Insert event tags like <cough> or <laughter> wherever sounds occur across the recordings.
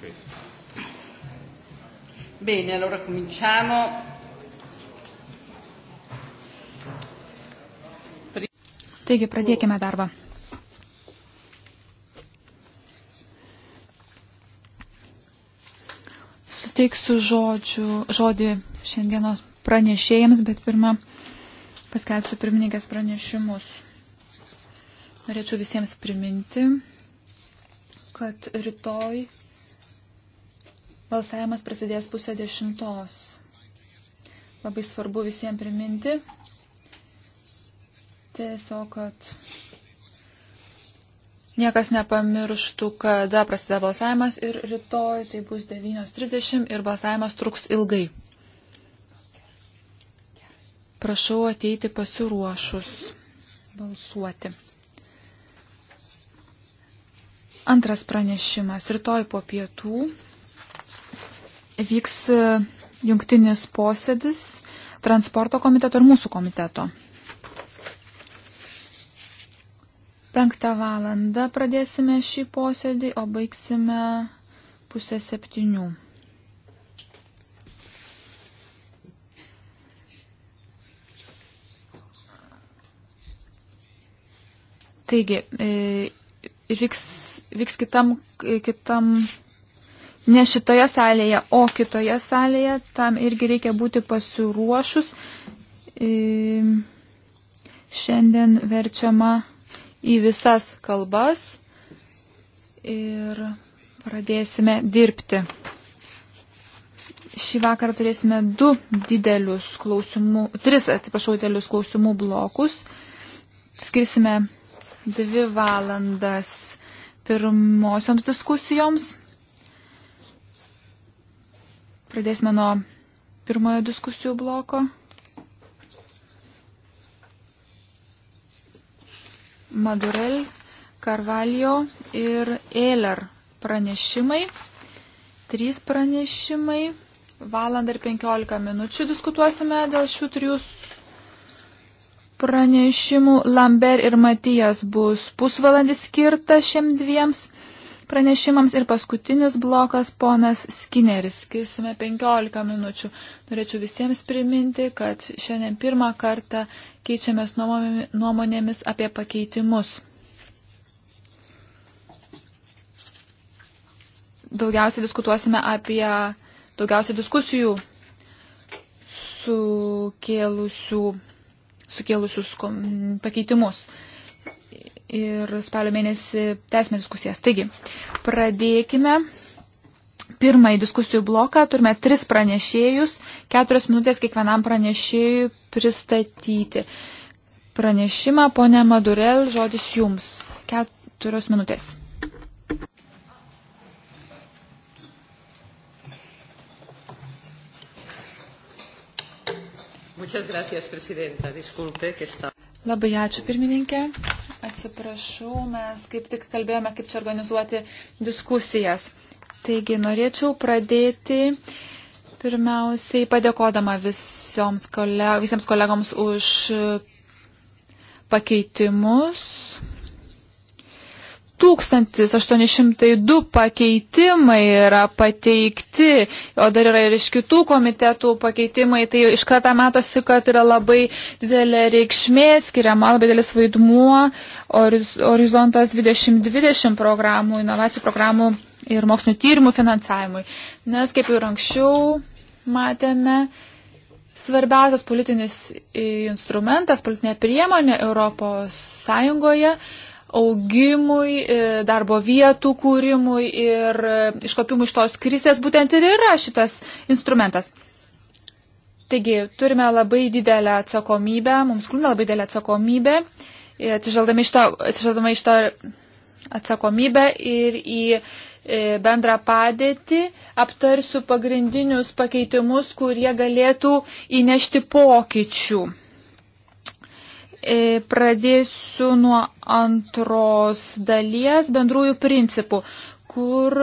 Okay. Bene, allora cominciamo. Taigi pradėkime darbą. Suteiksiu žodžių, žodį šiandienos pranešėjams, bet pirmą paskelbsiu pirmininkės pranešimus. Norėčiau visiems priminti, kad rytoj Balsavimas prasidės pusę dešimtos. Labai svarbu visiems priminti. Tiesiog, kad niekas nepamirštų, kada prasideda balsavimas ir rytoj tai bus 9.30 ir balsavimas truks ilgai. Prašau ateiti pasiruošus balsuoti. Antras pranešimas. Rytoj po pietų vyks e, jungtinis posėdis transporto komiteto ir mūsų komiteto. Penktą valandą pradėsime šį posėdį, o baigsime pusę septynių. Taigi, e, vyks, vyks kitam, kitam ne šitoje salėje, o kitoje salėje, tam irgi reikia būti pasiruošus. E, šiandien verčiama į visas kalbas ir pradėsime dirbti. Šį vakarą turėsime du didelius klausimų, tris, atsiprašau, didelius klausimų blokus. Skirsime dvi valandas pirmosioms diskusijoms, Pradėsime nuo pirmojo diskusijų bloko. Madurel, Karvalio ir Eiler pranešimai. Trys pranešimai. Valandą ir 15 minučių diskutuosime dėl šių trijų pranešimų Lambert ir Matijas bus pusvalandis skirtas šiem dviems, pranešimams ir paskutinis blokas ponas Skineris. Skirsime 15 minučių. Norėčiau visiems priminti, kad šiandien pirmą kartą keičiamės nuomonėmis apie pakeitimus. Daugiausiai diskutuosime apie daugiausiai diskusijų sukėlusių, sukėlusius pakeitimus ir spalio mėnesį tęsime diskusijas. Taigi, pradėkime. Pirmąjį diskusijų bloką turime tris pranešėjus, keturias minutės kiekvienam pranešėjui pristatyti. Pranešimą, ponė Madurel, žodis jums. Keturios minutės. Gracias, Labai ačiū, pirmininkė. Atsiprašau, mes kaip tik kalbėjome, kaip čia organizuoti diskusijas. Taigi norėčiau pradėti pirmiausiai padėkodama visoms koleg visiems kolegoms už pakeitimus. 1802 pakeitimai yra pateikti, o dar yra ir iš kitų komitetų pakeitimai, tai iš karto matosi, kad yra labai didelė reikšmė, skiriama labai didelis vaidmuo, horizontas 2020 programų, inovacijų programų ir mokslinio tyrimų finansavimui. Nes kaip ir anksčiau matėme, svarbiausias politinis instrumentas, politinė priemonė Europos Sąjungoje augimui, e, darbo vietų kūrimui ir e, iškopimui iš tos krizės būtent ir yra šitas instrumentas. Taigi, turime labai didelę atsakomybę, mums kliūna labai didelę atsakomybę, e, atsižvelgdami iš tą, atsižvelgdami iš tą atsakomybę ir į bendrą padėtį, aptarsiu pagrindinius pakeitimus, kurie galėtų įnešti pokyčių. E, pradėsiu nuo antros dalies bendrųjų principų, kur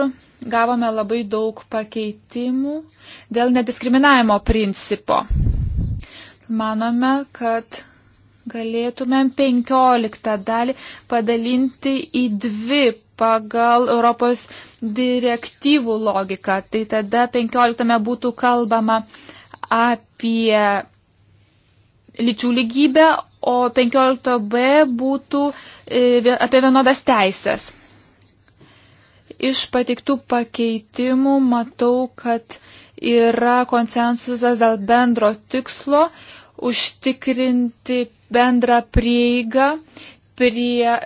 gavome labai daug pakeitimų dėl nediskriminavimo principo. Manome, kad galėtumėm 15 dalį padalinti į dvi pagal Europos direktyvų logiką. Tai tada 15 būtų kalbama apie lyčių lygybę, o 15b būtų e, apie vienodas teisės. Iš pateiktų pakeitimų matau, kad yra konsensusas dėl bendro tikslo užtikrinti bendrą prieigą prie e,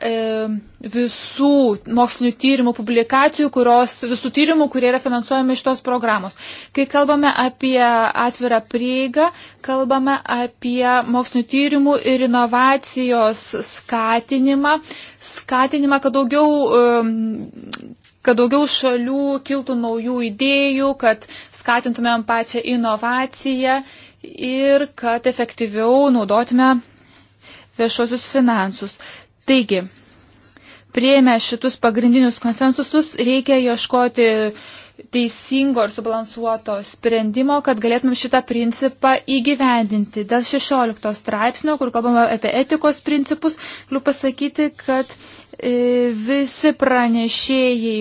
visų mokslinių tyrimų publikacijų, kurios, visų tyrimų, kurie yra finansuojami iš tos programos. Kai kalbame apie atvirą prieigą, kalbame apie mokslinių tyrimų ir inovacijos skatinimą, skatinimą, kad daugiau. E, kad daugiau šalių kiltų naujų idėjų, kad skatintumėm pačią inovaciją ir kad efektyviau naudotume viešosius finansus. Taigi, prieimę šitus pagrindinius konsensusus, reikia ieškoti teisingo ir subalansuoto sprendimo, kad galėtumėm šitą principą įgyvendinti. Dėl 16 straipsnio, kur kalbame apie etikos principus, galiu pasakyti, kad e, visi pranešėjai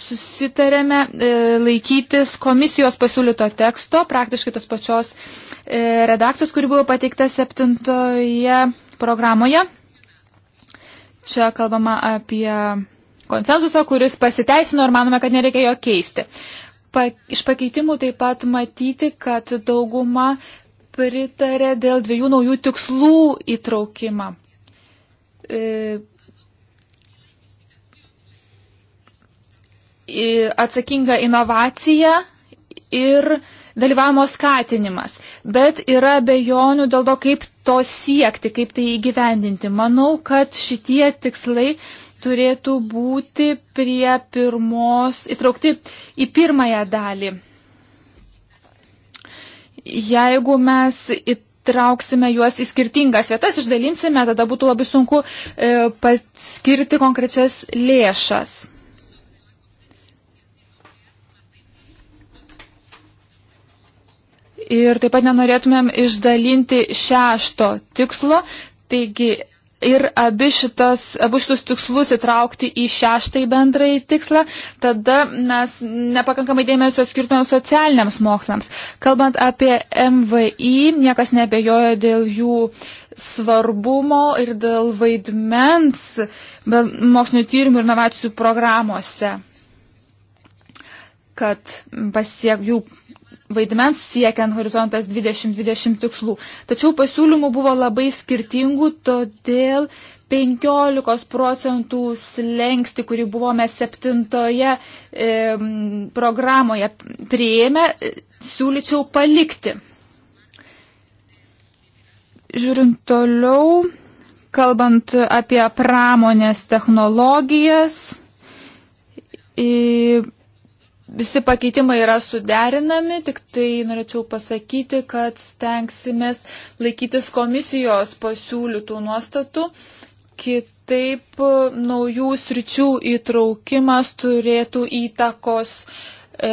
susitarėme e, laikytis komisijos pasiūlyto teksto, praktiškai tos pačios e, redakcijos, kuri buvo pateikta septintoje programoje. Čia kalbama apie konsensusą, kuris pasiteisino ir manome, kad nereikia jo keisti. Pa, iš pakeitimų taip pat matyti, kad dauguma pritarė dėl dviejų naujų tikslų įtraukimą. E, atsakinga inovacija ir e, dalyvavimo skatinimas, bet yra bejonių dėl to, kaip to siekti, kaip tai įgyvendinti. Manau, kad šitie tikslai turėtų būti prie pirmos, įtraukti į pirmąją dalį. Jeigu mes įtrauksime juos į skirtingas vietas, išdalinsime, tada būtų labai sunku e, paskirti konkrečias lėšas. Ir taip pat nenorėtumėm išdalinti šešto tikslo, taigi ir abi šitas, abu šitus tikslus įtraukti į šeštąjį bendrąjį tikslą, tada mes nepakankamai dėmesio skirtumėm socialiniams mokslams. Kalbant apie MVI, niekas nebejojo dėl jų svarbumo ir dėl vaidmens mokslinio tyrimų ir inovacijų programuose kad pasiek, jų vaidmens siekiant horizontas 2020 tikslų. Tačiau pasiūlymų buvo labai skirtingų, todėl 15 procentų slengsti, kurį buvome septintoje e, programoje prieėmę, siūlyčiau palikti. Žiūrint toliau, kalbant apie pramonės technologijas, e, visi pakeitimai yra suderinami, tik tai norėčiau pasakyti, kad stengsimės laikytis komisijos pasiūlytų nuostatų. Kitaip naujų sričių įtraukimas turėtų įtakos e,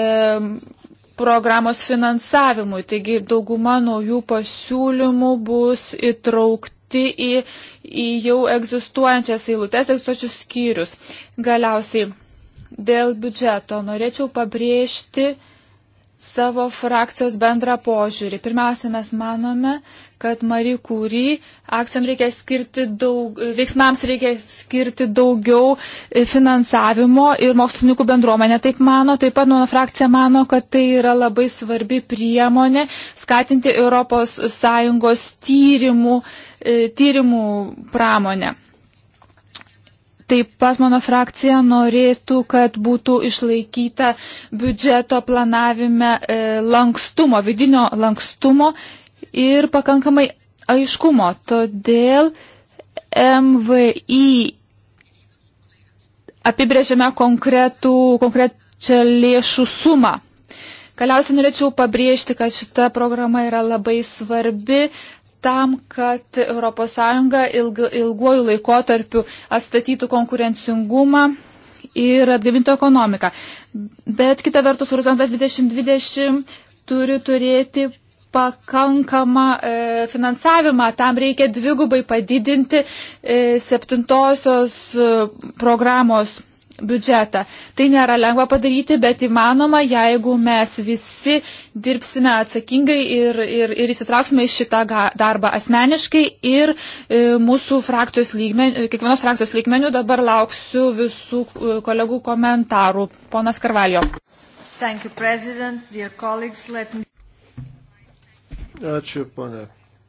programos finansavimui. Taigi dauguma naujų pasiūlymų bus įtraukti į, į jau egzistuojančias eilutes, egzistuojančius skyrius. Galiausiai dėl biudžeto norėčiau pabrėžti savo frakcijos bendrą požiūrį. Pirmiausia, mes manome, kad Marie Curie akcijom reikia skirti daug, veiksmams reikia skirti daugiau e, finansavimo ir mokslininkų bendruomenė taip mano. Taip pat mano frakcija mano, kad tai yra labai svarbi priemonė skatinti ES tyrimų, e, tyrimų pramonę. Taip pat mano frakcija norėtų, kad būtų išlaikyta biudžeto planavime e, lankstumo, vidinio lankstumo ir pakankamai aiškumo. Todėl MVI apibrėžiame konkretų, konkrečią lėšų sumą. Galiausiai norėčiau pabrėžti, kad šita programa yra labai svarbi, tam, kad ES ilg, ilguoju laikotarpiu atstatytų konkurencingumą ir atgavintų ekonomiką. Bet kita vertus, horizontas 2020 turi turėti pakankamą e, finansavimą. Tam reikia dvigubai padidinti e, septintosios e, programos biudžetą. Tai nėra lengva padaryti, bet įmanoma, jeigu mes visi dirbsime atsakingai ir, ir, ir įsitrauksime į šitą darbą asmeniškai ir e, mūsų frakcijos lygmenių, e, kiekvienos frakcijos lygmenių dabar lauksiu visų e, kolegų komentarų. Ponas Karvalio. Thank you, President. Dear colleagues, let me. Ačiū, ponė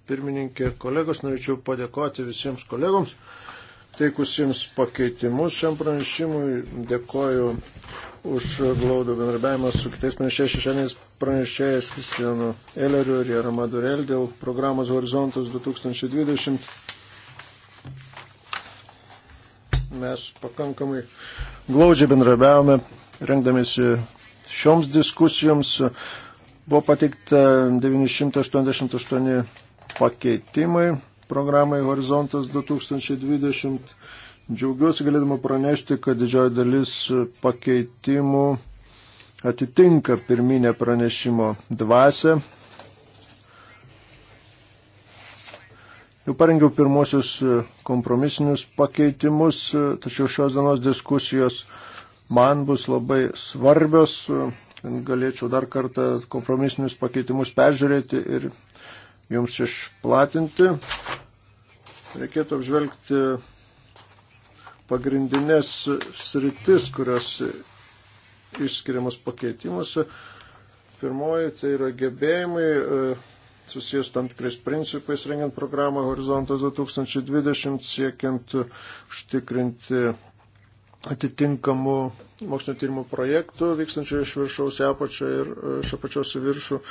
pirmininkė, kolegos, norėčiau padėkoti visiems kolegoms pateikusiems pakeitimus šiam pranešimui. Dėkoju už glaudų bendrabiavimą su kitais pranešėjais, šešėniais pranešėjais Kristijanu Eleriu ir Jarama Durel dėl programos Horizontas 2020. Mes pakankamai glaudžiai bendrabiavome, rengdamėsi šioms diskusijoms. Buvo pateikta 988 pakeitimai programai Horizontas 2020. Džiaugiuosi galėdama pranešti, kad didžioji dalis pakeitimų atitinka pirminę pranešimo dvasę. Jau parengiau pirmosius kompromisinius pakeitimus, tačiau šios dienos diskusijos man bus labai svarbios. Galėčiau dar kartą kompromisinius pakeitimus peržiūrėti ir jums išplatinti. Reikėtų apžvelgti pagrindinės sritis, kurios išskiriamas pakeitimuose. Pirmoji tai yra gebėjimai e, susijęs tam tikrais principais, rengiant programą Horizontas 2020, siekiant užtikrinti atitinkamų mokslinio tyrimų projektų, vykstančių iš viršaus į apačią ir e, iš apačios į viršų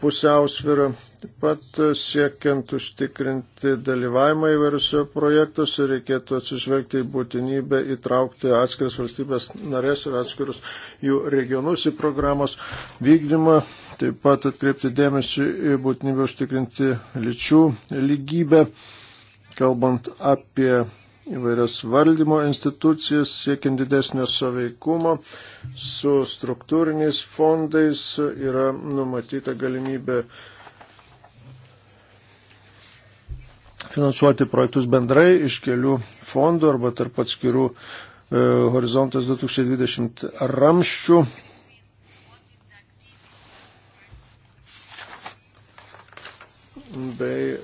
pusiausvyrą. Taip pat e, siekiant užtikrinti dalyvavimą įvairiuose projektuose reikėtų atsižvelgti į būtinybę įtraukti atskiras valstybės narės ir atskirus jų regionus į programos vykdymą. Taip pat atkreipti dėmesį į būtinybę užtikrinti lyčių lygybę, kalbant apie įvairias valdymo institucijas, siekiant didesnio saveikumo su struktūriniais fondais yra numatyta galimybė finansuoti projektus bendrai iš kelių fondų arba tarp atskirų e, horizontas 2020 ramščių bei e,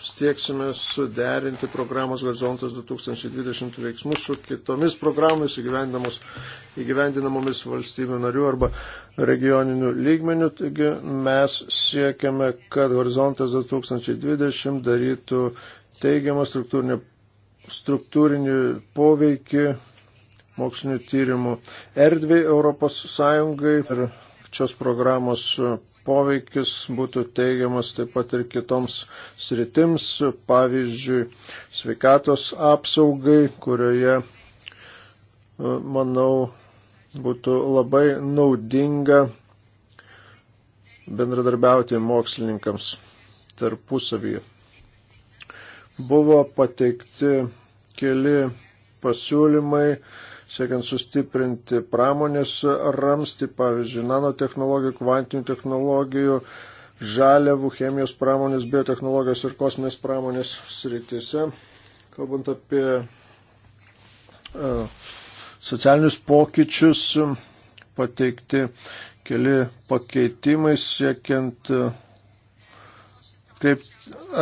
stieksime suderinti programos Horizontas 2020 veiksmus su kitomis programomis įgyvendinamomis valstybių narių arba regioninių lygmenių. Taigi mes siekiame, kad Horizontas 2020 darytų teigiamą struktūrinį, struktūrinį poveikį mokslinių tyrimų erdvė Europos Sąjungai ir šios programos poveikis būtų teigiamas taip pat ir kitoms sritims, pavyzdžiui, sveikatos apsaugai, kurioje, e, manau, būtų labai naudinga bendradarbiauti mokslininkams tarpusavyje. Buvo pateikti keli pasiūlymai, siekiant sustiprinti pramonės ramsti, pavyzdžiui, nanotehnologijų, kvantinių technologijų, žaliavų, chemijos pramonės, biotehnologijos ir kosminės pramonės srityse. Kalbant apie e, socialinius pokyčius, pateikti keli pakeitimai siekiant e,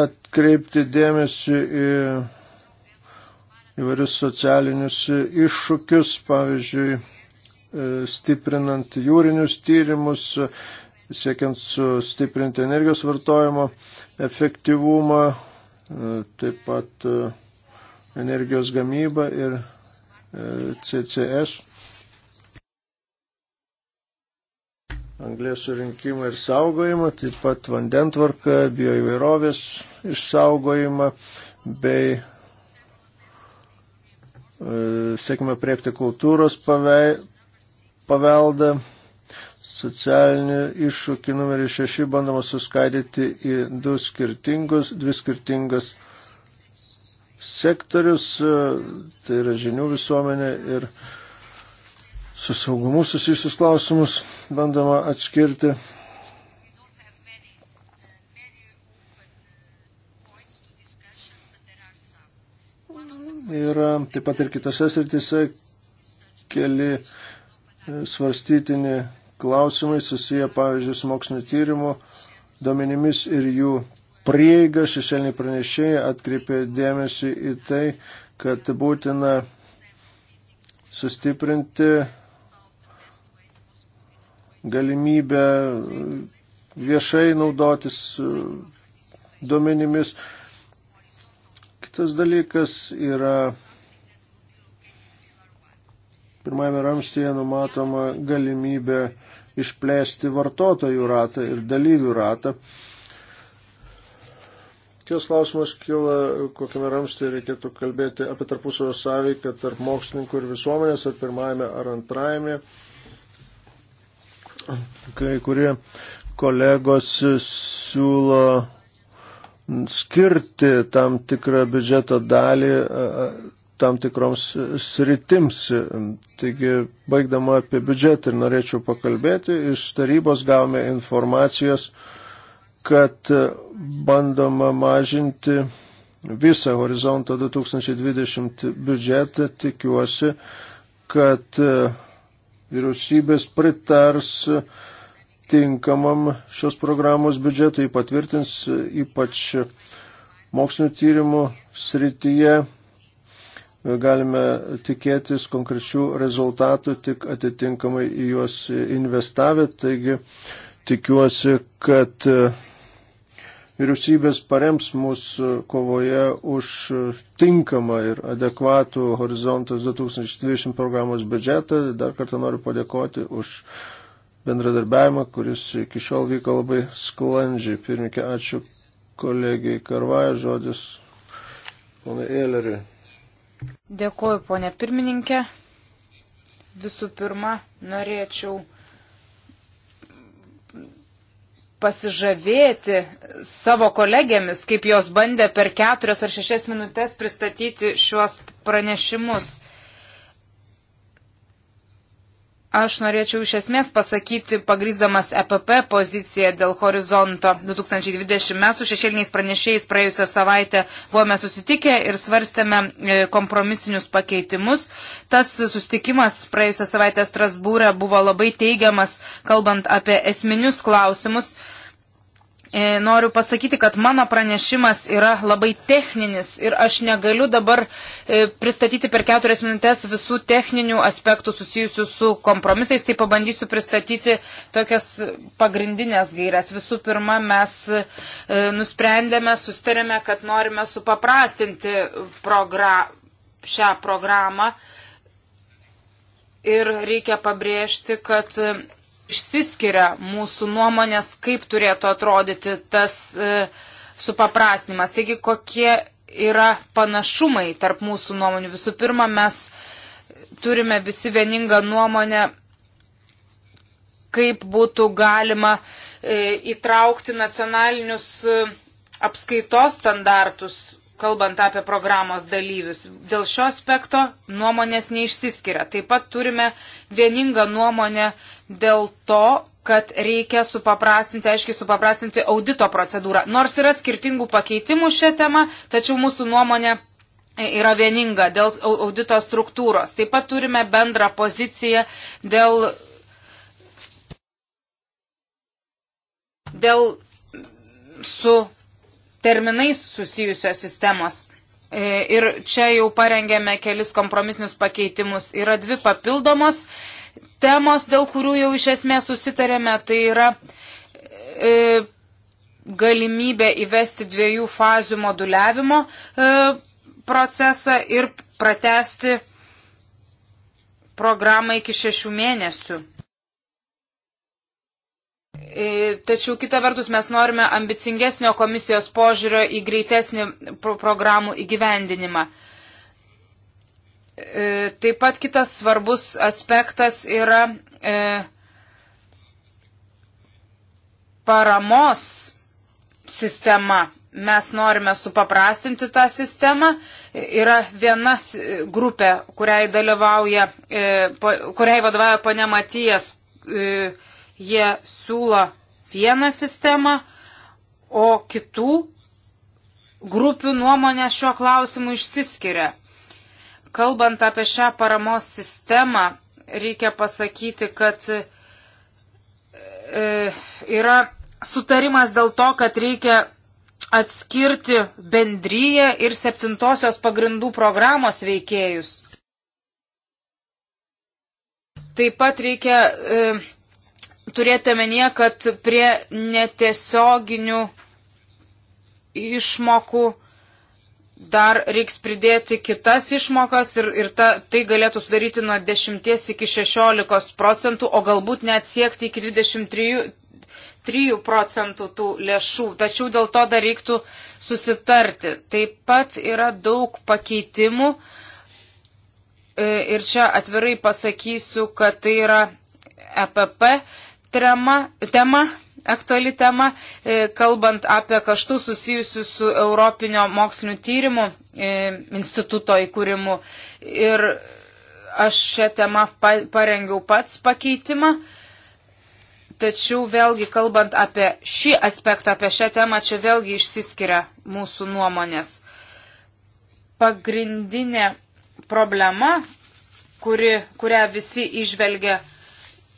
atkreipti dėmesį į įvairius socialinius iššūkius, pavyzdžiui, e, stiprinant jūrinius tyrimus, siekiant sustiprinti energijos vartojimo efektyvumą, e, taip pat e, energijos gamybą ir CCS. Anglės surinkimą ir saugojimą, taip pat vandentvarką, bioįvairovės išsaugojimą bei siekime priepti kultūros paveldą, socialinį iššūkį numerį 6 bandoma suskaidyti į du skirtingus, dvi skirtingas sektorius, e, tai yra žinių visuomenė ir su saugumu susijusius klausimus bandoma atskirti. yra taip pat ir kitose sritise keli e, svarstytini klausimai susiję, pavyzdžiui, su mokslinio tyrimo duomenimis ir jų prieiga. Šešėliniai pranešėjai atkreipė dėmesį į tai, kad būtina sustiprinti galimybę viešai naudotis e, duomenimis Kitas dalykas yra pirmajame ramstyje numatoma galimybė išplėsti vartotojų ratą ir dalyvių ratą. Kies klausimas kyla, kokiame ramstėje reikėtų kalbėti apie tarpusavio sąveiką tarp mokslininkų ir visuomenės, ar pirmajame, ar antrajame. Kai kurie kolegos siūlo skirti tam tikrą biudžeto dalį tam tikroms sritims. Taigi, baigdama apie biudžetą ir norėčiau pakalbėti, iš tarybos gavome informacijos, kad bandoma mažinti visą horizontą 2020 biudžetą. Tikiuosi, kad vyriausybės pritars uh, tinkamam šios programos biudžetui patvirtins ypač mokslinio tyrimų srityje. Galime tikėtis konkrečių rezultatų tik atitinkamai į juos investavę. Taigi tikiuosi, kad vyriausybės parems mūsų kovoje už tinkamą ir adekvatų Horizontas 2020 programos biudžetą. Dar kartą noriu padėkoti už bendradarbiavimą, kuris iki šiol vyko labai sklandžiai. Pirmininkė, ačiū kolegijai Karvaja, žodis ponai Eileriui. Dėkuoju, ponė pirmininkė. Visų pirma, norėčiau pasižavėti savo kolegėmis, kaip jos bandė per keturias ar šešias minutės pristatyti šiuos pranešimus. Aš norėčiau iš esmės pasakyti, pagrysdamas EPP poziciją dėl horizonto 2020. Mes su šešėliniais pranešėjais praėjusią savaitę buvome susitikę ir svarstėme e, kompromisinius pakeitimus. Tas susitikimas praėjusią savaitę Strasbūrė buvo labai teigiamas, kalbant apie esminius klausimus. E, noriu pasakyti, kad mano pranešimas yra labai techninis ir aš negaliu dabar e, pristatyti per keturias minutės visų techninių aspektų susijusių su kompromisais, tai pabandysiu pristatyti tokias pagrindinės gairias. Visų pirma, mes e, nusprendėme, sustarėme, kad norime supaprastinti progra šią programą ir reikia pabrėžti, kad išsiskiria mūsų nuomonės, kaip turėtų atrodyti tas e, supaprastinimas. Taigi, kokie yra panašumai tarp mūsų nuomonių. Visų pirma, mes turime visi vieningą nuomonę, kaip būtų galima e, įtraukti nacionalinius e, apskaitos standartus kalbant apie programos dalyvius. Dėl šio aspekto nuomonės neišsiskiria. Taip pat turime vieningą nuomonę dėl to, kad reikia supaprastinti, aiškiai supaprastinti audito procedūrą. Nors yra skirtingų pakeitimų šią temą, tačiau mūsų nuomonė yra vieninga dėl audito struktūros. Taip pat turime bendrą poziciją dėl. dėl su terminais susijusios sistemos. E, ir čia jau parengėme kelis kompromisinius pakeitimus. Yra dvi papildomos temos, dėl kurių jau iš esmės susitarėme. Tai yra e, galimybė įvesti dviejų fazių moduliavimo e, procesą ir pratesti programą iki šešių mėnesių. E, tačiau kita vertus mes norime ambicingesnio komisijos požiūrio į greitesnį programų įgyvendinimą. E, taip pat kitas svarbus aspektas yra e, paramos sistema. Mes norime supaprastinti tą sistemą. Yra viena grupė, kuriai, kuriai vadovauja ponia Matijas, jie siūlo vieną sistemą, o kitų grupių nuomonė šiuo klausimu išsiskiria. Kalbant apie šią paramos sistemą, reikia pasakyti, kad e, yra sutarimas dėl to, kad reikia atskirti bendryje ir septintosios pagrindų programos veikėjus. Taip pat reikia e, turėti omenyje, kad prie netiesioginių išmokų dar reiks pridėti kitas išmokas ir, ir ta, tai galėtų sudaryti nuo 10 iki 16 procentų, o galbūt net siekti iki 23 3 procentų tų lėšų, tačiau dėl to dar reiktų susitarti. Taip pat yra daug pakeitimų e, ir čia atvirai pasakysiu, kad tai yra EPP trema, tema, aktuali tema, e, kalbant apie kaštus susijusius su Europinio mokslinio tyrimų e, instituto įkūrimu. Ir aš šią temą parengiau pats pakeitimą. Tačiau vėlgi kalbant apie šį aspektą, apie šią temą, čia vėlgi išsiskiria mūsų nuomonės. Pagrindinė problema, kuri, kurią visi išvelgia,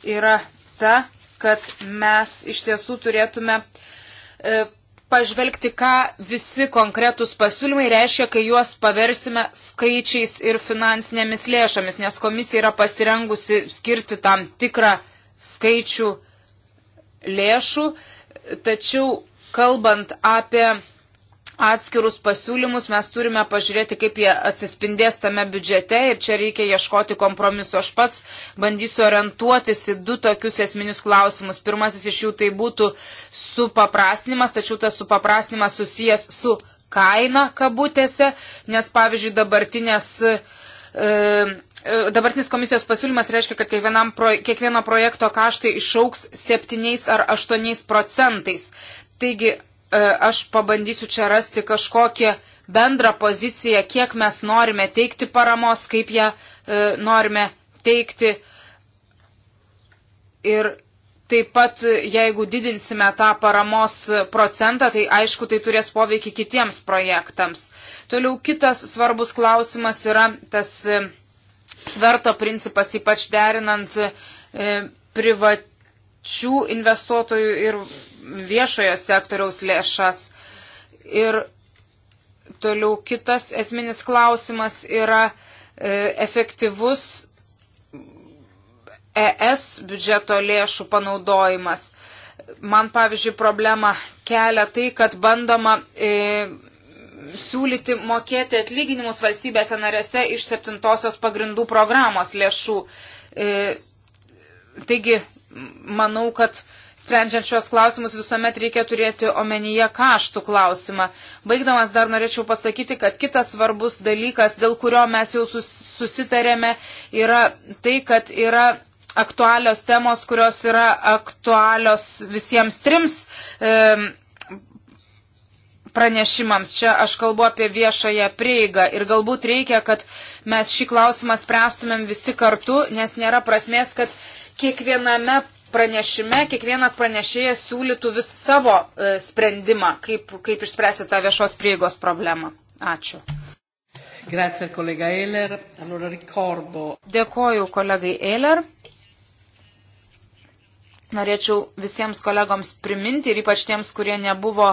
yra ta, kad mes iš tiesų turėtume e, pažvelgti, ką visi konkretūs pasiūlymai reiškia, kai juos paversime skaičiais ir finansinėmis lėšomis, nes komisija yra pasirengusi skirti tam tikrą skaičių lėšų, tačiau kalbant apie atskirus pasiūlymus, mes turime pažiūrėti, kaip jie atsispindės tame biudžete ir čia reikia ieškoti kompromiso. Aš pats bandysiu orientuotis į du tokius esminius klausimus. Pirmasis iš jų tai būtų supaprastinimas, tačiau tas supaprastinimas susijęs su kaina kabutėse, nes pavyzdžiui dabartinės. E, e Dabartinis komisijos pasiūlymas reiškia, kad pro, kiekvieno projekto kaštai išauks 7 ar 8 procentais. Taigi E, aš pabandysiu čia rasti kažkokią bendrą poziciją, kiek mes norime teikti paramos, kaip ją e, norime teikti. Ir taip pat, jeigu didinsime tą paramos procentą, tai aišku, tai turės poveikį kitiems projektams. Toliau kitas svarbus klausimas yra tas e, sverto principas, ypač derinant e, privačių investuotojų ir viešojo sektoriaus lėšas. Ir toliau kitas esminis klausimas yra e, efektyvus ES biudžeto lėšų panaudojimas. Man, pavyzdžiui, problema kelia tai, kad bandoma e, siūlyti mokėti atlyginimus valstybėse narėse iš septintosios pagrindų programos lėšų. E, taigi, manau, kad Sprendžiant šios klausimus visuomet reikia turėti omenyje kaštų klausimą. Baigdamas dar norėčiau pasakyti, kad kitas svarbus dalykas, dėl kurio mes jau susitarėme, yra tai, kad yra aktualios temos, kurios yra aktualios visiems trims e, pranešimams. Čia aš kalbu apie viešąją prieigą ir galbūt reikia, kad mes šį klausimą spręstumėm visi kartu, nes nėra prasmės, kad kiekviename pranešime kiekvienas pranešėjas siūlytų vis savo e, sprendimą, kaip, kaip išspręsti tą viešos prieigos problemą. Ačiū. Grazie, kolega Eiler. Allora, ricordo. Dėkoju kolegai Eiler. Norėčiau visiems kolegoms priminti ir ypač tiems, kurie nebuvo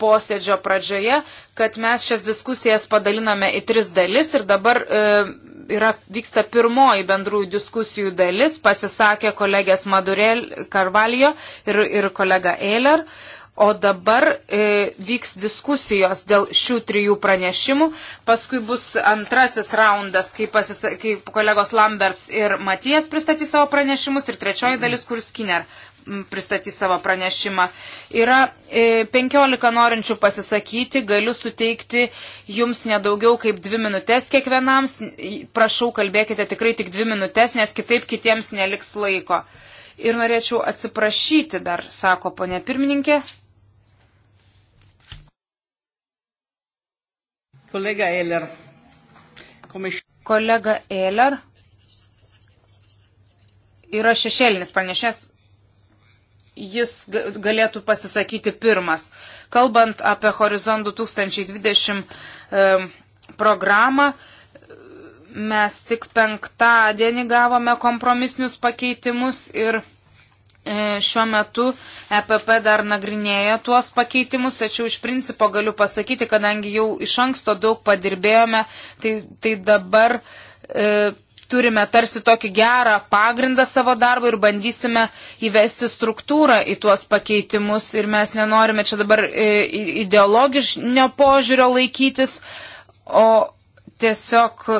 posėdžio pradžioje, kad mes šias diskusijas padaliname į tris dalis ir dabar e, yra, vyksta pirmoji bendrųjų diskusijų dalis, pasisakė kolegės Madurėl Karvalijo ir, ir kolega Eiler. O dabar e, vyks diskusijos dėl šių trijų pranešimų. Paskui bus antrasis raundas, kai, pasisa, kai kolegos Lamberts ir Matijas pristatys savo pranešimus ir trečioji dalis, kur Skinner pristatys savo pranešimą. Yra 15 e, norinčių pasisakyti, galiu suteikti jums nedaugiau kaip 2 minutės kiekvienam. Prašau, kalbėkite tikrai tik 2 minutės, nes kitaip kitiems neliks laiko. Ir norėčiau atsiprašyti dar, sako ponė pirmininkė. Kolega Eiler. Komis... Kolega Eiler yra šešėlinis pranešės jis galėtų pasisakyti pirmas. Kalbant apie Horizon 2020 programą, mes tik penktadienį gavome kompromisinius pakeitimus ir e, šiuo metu EPP dar nagrinėja tuos pakeitimus, tačiau iš principo galiu pasakyti, kadangi jau iš anksto daug padirbėjome, tai, tai dabar e, turime tarsi tokį gerą pagrindą savo darbą ir bandysime įvesti struktūrą į tuos pakeitimus ir mes nenorime čia dabar e, ideologiškio požiūrio laikytis, o tiesiog e,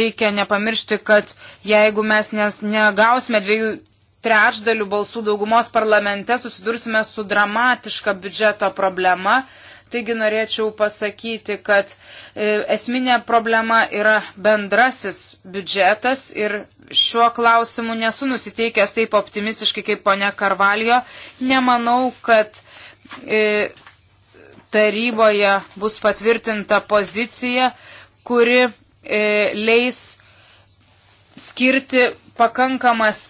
reikia nepamiršti, kad jeigu mes negausime dviejų trečdalių balsų daugumos parlamente, susidursime su dramatiška biudžeto problema Taigi norėčiau pasakyti, kad e, esminė problema yra bendrasis biudžetas ir šiuo klausimu nesu nusiteikęs taip optimistiškai kaip ponia Karvalio. Nemanau, kad e, taryboje bus patvirtinta pozicija, kuri e, leis skirti pakankamas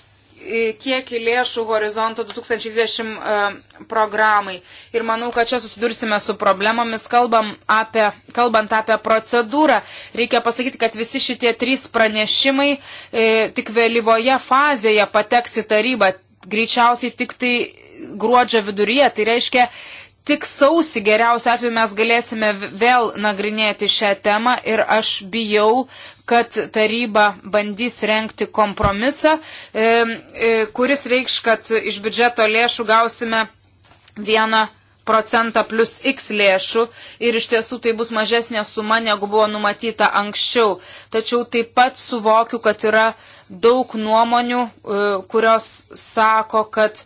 kiekį lėšų horizonto 2020 e, programai. Ir manau, kad čia susidursime su problemomis, kalbam apie, kalbant apie procedūrą. Reikia pasakyti, kad visi šitie trys pranešimai e, tik vėlyvoje fazėje pateks į tarybą, greičiausiai tik tai gruodžio viduryje. Tai reiškia, tik sausi geriausiu atveju mes galėsime vėl nagrinėti šią temą ir aš bijau, kad taryba bandys renkti kompromisą, e, kuris reikš, kad iš biudžeto lėšų gausime vieną procentą plus x lėšų ir iš tiesų tai bus mažesnė suma, negu buvo numatyta anksčiau. Tačiau taip pat suvokiu, kad yra daug nuomonių, e, kurios sako, kad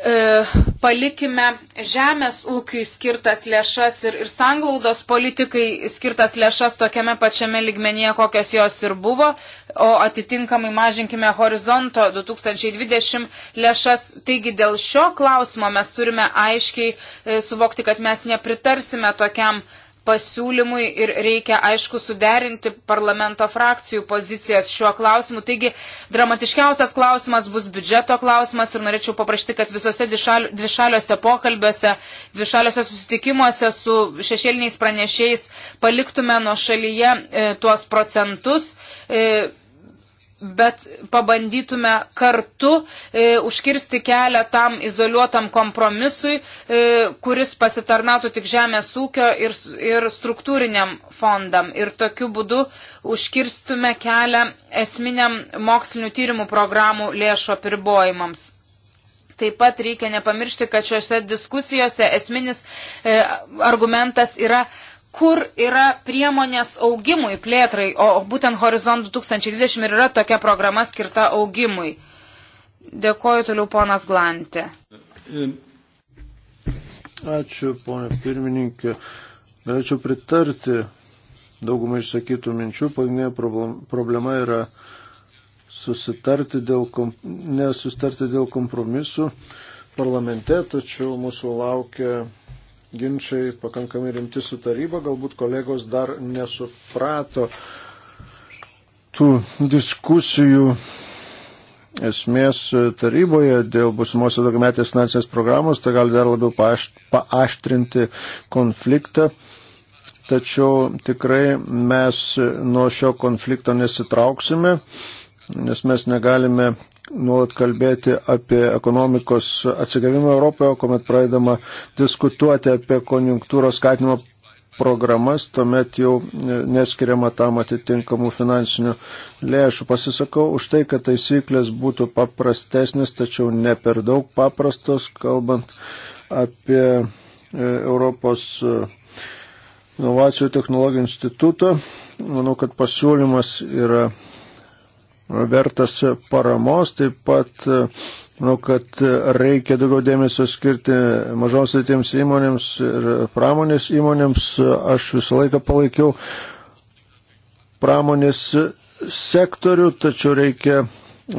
E, palikime žemės ūkiui skirtas lėšas ir, ir sanglaudos politikai skirtas lėšas tokiame pačiame ligmenyje, kokios jos ir buvo, o atitinkamai mažinkime horizonto 2020 lėšas. Taigi dėl šio klausimo mes turime aiškiai e, suvokti, kad mes nepritarsime tokiam pasiūlymui ir reikia, aišku, suderinti parlamento frakcijų pozicijas šiuo klausimu. Taigi, dramatiškiausias klausimas bus biudžeto klausimas ir norėčiau paprašyti, kad visose dvišaliuose pokalbiuose, dvišaliuose susitikimuose su šešėliniais pranešėjais paliktume nuo šalyje e, tuos procentus. E, bet pabandytume kartu e, užkirsti kelią tam izoliuotam kompromisui, e, kuris pasitarnautų tik žemės ūkio ir, ir struktūriniam fondam. Ir tokiu būdu užkirstume kelią esminiam mokslinių tyrimų programų lėšų apribojimams. Taip pat reikia nepamiršti, kad šiuose diskusijose esminis e, argumentas yra kur yra priemonės augimui, plėtrai, o būtent Horizont 2020 ir yra tokia programa skirta augimui. Dėkoju toliau ponas Glantė. Ačiū, ponė pirmininkė. Norėčiau pritarti daugumą išsakytų minčių. Pagrindinė problema yra susitarti dėl, nesusitarti dėl kompromisų parlamente, tačiau mūsų laukia ginčiai pakankamai rimti su taryba, galbūt kolegos dar nesuprato tų diskusijų esmės taryboje dėl busimosios daugiametės finansinės programos, tai gali dar labiau paaštrinti konfliktą. Tačiau tikrai mes nuo šio konflikto nesitrauksime nes mes negalime nuolat kalbėti apie ekonomikos atsigavimą Europoje, kuomet pradedama diskutuoti apie konjunktūros skatinimo programas, tuomet jau neskiriama tam atitinkamų finansinių lėšų. Pasisakau už tai, kad taisyklės būtų paprastesnės, tačiau ne per daug paprastos, kalbant apie e, Europos e, inovacijų technologijų institutą. Manau, kad pasiūlymas yra vertas paramos, taip pat e, manau, kad reikia daugiau dėmesio skirti mažoms atėms įmonėms ir pramonės įmonėms. Aš visą laiką palaikiau pramonės sektorių, tačiau reikia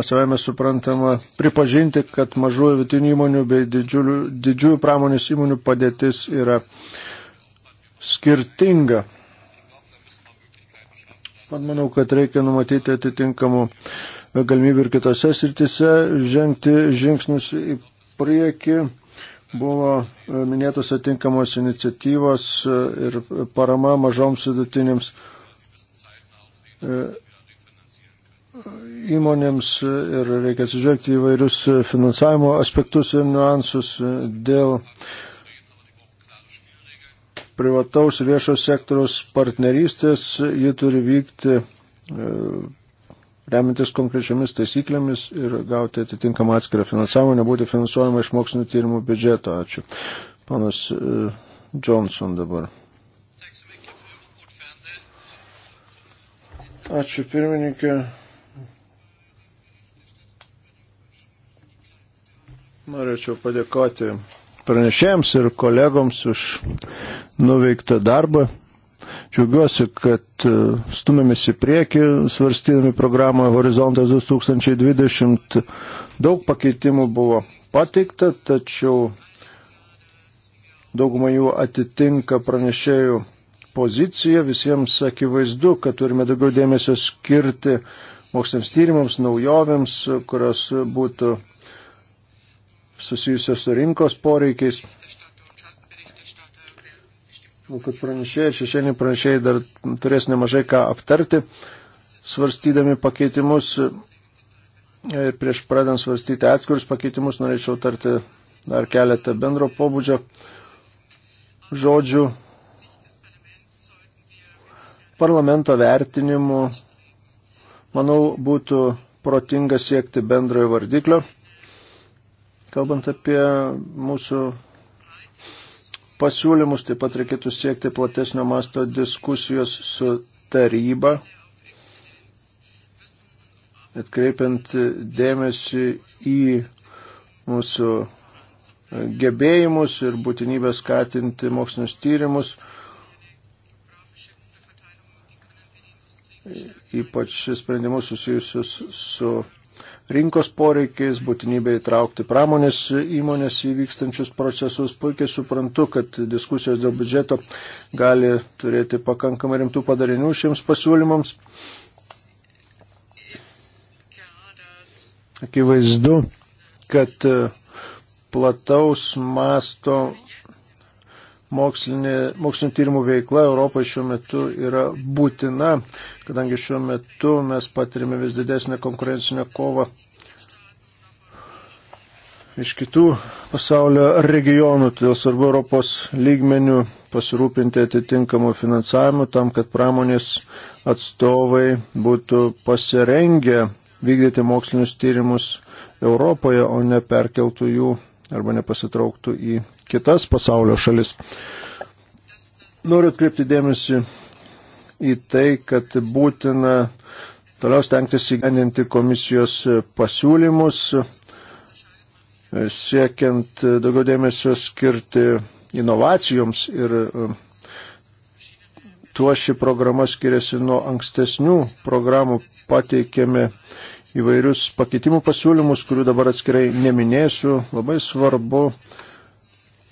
savame suprantama pripažinti, kad mažųjų vidutinių įmonių bei didžiųjų pramonės įmonių padėtis yra skirtinga. Man manau, kad reikia numatyti atitinkamų galimybių ir kitose sritise žengti žingsnius į priekį. Buvo e, minėtos atitinkamos iniciatyvos e, ir parama mažoms sudėtinėms e, įmonėms ir reikia atsižvelgti įvairius finansavimo aspektus ir niuansus dėl uh, privataus ir viešo sektoriaus partnerystės, ji turi vykti e, remintis konkrečiomis taisyklėmis ir gauti atitinkamą atskirą finansavimą, nebūti finansuojama iš mokslinio tyrimų biudžeto. Ačiū. Panas e, Johnson dabar. Ačiū pirmininkė. Norėčiau padėkoti pranešėjams ir kolegoms už nuveiktą darbą. Džiaugiuosi, kad e, stumėmės į priekį, svarstydami programą Horizontas 2020. Daug pakeitimų buvo pateikta, tačiau dauguma jų atitinka pranešėjų poziciją. Visiems akivaizdu, kad turime daugiau dėmesio skirti moksliniams tyrimams, naujovėms, kurios būtų susijusios su rinkos poreikiais. Kad pranešėjai, šešėliniai pranešėjai dar turės nemažai ką aptarti, svarstydami pakeitimus ir prieš pradant svarstyti atskirus pakeitimus norėčiau tarti dar keletą bendro pobūdžio žodžių. Parlamento vertinimu, manau, būtų protinga siekti bendrojo vardiklio Kalbant apie mūsų pasiūlymus, taip pat reikėtų siekti platesnio masto diskusijos su taryba, atkreipiant dėmesį į mūsų gebėjimus ir būtinybę skatinti mokslinius tyrimus, ypač sprendimus susijusius su rinkos poreikiais, būtinybė įtraukti pramonės įmonės įvykstančius procesus. Puikiai suprantu, kad diskusijos dėl biudžeto gali turėti pakankamai rimtų padarinių šiems pasiūlymams. Akivaizdu, kad e, plataus masto mokslinė, mokslinio tyrimų veikla Europoje šiuo metu yra būtina, kadangi šiuo metu mes patirime vis didesnę konkurencinę kovą iš kitų pasaulio regionų, todėl svarbu Europos lygmenių pasirūpinti atitinkamų finansavimų tam, kad pramonės atstovai būtų pasirengę vykdyti mokslinius tyrimus Europoje, o ne perkeltų jų arba nepasitrauktų į kitas pasaulio šalis. Noriu atkreipti dėmesį į tai, kad būtina toliau stengtis įgendinti komisijos pasiūlymus siekiant daugiau dėmesio skirti inovacijoms ir e, tuo ši programa skiriasi nuo ankstesnių programų, pateikėme įvairius pakeitimų pasiūlymus, kurių dabar atskirai neminėsiu. Labai svarbu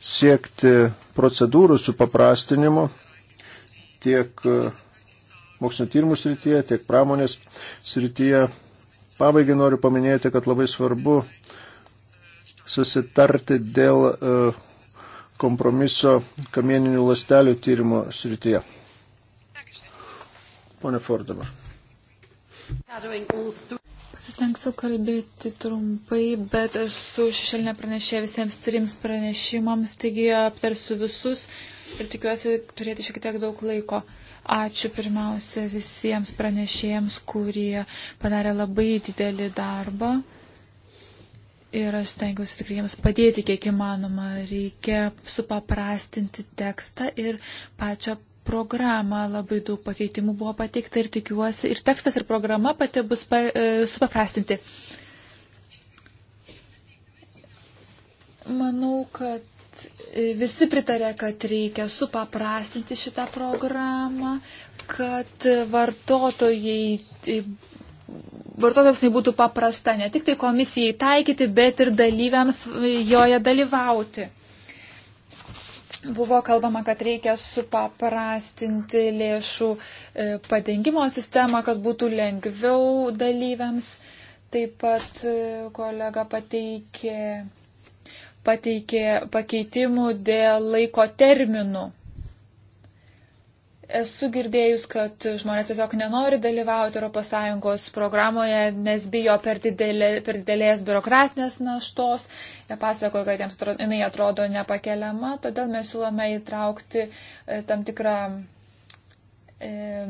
siekti procedūrų supaprastinimo tiek e, mokslinio tyrimų srityje, tiek pramonės srityje. Pabaigai noriu paminėti, kad labai svarbu susitarti dėl e, kompromiso kamieninių lastelių tyrimo srityje. Pone Ford dabar. Pasistengsiu kalbėti trumpai, bet esu šešėlinė pranešė visiems trims pranešimams, taigi aptarsiu visus ir tikiuosi turėti šiek tiek daug laiko. Ačiū pirmiausia visiems pranešėjams, kurie padarė labai didelį darbą. Ir aš stengiuosi tikrai jiems padėti, kiek įmanoma. Reikia supaprastinti tekstą ir pačią programą. Labai daug pakeitimų buvo pateikta ir tikiuosi. Ir tekstas ir programa pati bus pa, e, supaprastinti. Manau, kad visi pritarė, kad reikia supaprastinti šitą programą, kad vartotojai vartotojams tai būtų paprasta ne tik tai komisijai taikyti, bet ir dalyviams joje dalyvauti. Buvo kalbama, kad reikia supaprastinti lėšų e, padengimo sistemą, kad būtų lengviau dalyviams. Taip pat e, kolega pateikė, pateikė pakeitimų dėl laiko terminų Esu girdėjus, kad žmonės tiesiog nenori dalyvauti ES programoje, nes bijo per, didelė, per didelės biurokratinės naštos. Jie pasakoja, kad jiems atrodo, jinai atrodo nepakeliama, todėl mes siūlome įtraukti e, tam tikrą e,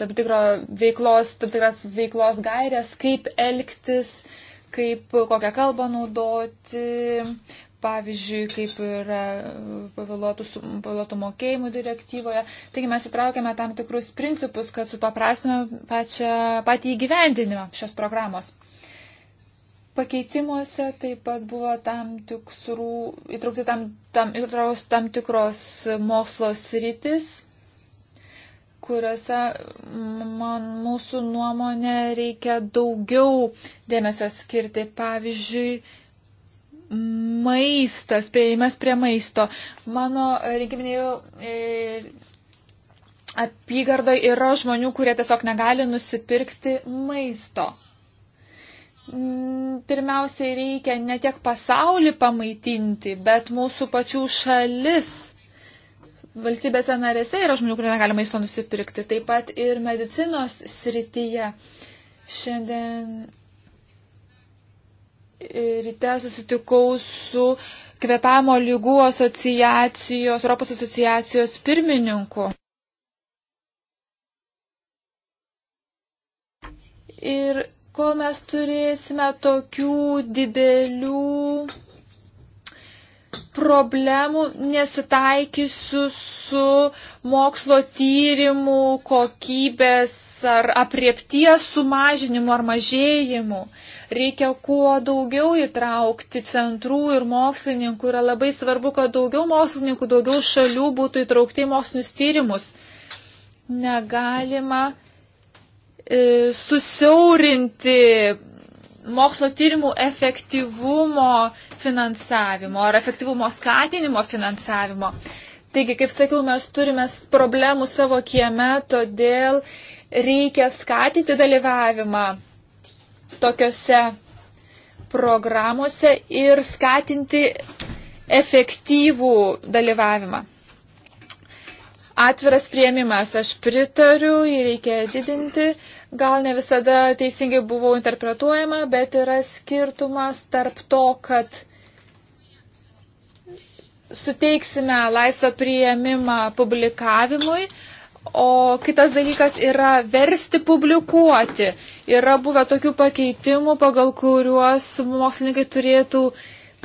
tam tikro veiklos, tam tikras veiklos gairias, kaip elgtis, kaip kokią kalbą naudoti, pavyzdžiui, kaip yra pavėluotų mokėjimų direktyvoje. Taigi mes įtraukėme tam tikrus principus, kad supaprastume patį įgyvendinimą šios programos. Pakeitimuose taip pat buvo tam tikrų, įtraukti tam, tam, įtraus, tam tikros mokslo sritis, kuriuose man, mūsų nuomonė reikia daugiau dėmesio skirti. Pavyzdžiui, maistas, prieimas prie maisto. Mano rinkiminėje e, apygardoje yra žmonių, kurie tiesiog negali nusipirkti maisto. Mm, pirmiausiai reikia ne tiek pasaulį pamaitinti, bet mūsų pačių šalis. Valstybėse narėse yra žmonių, kurie negali maisto nusipirkti, taip pat ir medicinos srityje. Šiandien ryte susitikau su kvepamo lygų asociacijos, Europos asociacijos pirmininku. Ir kol mes turėsime tokių didelių problemų nesitaikysiu su mokslo tyrimų kokybės ar apriepties sumažinimu ar mažėjimu. Reikia kuo daugiau įtraukti centrų ir mokslininkų. Yra labai svarbu, kad daugiau mokslininkų, daugiau šalių būtų įtraukti į mokslinius tyrimus. Negalima e, susiaurinti mokslo tyrimų efektyvumo finansavimo ar efektyvumo skatinimo finansavimo. Taigi, kaip sakiau, mes turime problemų savo kieme, todėl reikia skatinti dalyvavimą tokiuose programuose ir skatinti efektyvų dalyvavimą. Atviras prieimimas, aš pritariu, jį reikia didinti. Gal ne visada teisingai buvo interpretuojama, bet yra skirtumas tarp to, kad suteiksime laisvą prieimimą publikavimui O kitas dalykas yra versti publikuoti. Yra buvę tokių pakeitimų, pagal kuriuos mokslininkai turėtų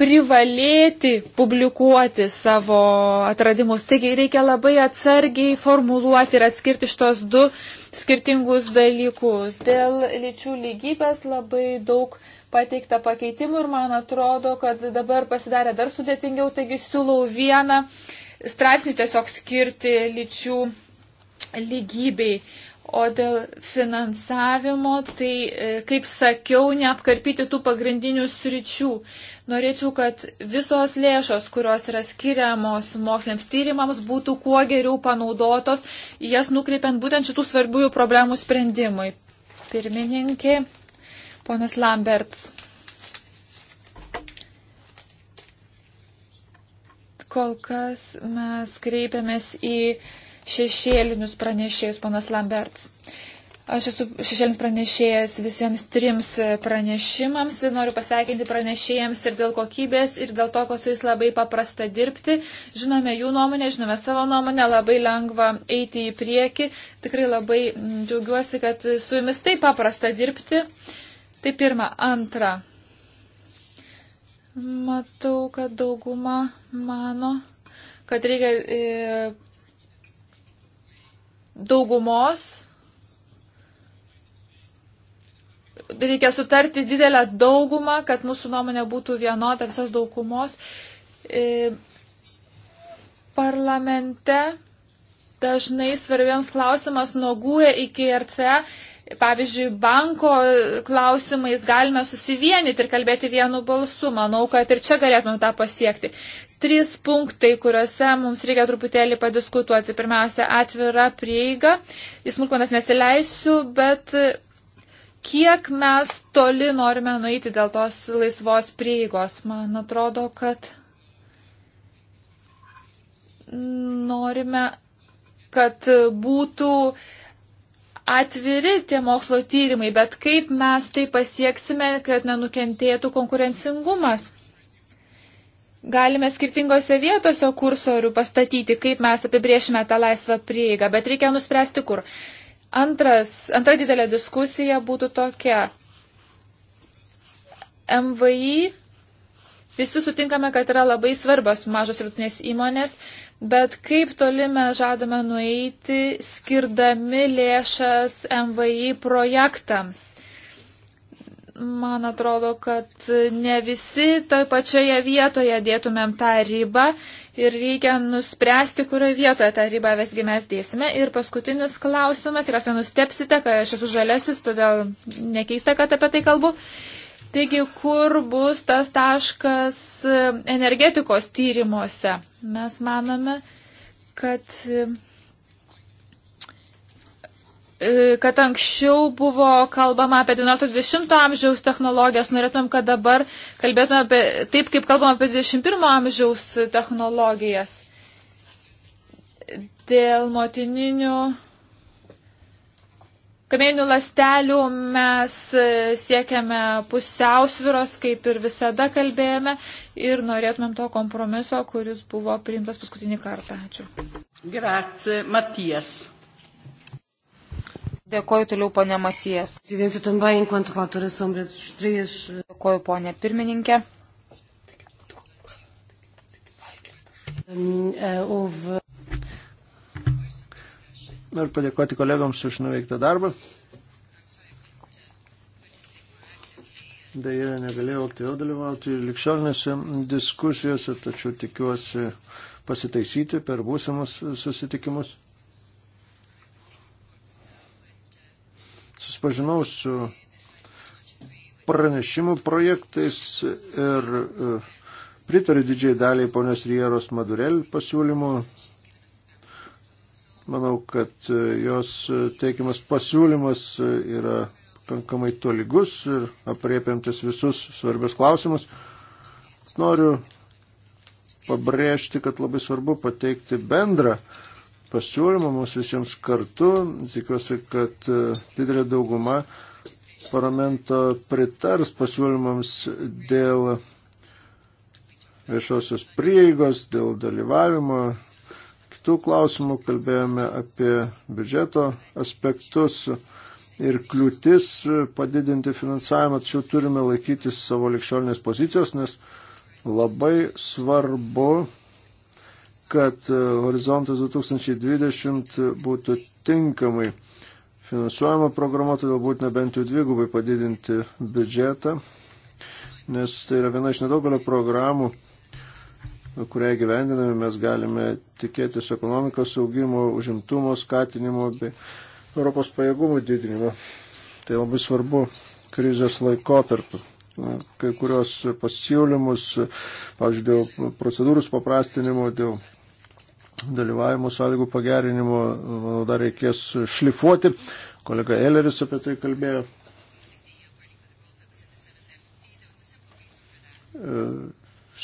privalėti publikuoti savo atradimus. Taigi reikia labai atsargiai formuluoti ir atskirti šitos du skirtingus dalykus. Dėl lyčių lygybės labai daug pateikta pakeitimų ir man atrodo, kad dabar pasidarė dar sudėtingiau, taigi siūlau vieną straipsnį tiesiog skirti lyčių lygybės lygybei. O dėl finansavimo, tai, e, kaip sakiau, neapkarpyti tų pagrindinių sričių. Norėčiau, kad visos lėšos, kurios yra skiriamos moksliniams tyrimams, būtų kuo geriau panaudotos, jas nukreipiant būtent šitų svarbiųjų problemų sprendimui. Pirmininkė, ponas Lamberts. Kol kas mes kreipiamės į šešėlinius pranešėjus, ponas Lamberts. Aš esu šešėlinis pranešėjas visiems trims pranešimams ir noriu pasveikinti pranešėjams ir dėl kokybės, ir dėl to, kad su jais labai paprasta dirbti. Žinome jų nuomonę, žinome savo nuomonę, labai lengva eiti į priekį. Tikrai labai mm, džiaugiuosi, kad su jumis taip paprasta dirbti. Tai pirma. Antra. Matau, kad dauguma mano, kad reikia e, daugumos reikia sutarti didelę daugumą, kad mūsų nuomonė būtų vienoda visos daugumos. E, parlamente dažnai svarbiams klausimas nuo GUE iki RCE, pavyzdžiui, banko klausimais galime susivienyti ir kalbėti vienu balsu. Manau, kad ir čia galėtume tą pasiekti trys punktai, kuriuose mums reikia truputėlį padiskutuoti. Pirmiausia, atvira prieiga. Į smulkmenas nesileisiu, bet kiek mes toli norime nueiti dėl tos laisvos prieigos. Man atrodo, kad norime, kad būtų atviri tie mokslo tyrimai, bet kaip mes tai pasieksime, kad nenukentėtų konkurencingumas galime skirtingose vietose kursorių pastatyti, kaip mes apibriešime tą laisvą prieigą, bet reikia nuspręsti, kur. Antras, antra didelė diskusija būtų tokia. MVI, visi sutinkame, kad yra labai svarbios mažos rytinės įmonės, bet kaip toli mes žadame nueiti, skirdami lėšas MVI projektams man atrodo, kad ne visi toj pačioje vietoje dėtumėm tą ribą ir reikia nuspręsti, kurioje vietoje tą ribą visgi mes dėsime. Ir paskutinis klausimas, ir jūs nustepsite, kad aš esu žalesis, todėl nekeista, kad apie tai kalbu. Taigi, kur bus tas taškas energetikos tyrimuose? Mes manome, kad E, kad anksčiau buvo kalbama apie 19-20 amžiaus technologijas, norėtumėm, kad dabar kalbėtume apie, taip kaip kalbama apie 21 amžiaus technologijas. Dėl motininių kamieninių lastelių mes e, siekiame pusiausviros, kaip ir visada kalbėjome, ir norėtumėm to kompromiso, kuris buvo priimtas paskutinį kartą. Ačiū. Grazie, Matijas. Dėkoju toliau ponė Masijas. Eh, Dėkoju ponė pirmininkė. Eh, Noriu padėkoti kolegoms už nuveiktą darbą. Deja, negalėjau aktyviau dalyvauti likščiolinėse diskusijose, tačiau tikiuosi pasitaisyti per būsimus susitikimus. susipažinau su pranešimų projektais ir e, pritariu didžiai daliai ponios Rieros Madurel pasiūlymų. Manau, kad e, jos teikiamas pasiūlymas yra pakankamai tolygus ir apriepiantis visus svarbius klausimus. Noriu pabrėžti, kad labai svarbu pateikti bendrą pasiūlymą mums visiems kartu. Tikiuosi, kad e, didelė dauguma parlamento pritars pasiūlymams dėl viešosios prieigos, dėl dalyvavimo. Kitų klausimų kalbėjome apie biudžeto aspektus ir kliūtis padidinti finansavimą, tačiau turime laikytis savo likščiolinės pozicijos, nes labai svarbu kad e, Horizontas 2020 būtų tinkamai finansuojama programa, todėl būtina bent jau dvigubai padidinti biudžetą, nes tai yra viena iš nedaugelio programų, kurią gyvendinami mes galime tikėtis ekonomikos augimo, užimtumo skatinimo bei Europos pajėgumų didinimo. Tai labai svarbu krizės laikotarpiu kai kurios pasiūlymus, pavyzdžiui, dėl procedūrų supaprastinimo, dėl dalyvavimo sąlygų pagerinimo, manau, dar reikės šlifuoti. Kolega Elleris apie tai kalbėjo. E,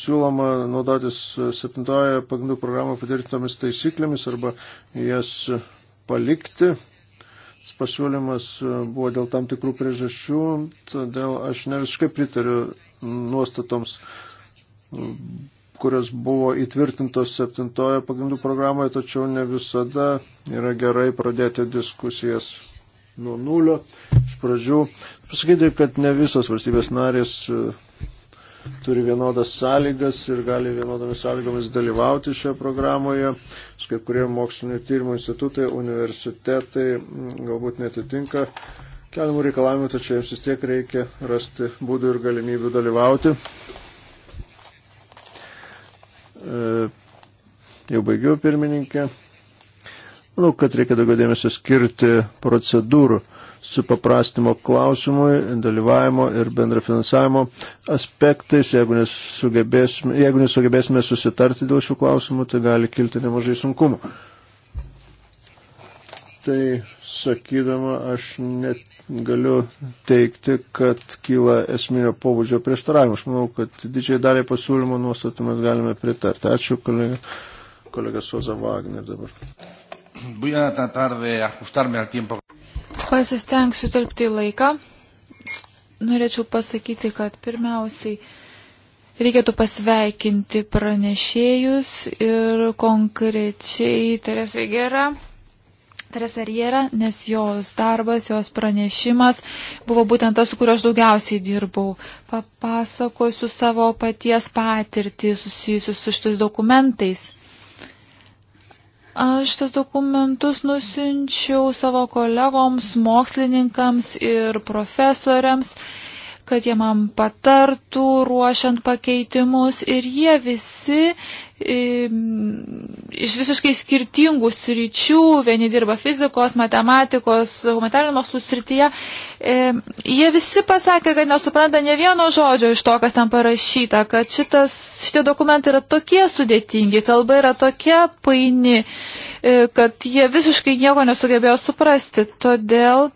siūloma naudotis septintoje pagrindų programą padarytomis taisyklėmis arba jas palikti. Tas pasiūlymas buvo dėl tam tikrų priežasčių, todėl aš ne visiškai pritariu nuostatoms kurios buvo įtvirtintos septintojo pagrindų programoje, tačiau ne visada yra gerai pradėti diskusijas nuo nulio. Iš pradžių pasakyti, kad ne visos valstybės narės e, turi vienodas sąlygas ir gali vienodomis sąlygomis dalyvauti šioje programoje. Kai kurie mokslinio tyrimo institutai, universitetai galbūt netitinka keliamų reikalavimų, tačiau jiems vis tiek reikia rasti būdų ir galimybių dalyvauti. E, jau baigiau pirmininkę. Manau, kad reikia daugiau dėmesio skirti procedūrų supaprastimo klausimui, dalyvavimo ir bendrafinansavimo aspektais. Jeigu nesugebėsime, jeigu nesugebėsime susitarti dėl šių klausimų, tai gali kilti nemažai sunkumų. Tai sakydama, aš net galiu teikti, kad kyla esminio pobūdžio prieštaravimų. Aš manau, kad didžiai daliai pasiūlymo nuostatų mes galime pritarti. Ačiū, kolega, kolega Soza Wagner dabar. Pasistengsiu telkti laiką. Norėčiau pasakyti, kad pirmiausiai reikėtų pasveikinti pranešėjus ir konkrečiai Teres Vegera Teresa Riera, nes jos darbas, jos pranešimas buvo būtent tas, su kuriuo aš daugiausiai dirbau. Papasakosiu savo paties patirtį susijusius su šitais dokumentais. Aš tas dokumentus nusinčiau savo kolegoms, mokslininkams ir profesoriams kad jie man patartų ruošiant pakeitimus ir jie visi iš visiškai skirtingų sričių, vieni dirba fizikos, matematikos, humanitarinių mokslų srityje, jie visi pasakė, kad nesupranta ne vieno žodžio iš to, kas ten parašyta, kad šitas, šitie dokumentai yra tokie sudėtingi, kalba yra tokia paini, e, kad jie visiškai nieko nesugebėjo suprasti. Todėl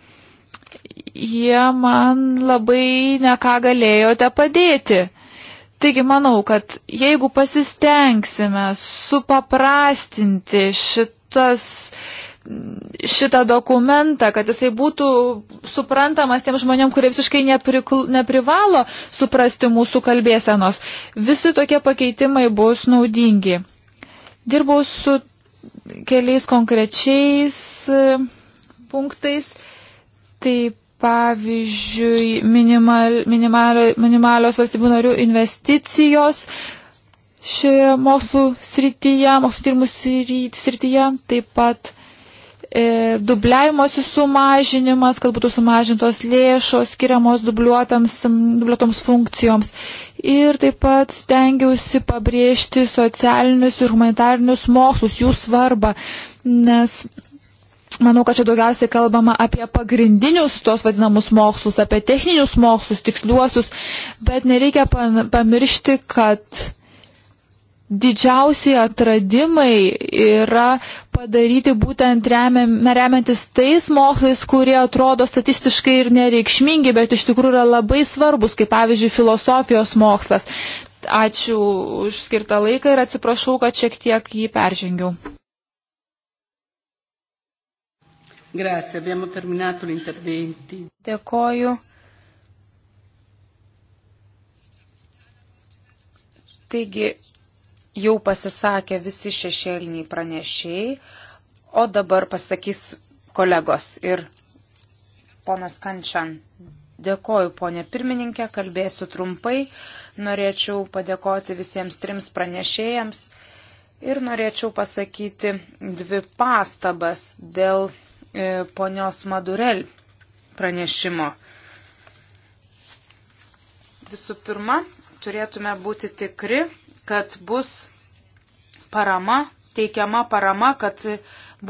jie man labai neką galėjote padėti. Taigi manau, kad jeigu pasistengsime supaprastinti šitas šitą dokumentą, kad jisai būtų suprantamas tiem žmonėm, kurie visiškai neprikl... neprivalo suprasti mūsų kalbėsenos. Visi tokie pakeitimai bus naudingi. Dirbau su keliais konkrečiais e, punktais, taip pavyzdžiui, minimal, minimal, minimalios valstybių narių investicijos šioje mokslo srityje, mokslo tyrimų srityje, taip pat e, dubliavimosi sumažinimas, kad būtų sumažintos lėšos skiriamos dubliuotoms funkcijoms. Ir taip pat stengiausi pabrėžti socialinius ir humanitarinius mokslus, jų svarbą, nes Manau, kad čia daugiausiai kalbama apie pagrindinius tos vadinamus mokslus, apie techninius mokslus, tiksliuosius, bet nereikia pamiršti, kad didžiausi atradimai yra padaryti būtent remiantis tais mokslais, kurie atrodo statistiškai ir nereikšmingi, bet iš tikrųjų yra labai svarbus, kaip pavyzdžiui filosofijos mokslas. Ačiū už skirtą laiką ir atsiprašau, kad šiek tiek jį peržengiau. Grazie, abbiamo terminato l'interventi. Dėkoju. Taigi jau pasisakė visi šešėliniai pranešėjai, o dabar pasakys kolegos ir ponas Kančian. Dėkoju, ponė pirmininkė, kalbėsiu trumpai. Norėčiau padėkoti visiems trims pranešėjams ir norėčiau pasakyti dvi pastabas dėl E, ponios Madurel pranešimo. Visų pirma, turėtume būti tikri, kad bus parama, teikiama parama, kad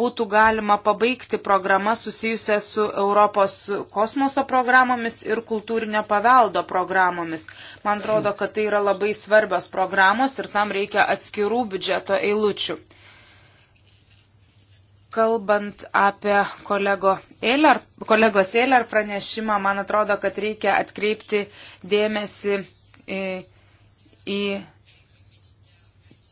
būtų galima pabaigti programą susijusią su Europos kosmoso programomis ir kultūrinio paveldo programomis. Man atrodo, kad tai yra labai svarbios programos ir tam reikia atskirų biudžeto eilučių kalbant apie kolego Eiler, kolegos Eiler pranešimą, man atrodo, kad reikia atkreipti dėmesį į, į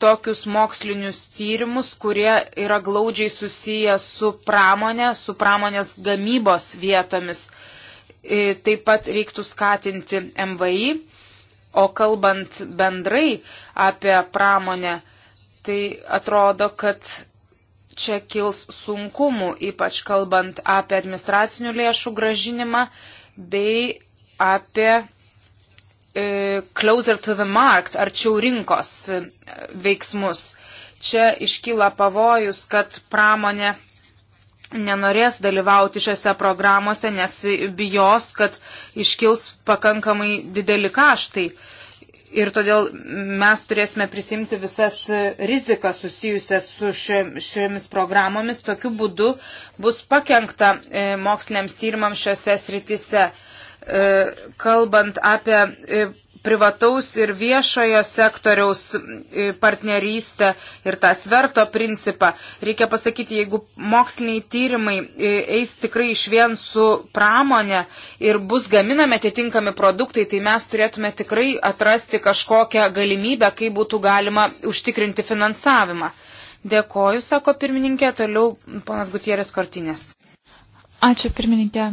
tokius mokslinius tyrimus, kurie yra glaudžiai susiję su pramonė, su pramonės gamybos vietomis. E, taip pat reiktų skatinti MVI, o kalbant bendrai apie pramonę, tai atrodo, kad čia kils sunkumų, ypač kalbant apie administracinių lėšų gražinimą bei apie e, closer to the market, arčiau rinkos e, veiksmus. Čia iškyla pavojus, kad pramonė nenorės dalyvauti šiuose programuose, nes bijos, kad iškils pakankamai dideli kaštai. E, ir todėl mes turėsime prisimti visas rizikas susijusias su šiomis programomis. Tokiu būdu bus pakengta e, moksliniams tyrimams šiose sritise. E, kalbant apie e, privataus ir viešojo sektoriaus e, partnerystę ir tą sverto principą. Reikia pasakyti, jeigu moksliniai tyrimai e, eis tikrai iš vien su pramonė ir bus gaminami atitinkami produktai, tai mes turėtume tikrai atrasti kažkokią galimybę, kaip būtų galima užtikrinti finansavimą. Dėkoju, sako pirmininkė, toliau ponas Gutierės Kortinės. Ačiū pirmininkė.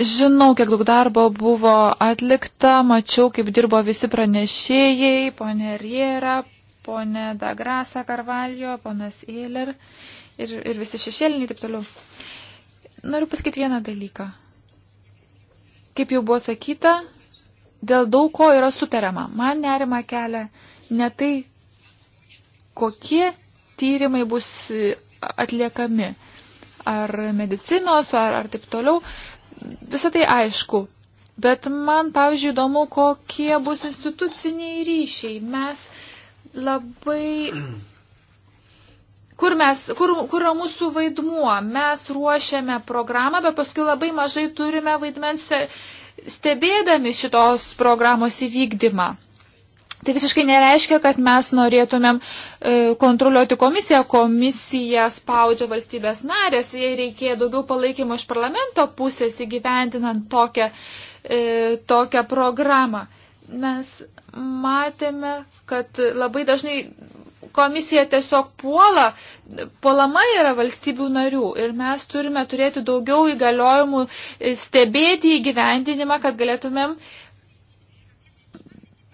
Žinau, kiek daug darbo buvo atlikta, mačiau, kaip dirbo visi pranešėjai, ponė Riera, ponė Dagrasa Karvaljo, ponas Eiler ir, ir visi šešėliniai taip toliau. Noriu pasakyti vieną dalyką. Kaip jau buvo sakyta, dėl daug ko yra sutariama. Man nerima kelia ne tai, kokie tyrimai bus atliekami. Ar medicinos, ar, ar taip toliau visą tai aišku. Bet man, pavyzdžiui, įdomu, kokie bus instituciniai ryšiai. Mes labai. <clears throat> Kur, mes, kur, kur yra mūsų vaidmuo? Mes ruošiame programą, bet paskui labai mažai turime vaidmens e, stebėdami šitos programos įvykdymą. Tai visiškai nereiškia, kad mes norėtumėm e, kontroliuoti komisiją. Komisija spaudžia valstybės narės, jei reikėjo daugiau palaikymo iš parlamento pusės įgyvendinant tokią, e, tokią programą. Mes matėme, kad labai dažnai komisija tiesiog puola, puolama yra valstybių narių ir mes turime turėti daugiau įgaliojimų stebėti įgyvendinimą, kad galėtumėm uh,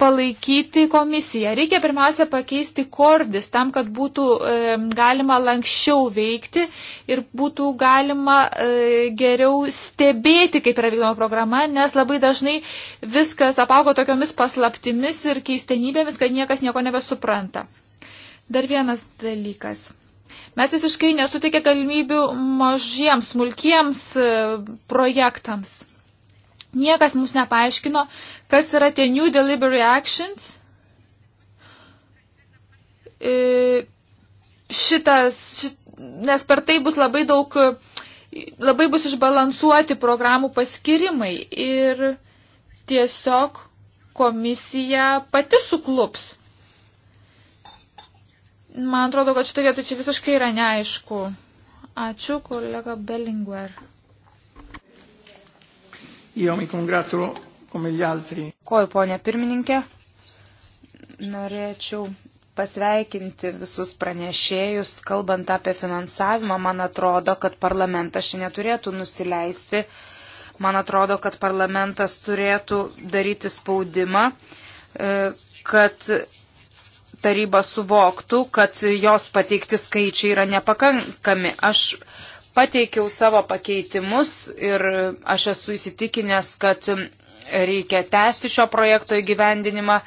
palaikyti komisiją. Reikia pirmiausia pakeisti kordis tam, kad būtų e, galima lankščiau veikti ir būtų galima e, geriau stebėti, kaip yra vykdoma programa, nes labai dažnai viskas apaugo tokiomis paslaptimis ir keistenybėmis, kad niekas nieko nebesupranta. Dar vienas dalykas. Mes visiškai nesutikė galimybių mažiems, smulkiems e, projektams. Niekas mums nepaaiškino, kas yra tie New Delivery Actions. E, šitas, šit, nes per tai bus labai daug, labai bus išbalansuoti programų paskirimai ir tiesiog komisija pati suklups. Man atrodo, kad šitoje vietoje čia visiškai yra neaišku. Ačiū, kolega Bellinguer. Io mi congratulo come gli altri. Koju, ponė pirmininkė, norėčiau pasveikinti visus pranešėjus, kalbant apie finansavimą. Man atrodo, kad parlamentas šiandien turėtų nusileisti. Man atrodo, kad parlamentas turėtų daryti spaudimą, e, kad taryba suvoktų, kad jos pateikti skaičiai yra nepakankami. Aš pateikiau savo pakeitimus ir aš esu įsitikinęs, kad reikia tęsti šio projekto įgyvendinimą.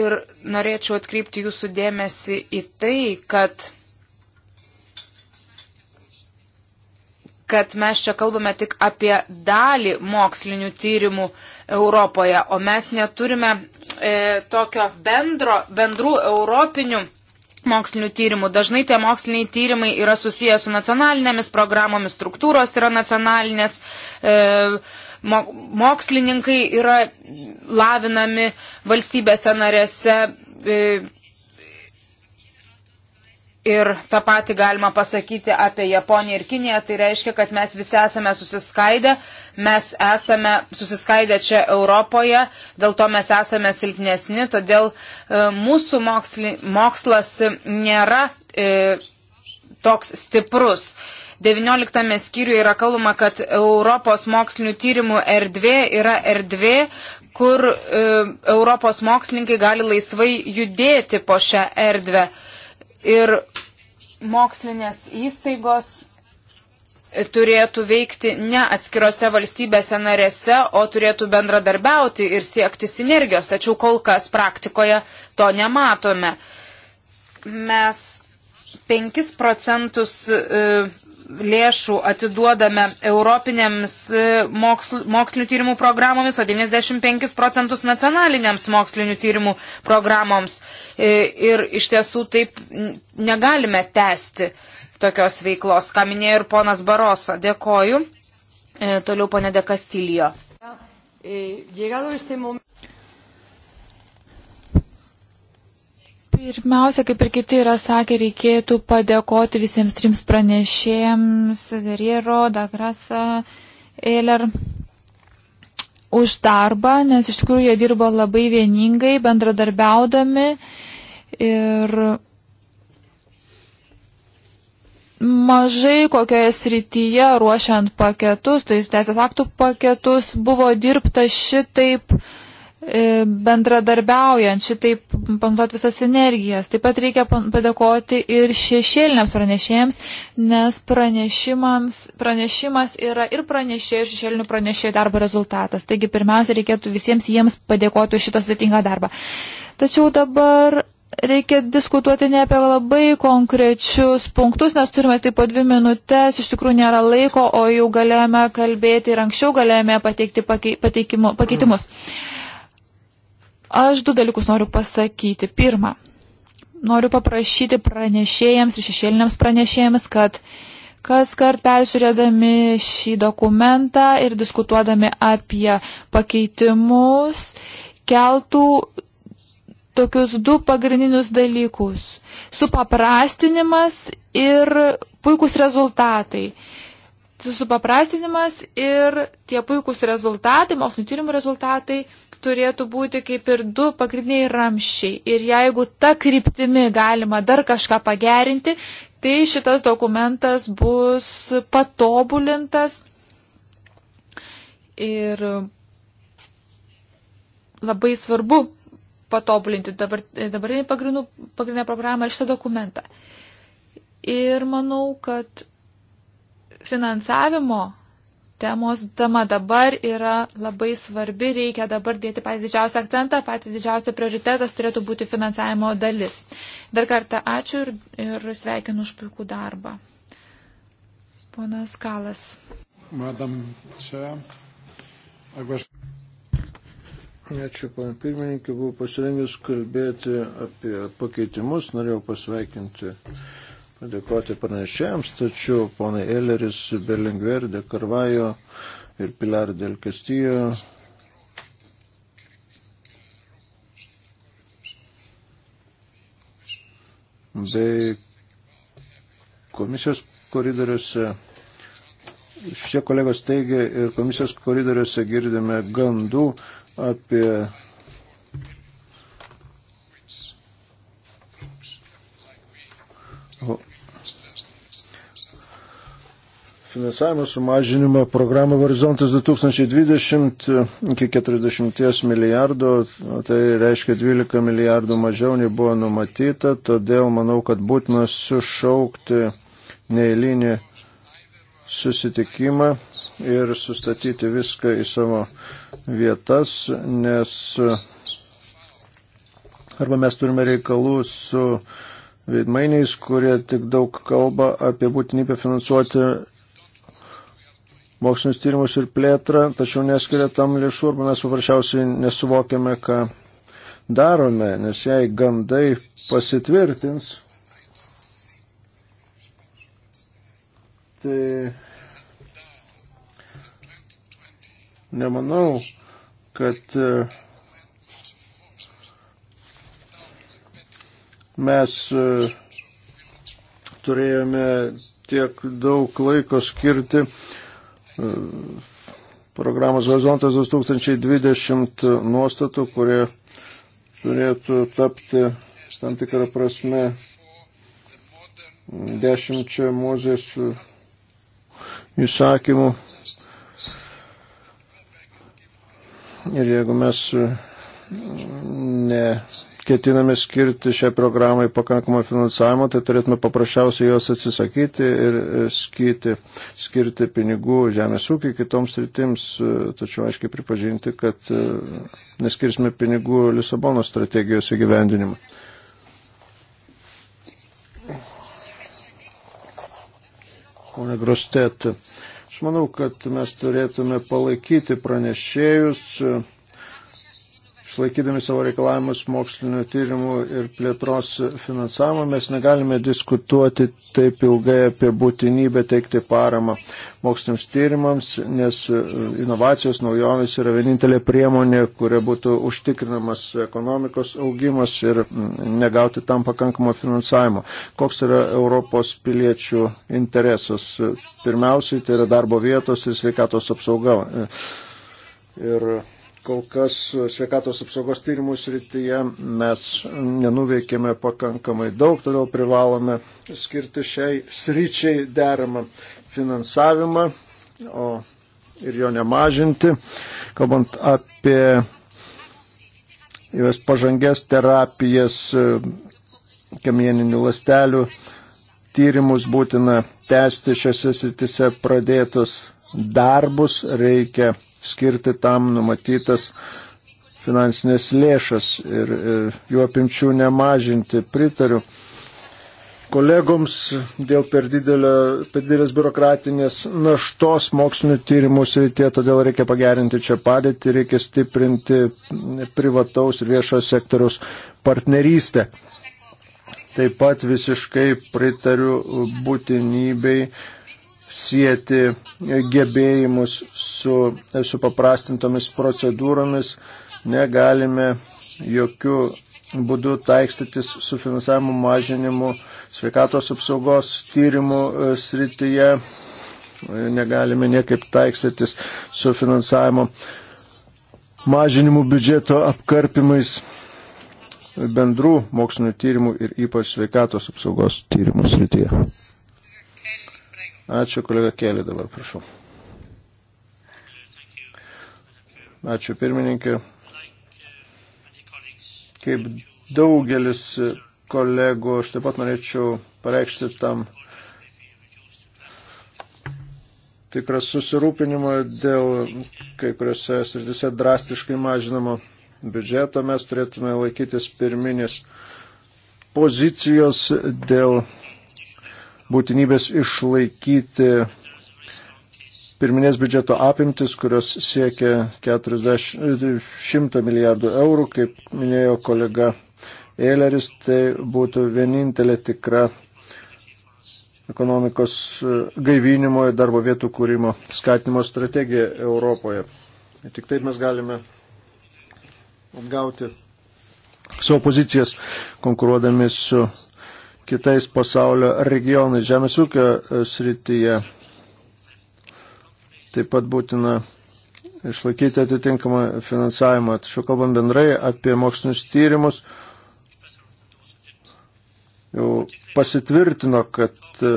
Ir norėčiau atkreipti jūsų dėmesį į tai, kad, kad mes čia kalbame tik apie dalį mokslinių tyrimų Europoje, o mes neturime e, tokio bendro, bendrų europinių mokslinių tyrimų. Dažnai tie moksliniai tyrimai yra susijęs su nacionalinėmis programomis, struktūros yra nacionalinės, e, mo, mokslininkai yra lavinami valstybėse narėse. E, Ir tą patį galima pasakyti apie Japoniją ir Kiniją, tai reiškia, kad mes visi esame susiskaidę, Mes esame susiskaidę čia Europoje, dėl to mes esame silpnesni, todėl e, mūsų moksli, mokslas nėra e, toks stiprus. 19 skyriuje yra kalbama, kad Europos mokslinių tyrimų erdvė yra erdvė, kur e, Europos mokslininkai gali laisvai judėti po šią erdvę. Ir mokslinės įstaigos turėtų veikti ne atskirose valstybėse narėse, o turėtų bendradarbiauti ir siekti sinergijos, tačiau kol kas praktikoje to nematome. Mes 5 procentus e, lėšų atiduodame europinėms e, mokslinių tyrimų programomis, o 95 procentus nacionalinėms mokslinių tyrimų programoms. E, ir iš tiesų taip negalime tęsti tokios veiklos, ką minėjo ir ponas Baroso. Dėkoju. E, toliau ponė De Castillo. E, Pirmiausia, kaip ir kiti yra sakę, reikėtų padėkoti visiems trims pranešėjams, Riero, Dagrasa, Eiler, už darbą, nes iš tikrųjų jie dirbo labai vieningai, bendradarbiaudami ir mažai kokioje srityje ruošiant paketus, tai teisės aktų paketus, buvo dirbta šitaip e, bendradarbiaujant, šitaip panduot visas energijas. Taip pat reikia padėkoti ir šešėliniams pranešėjams, nes pranešimas yra ir pranešėjų, ir šešėlinių pranešėjų darbo rezultatas. Taigi pirmiausia, reikėtų visiems jiems padėkoti už šitą sudėtingą darbą. Tačiau dabar reikia diskutuoti ne apie labai konkrečius punktus, nes turime taip po dvi minutės, iš tikrųjų nėra laiko, o jau galėjome kalbėti ir anksčiau galėjome pateikti pakeitimus. Aš du dalykus noriu pasakyti. Pirma, noriu paprašyti pranešėjams ir šešėliniams pranešėjams, kad kas kart peržiūrėdami šį dokumentą ir diskutuodami apie pakeitimus, keltų tokius du pagrindinius dalykus - supaprastinimas ir puikūs rezultatai. Supaprastinimas ir tie puikūs rezultatai, mokslinio tyrimų rezultatai turėtų būti kaip ir du pagrindiniai ramščiai. Ir jeigu ta kryptimi galima dar kažką pagerinti, tai šitas dokumentas bus patobulintas ir labai svarbu patobulinti dabar, dabartinį pagrindinę programą ir šitą dokumentą. Ir manau, kad finansavimo temos tema dabar yra labai svarbi, reikia dabar dėti patį didžiausią akcentą, patį didžiausią prioritetas turėtų būti finansavimo dalis. Dar kartą ačiū ir, ir sveikinu už puikų darbą. Ponas Kalas. Madam, čia. Aš... Ačiū, pana pirmininkė, buvau pasirengęs kalbėti apie pakeitimus, norėjau pasveikinti, padėkoti pranešėjams, tačiau ponai Elleris, Berlingver, De Carvajo ir Pilar del Castillo bei komisijos koridoriuose šie kolegos teigia ir komisijos koridoriuose girdime gandų, apie finansavimo sumažinimo programą Horizontas 2020 iki 40 milijardų, tai reiškia 12 milijardų mažiau nei buvo numatyta, todėl manau, kad būtina sušaukti neįlinį susitikimą ir sustatyti viską į savo vietas, nes e, arba mes turime reikalų su veidmainiais, kurie tik daug kalba apie būtinybę finansuoti mokslinius tyrimus ir plėtrą, tačiau neskiria tam lėšų arba mes paprasčiausiai nesuvokiame, ką darome, nes jei gandai pasitvirtins, tai Nemanau, kad e, mes e, turėjome tiek daug laiko skirti e, programos Horizontas 2020 nuostatų, kurie turėtų tapti tam tikrą prasme dešimčia mūzės įsakymų Ir jeigu mes e, neketiname skirti šiai programai pakankamą finansavimą, tai turėtume paprasčiausiai jos atsisakyti ir e, skyti, skirti pinigų žemės ūkiai kitoms rytims, e, tačiau aiškiai pripažinti, kad neskirsime pinigų Lisabono strategijos įgyvendinimui. Pone Grostet, Aš manau, kad mes turėtume palaikyti pranešėjus išlaikydami savo reikalavimus mokslinio tyrimų ir plėtros finansavimo, mes negalime diskutuoti taip ilgai apie būtinybę teikti paramą moksliniams tyrimams, nes inovacijos naujovės yra vienintelė priemonė, kuria būtų užtikrinamas ekonomikos augimas ir negauti tam pakankamo finansavimo. Koks yra Europos piliečių interesas? Pirmiausiai tai yra darbo vietos ir sveikatos apsauga. Ir kol kas sveikatos apsaugos tyrimų srityje mes nenuveikėme pakankamai daug, todėl privalome skirti šiai sryčiai deramą finansavimą o, ir jo nemažinti. Kalbant apie įves pažangės terapijas, kamieninių lastelių tyrimus būtina tęsti šiose sritise pradėtus darbus, reikia skirti tam numatytas finansinės lėšas ir, ir e, jų apimčių nemažinti. Pritariu kolegoms dėl per, didelio, per didelės biurokratinės naštos mokslinių tyrimų srityje, todėl reikia pagerinti čia padėtį, reikia stiprinti privataus ir viešojo sektoriaus partnerystę. Taip pat visiškai pritariu būtinybei sieti gebėjimus su, su paprastintomis procedūromis, negalime jokių būdų taikstytis su finansavimu mažinimu sveikatos apsaugos tyrimų e, srityje, negalime niekaip taikstytis su finansavimu mažinimu biudžeto apkarpimais bendrų mokslinių tyrimų ir ypač sveikatos apsaugos tyrimų srityje. Ačiū, kolega Kelį dabar, prašau. Ačiū, pirmininkė. Kaip daugelis kolegų, aš taip pat norėčiau pareikšti tam tikrą susirūpinimą dėl kai kuriuose srityse drastiškai mažinamo biudžeto. Mes turėtume laikytis pirminės pozicijos dėl būtinybės išlaikyti pirminės biudžeto apimtis, kurios siekia 40, 100 milijardų eurų, kaip minėjo kolega Eileris, tai būtų vienintelė tikra ekonomikos e, gaivinimo ir darbo vietų kūrimo skatinimo strategija Europoje. Ir tik taip mes galime atgauti savo pozicijas konkuruodami su kitais pasaulio regionais žemės ūkio e, srityje. Taip pat būtina išlaikyti atitinkamą finansavimą. Tačiau kalbam bendrai apie mokslinius tyrimus. Jau pasitvirtino, kad e,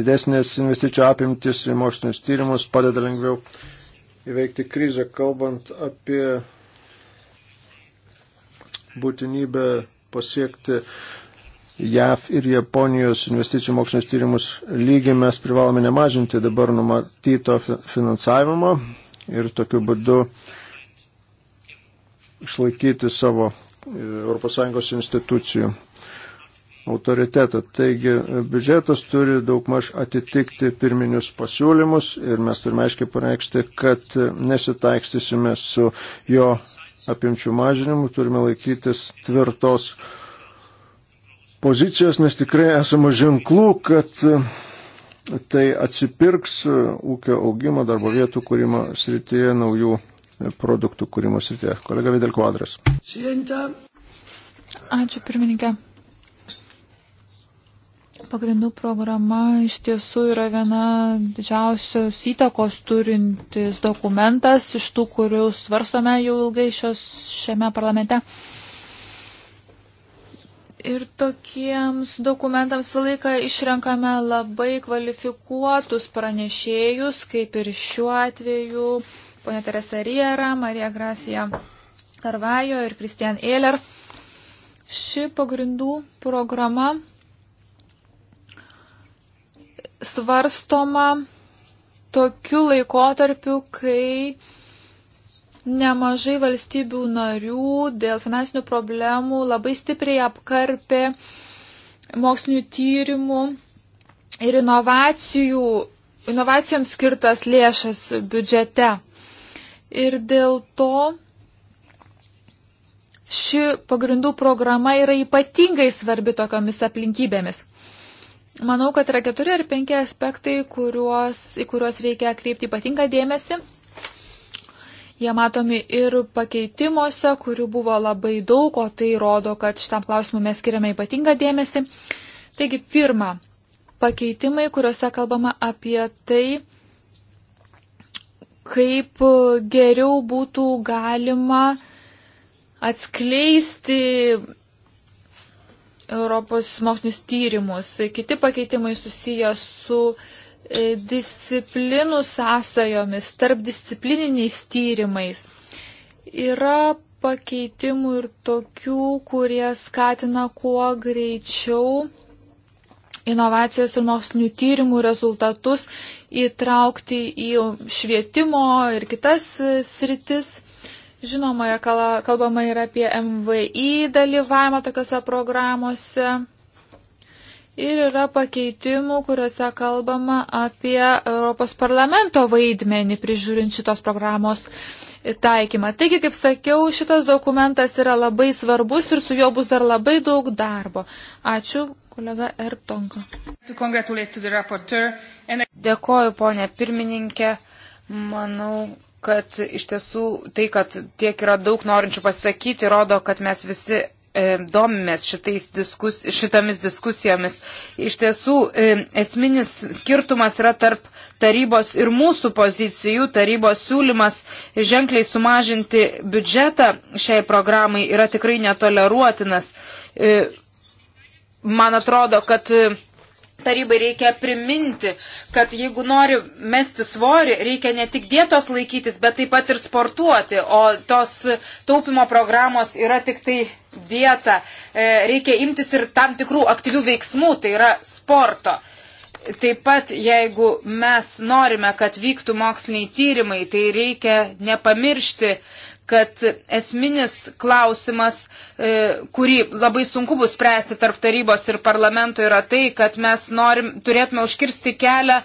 didesnės investicijų apimtis į mokslinius tyrimus padeda lengviau įveikti krizę, kalbant apie būtinybę pasiekti JAV ir Japonijos investicijų mokslinius tyrimus lygį mes privalome nemažinti dabar numatyto finansavimo ir tokiu būdu išlaikyti savo e, ES institucijų autoritetą. Taigi e, biudžetas turi daugmaž atitikti pirminius pasiūlymus ir mes turime aiškiai pareikšti, kad e, nesitaikstysime su jo apimčių mažinimu, turime laikytis tvirtos pozicijos, nes tikrai esama ženklų, kad e, tai atsipirks e, ūkio augimo darbo vietų kūrimo srityje, naujų e, produktų kūrimo srityje. Kolega Videl Kvadras. Ačiū pirmininkė. Pagrindų programa iš tiesų yra viena didžiausios įtakos turintis dokumentas iš tų, kuriuos svarstome jau ilgai šios, šiame parlamente. Ir tokiems dokumentams visą laiką išrenkame labai kvalifikuotus pranešėjus, kaip ir šiuo atveju ponė Teresa Riera, Marija Grafija Karvajo ir Kristian Eiler. Ši pagrindų programa svarstoma tokiu laikotarpiu, kai nemažai valstybių narių dėl finansinių problemų labai stipriai apkarpė mokslinių tyrimų ir inovacijų, inovacijoms skirtas lėšas biudžete. Ir dėl to ši pagrindų programa yra ypatingai svarbi tokiomis aplinkybėmis. Manau, kad yra keturi ar penki aspektai, kuriuos, į kuriuos reikia kreipti ypatingą dėmesį. Jie matomi ir pakeitimuose, kurių buvo labai daug, o tai rodo, kad šitam klausimui mes skiriame ypatingą dėmesį. Taigi, pirma, pakeitimai, kuriuose kalbama apie tai, kaip geriau būtų galima atskleisti Europos mokslinius tyrimus. Kiti pakeitimai susiję su e, disciplinų sąsajomis, tarp disciplininiais tyrimais. Yra pakeitimų ir tokių, kurie skatina kuo greičiau inovacijos ir mokslinių tyrimų rezultatus įtraukti į švietimo ir kitas e, sritis. Žinoma, ir kalbama ir apie MVI dalyvavimą tokiuose programuose. Ir yra pakeitimų, kuriuose kalbama apie Europos parlamento vaidmenį prižiūrint šitos programos taikymą. Taigi, kaip sakiau, šitas dokumentas yra labai svarbus ir su juo bus dar labai daug darbo. Ačiū, kolega Ertonko. Dėkoju, ponė pirmininkė. Manau, kad iš tiesų tai, kad tiek yra daug norinčių pasakyti, rodo, kad mes visi e, domimės diskus, šitomis diskusijomis. Iš tiesų e, esminis skirtumas yra tarp tarybos ir mūsų pozicijų. Tarybos siūlymas ženkliai sumažinti biudžetą šiai programai yra tikrai netoleruotinas. E, man atrodo, kad e, Tarybai reikia priminti, kad jeigu nori mesti svorį, reikia ne tik dietos laikytis, bet taip pat ir sportuoti, o tos taupimo programos yra tik tai dieta. E, reikia imtis ir tam tikrų aktyvių veiksmų, tai yra sporto. Taip pat, jeigu mes norime, kad vyktų moksliniai tyrimai, tai reikia nepamiršti, kad esminis klausimas, e, kurį labai sunku bus spręsti tarp tarybos ir parlamento, yra tai, kad mes norim, turėtume užkirsti kelią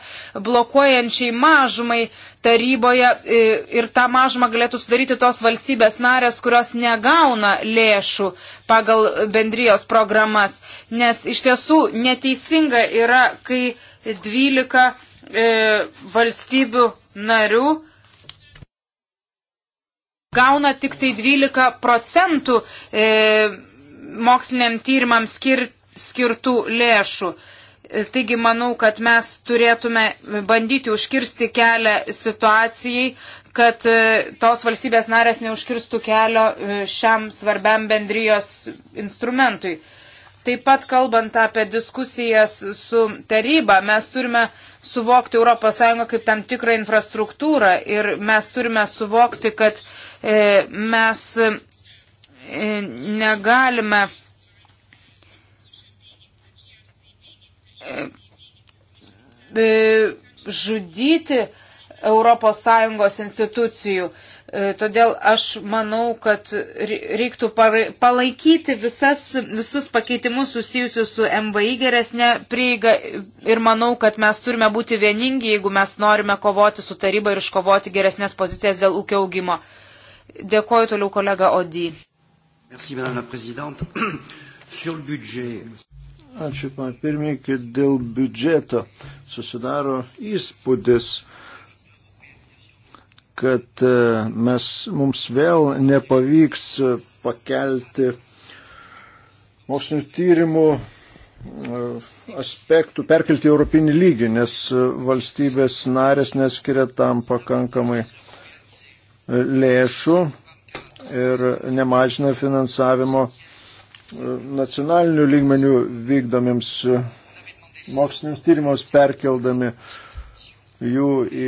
blokuojančiai mažumai taryboje e, ir tą mažumą galėtų sudaryti tos valstybės narės, kurios negauna lėšų pagal bendrijos programas. Nes iš tiesų neteisinga yra, kai 12 e, valstybių narių gauna tik tai 12 procentų e, moksliniam tyrimam skir, skirtų lėšų. E, taigi manau, kad mes turėtume bandyti užkirsti kelią situacijai, kad e, tos valstybės narės neužkirstų kelio e, šiam svarbiam bendrijos instrumentui. Taip pat kalbant apie diskusijas su taryba, mes turime suvokti ES kaip tam tikrą infrastruktūrą ir mes turime suvokti, kad E, mes e, negalime e, žudyti ES institucijų. Todėl aš manau, kad reiktų palaikyti visas, visus pakeitimus susijusius su MVI geresnė prieiga ir manau, kad mes turime būti vieningi, jeigu mes norime kovoti su taryba ir iškovoti geresnės pozicijas dėl ūkio augimo. Dėkoju toliau kolega Odį. Merci, madame la présidente. <clears throat> Sur le budget. Ačiū, man pirmininkai, dėl biudžeto susidaro įspūdis, kad e, mes, mums vėl nepavyks pakelti mokslinio tyrimų e, aspektų, perkelti europinį lygį, nes e, valstybės narės neskiria tam pakankamai lėšų ir nemažina finansavimo e, nacionalinių lygmenių vykdomiems e, moksliniams tyrimams perkeldami jų į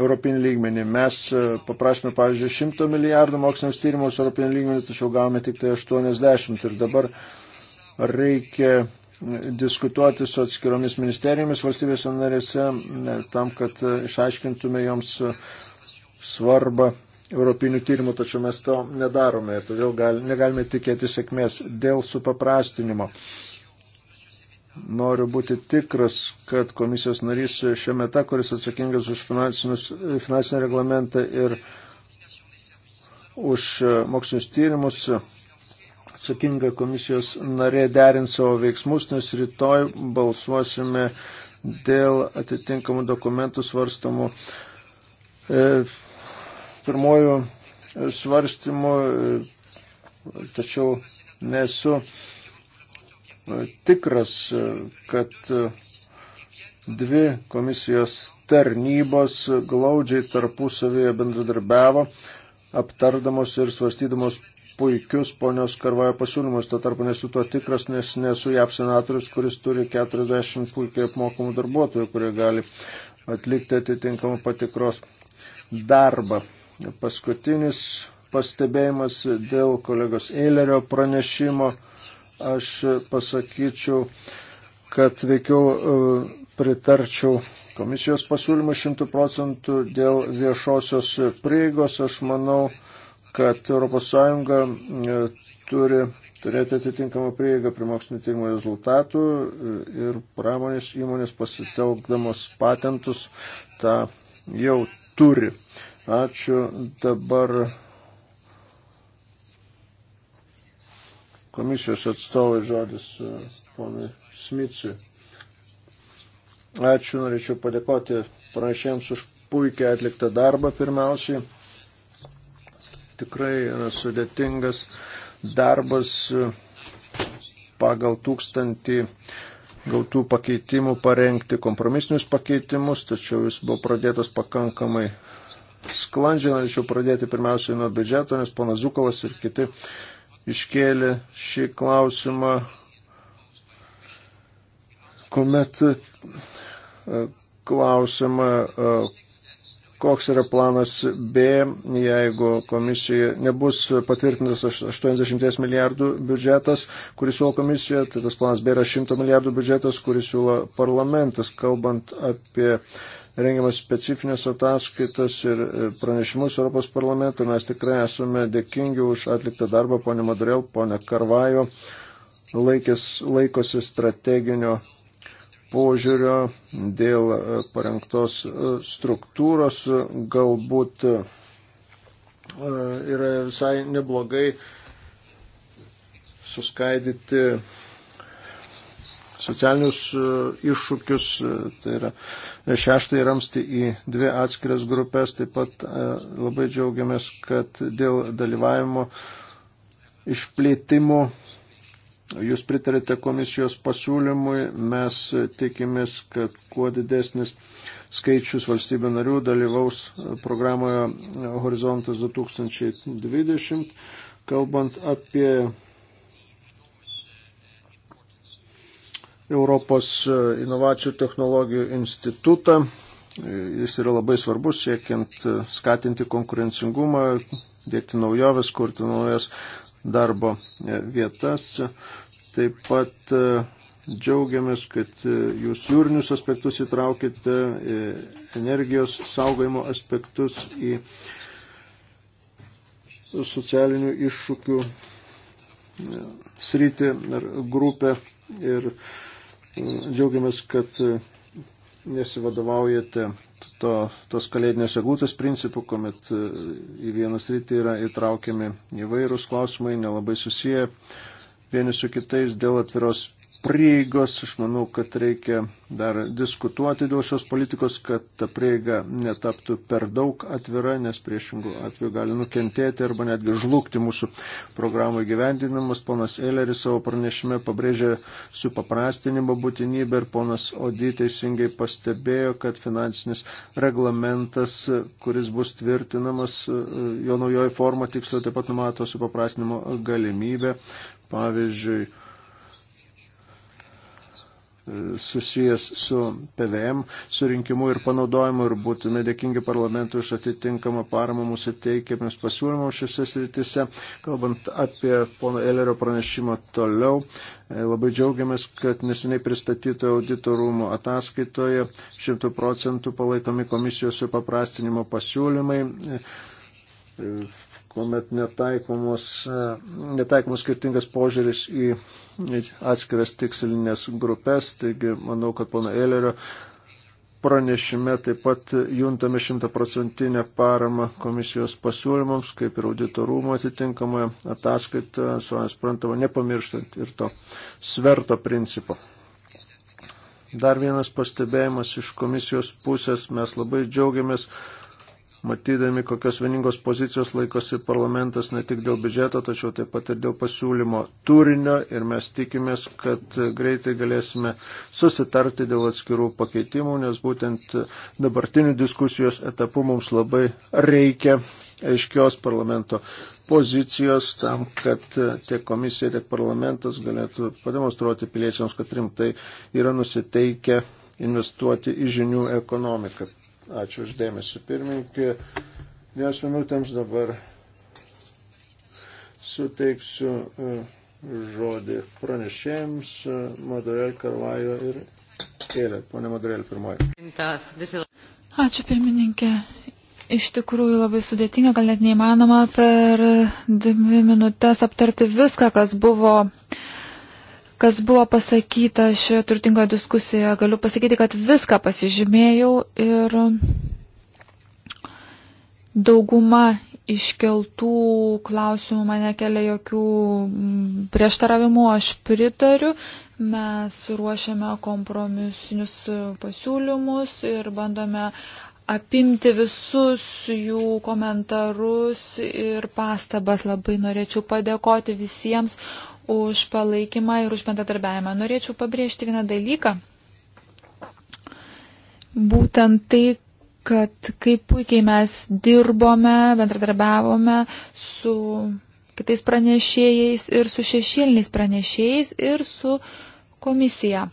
Europinį lygmenį. Mes e, paprašome, pavyzdžiui, 100 milijardų moksliniams tyrimus Europinį lygmenį, tačiau gavome tik tai 80 ir dabar reikia diskutuoti su atskiromis ministerijomis valstybėse narėse, tam, kad išaiškintume joms svarbą europinių tyrimų, tačiau mes to nedarome ir todėl gal, negalime tikėti sėkmės dėl supaprastinimo. Noriu būti tikras, kad komisijos narys šiame ta, kuris atsakingas už finansinį reglamentą ir už mokslinius tyrimus, atsakinga komisijos narė derins savo veiksmus, nes rytoj balsuosime dėl atitinkamų dokumentų svarstamų. E, pirmojų e, svarstymų, e, tačiau nesu e, tikras, kad dvi komisijos tarnybos glaudžiai tarpusavėje bendradarbiavo, aptardamos ir svarstydamos puikius ponios Karvajo pasiūlymus. Tuo tarpu nesu tuo tikras, nes nesu JAV senatorius, kuris turi 40 puikiai apmokamų darbuotojų, kurie gali atlikti atitinkamą patikros darbą. Paskutinis pastebėjimas dėl kolegos Eilerio pranešimo. Aš pasakyčiau, kad veikiau e, pritarčiau komisijos pasiūlymų šimtų procentų dėl viešosios prieigos. Aš manau, kad ES e, turi turėti atitinkamą prieigą prie mokslinio tyrimo rezultatų e, ir pramonės įmonės pasitelkdamos patentus tą jau turi. Ačiū dabar komisijos atstovai žodis e, ponui Smitsui. Ačiū, norėčiau padėkoti pranešėjams už puikiai atliktą darbą pirmiausiai. Tikrai yra sudėtingas darbas e, pagal tūkstantį gautų pakeitimų parengti kompromisinius pakeitimus, tačiau jis buvo pradėtas pakankamai sklandžiai norėčiau pradėti pirmiausiai nuo biudžeto, nes pana Zukalas ir kiti iškėlė šį klausimą, kuomet e, klausimą, e, koks yra planas B, jeigu komisija nebus patvirtintas 80 milijardų biudžetas, kuris siūlo komisija, tai tas planas B yra 100 milijardų biudžetas, kuris siūlo parlamentas, kalbant apie uh, rengiamas specifinės ataskaitas ir e, pranešimus Europos parlamento. Mes tikrai esame dėkingi už atliktą darbą, ponė Madurėl, ponė Karvajo, laikės, laikosi strateginio požiūrio dėl e, parengtos e, struktūros. Galbūt yra visai neblogai suskaidyti socialinius e, iššūkius, e, tai yra e, šeštai ramsti į dvi atskiras grupės. Taip pat labai džiaugiamės, kad dėl dalyvavimo išplėtimo jūs pritarėte komisijos pasiūlymui. Mes tikimės, kad kuo didesnis skaičius valstybių narių dalyvaus programoje Horizontas 2020. Kalbant apie Europos e, inovacijų technologijų institutą. E, jis yra labai svarbus siekiant e, skatinti konkurencingumą, dėkti naujoves, kurti naujas darbo vietas. Taip pat džiaugiamės, kad jūs jūrinius aspektus įtraukite, energijos saugojimo aspektus į socialinių iššūkių sritį ar grupę ir uh, džiaugiamės, kad e, nesivadovaujate to, tos kalėdinės eglutės principų, kuomet e, į vieną sritį yra įtraukiami įvairūs klausimai, nelabai susiję vieni su kitais dėl atviros prieigos. Aš manau, kad reikia dar diskutuoti dėl šios politikos, kad ta prieiga netaptų per daug atvira, nes priešingų atveju gali nukentėti arba netgi žlugti mūsų programų gyvendinimas. Ponas Eileris savo pranešime pabrėžė supaprastinimo būtinybę ir ponas Ody teisingai pastebėjo, kad finansinis reglamentas, kuris bus tvirtinamas, jo naujoji forma tiksliau taip pat numato supaprastinimo galimybę. Pavyzdžiui, susijęs su PVM surinkimu ir panaudojimu ir būtume dėkingi parlamentui už atitinkamą paramą mūsų teikiamiems pasiūlymams šiuose sritise. Kalbant apie pono Ellerio pranešimą toliau, e, labai džiaugiamės, kad neseniai pristatytoje auditorumo ataskaitoje 100 procentų palaikomi komisijos supaprastinimo pasiūlymai e, e, kuomet e, netaikomas skirtingas požiūris į atskiras tikslinės grupės. Taigi, manau, kad pono Eilerio pranešime taip pat juntame šimtaprocentinę paramą komisijos pasiūlymams, kaip ir auditorumo atitinkamoje ataskaitoje, savai suprantama, nepamirštant ir to sverto principo. Dar vienas pastebėjimas iš komisijos pusės, mes labai džiaugiamės matydami, kokios vieningos pozicijos laikosi parlamentas ne tik dėl biudžeto, tačiau taip pat ir dėl pasiūlymo turinio ir mes tikimės, kad greitai galėsime susitarti dėl atskirų pakeitimų, nes būtent dabartinių diskusijos etapų mums labai reikia aiškios parlamento pozicijos tam, kad tiek komisija, tiek parlamentas galėtų pademonstruoti piliečiams, kad rimtai yra nusiteikę investuoti į žinių ekonomiką. Ačiū uždėmesi pirmininkė. Dvies minutėms dabar suteiksiu e, žodį pranešėjams e, Madurel Karvajo ir Kėlė. Pone Madurel, pirmoji. Ačiū pirmininkė. Iš tikrųjų labai sudėtinga, gal net neįmanoma per dvi minutės aptarti viską, kas buvo uh, kas buvo pasakyta šioje turtingoje diskusijoje. Galiu pasakyti, kad viską pasižymėjau ir dauguma iškeltų klausimų mane kelia jokių mm, prieštaravimų, aš pritariu. Mes ruošiame kompromisinius pasiūlymus ir bandome apimti visus jų komentarus ir pastabas. Labai norėčiau padėkoti visiems už palaikymą ir už bendradarbiavimą. Norėčiau pabrėžti vieną dalyką. Būtent tai, kad kaip puikiai mes dirbome, bendradarbiavome su kitais pranešėjais ir su šešėliniais pranešėjais ir su komisija.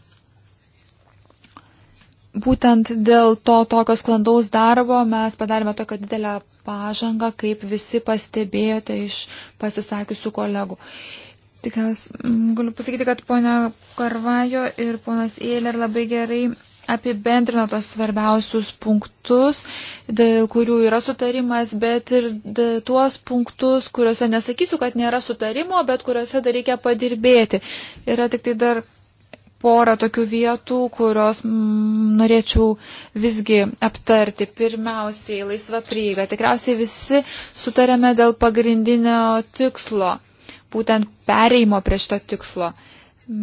Būtent dėl to tokios sklandaus darbo mes padarėme tokią didelę pažangą, kaip visi pastebėjote iš pasisakiusių kolegų. Tikriausiai galiu pasakyti, kad ponia Karvajo ir ponas Eiler labai gerai apibendrino tos svarbiausius punktus, dėl kurių yra sutarimas, bet ir tuos punktus, kuriuose nesakysiu, kad nėra sutarimo, bet kuriuose dar reikia padirbėti. Yra tik tai dar porą tokių vietų, kurios m, norėčiau visgi aptarti. Pirmiausiai, laisva prieiga. Tikriausiai visi sutarėme dėl pagrindinio tikslo būtent pereimo prie šito tikslo.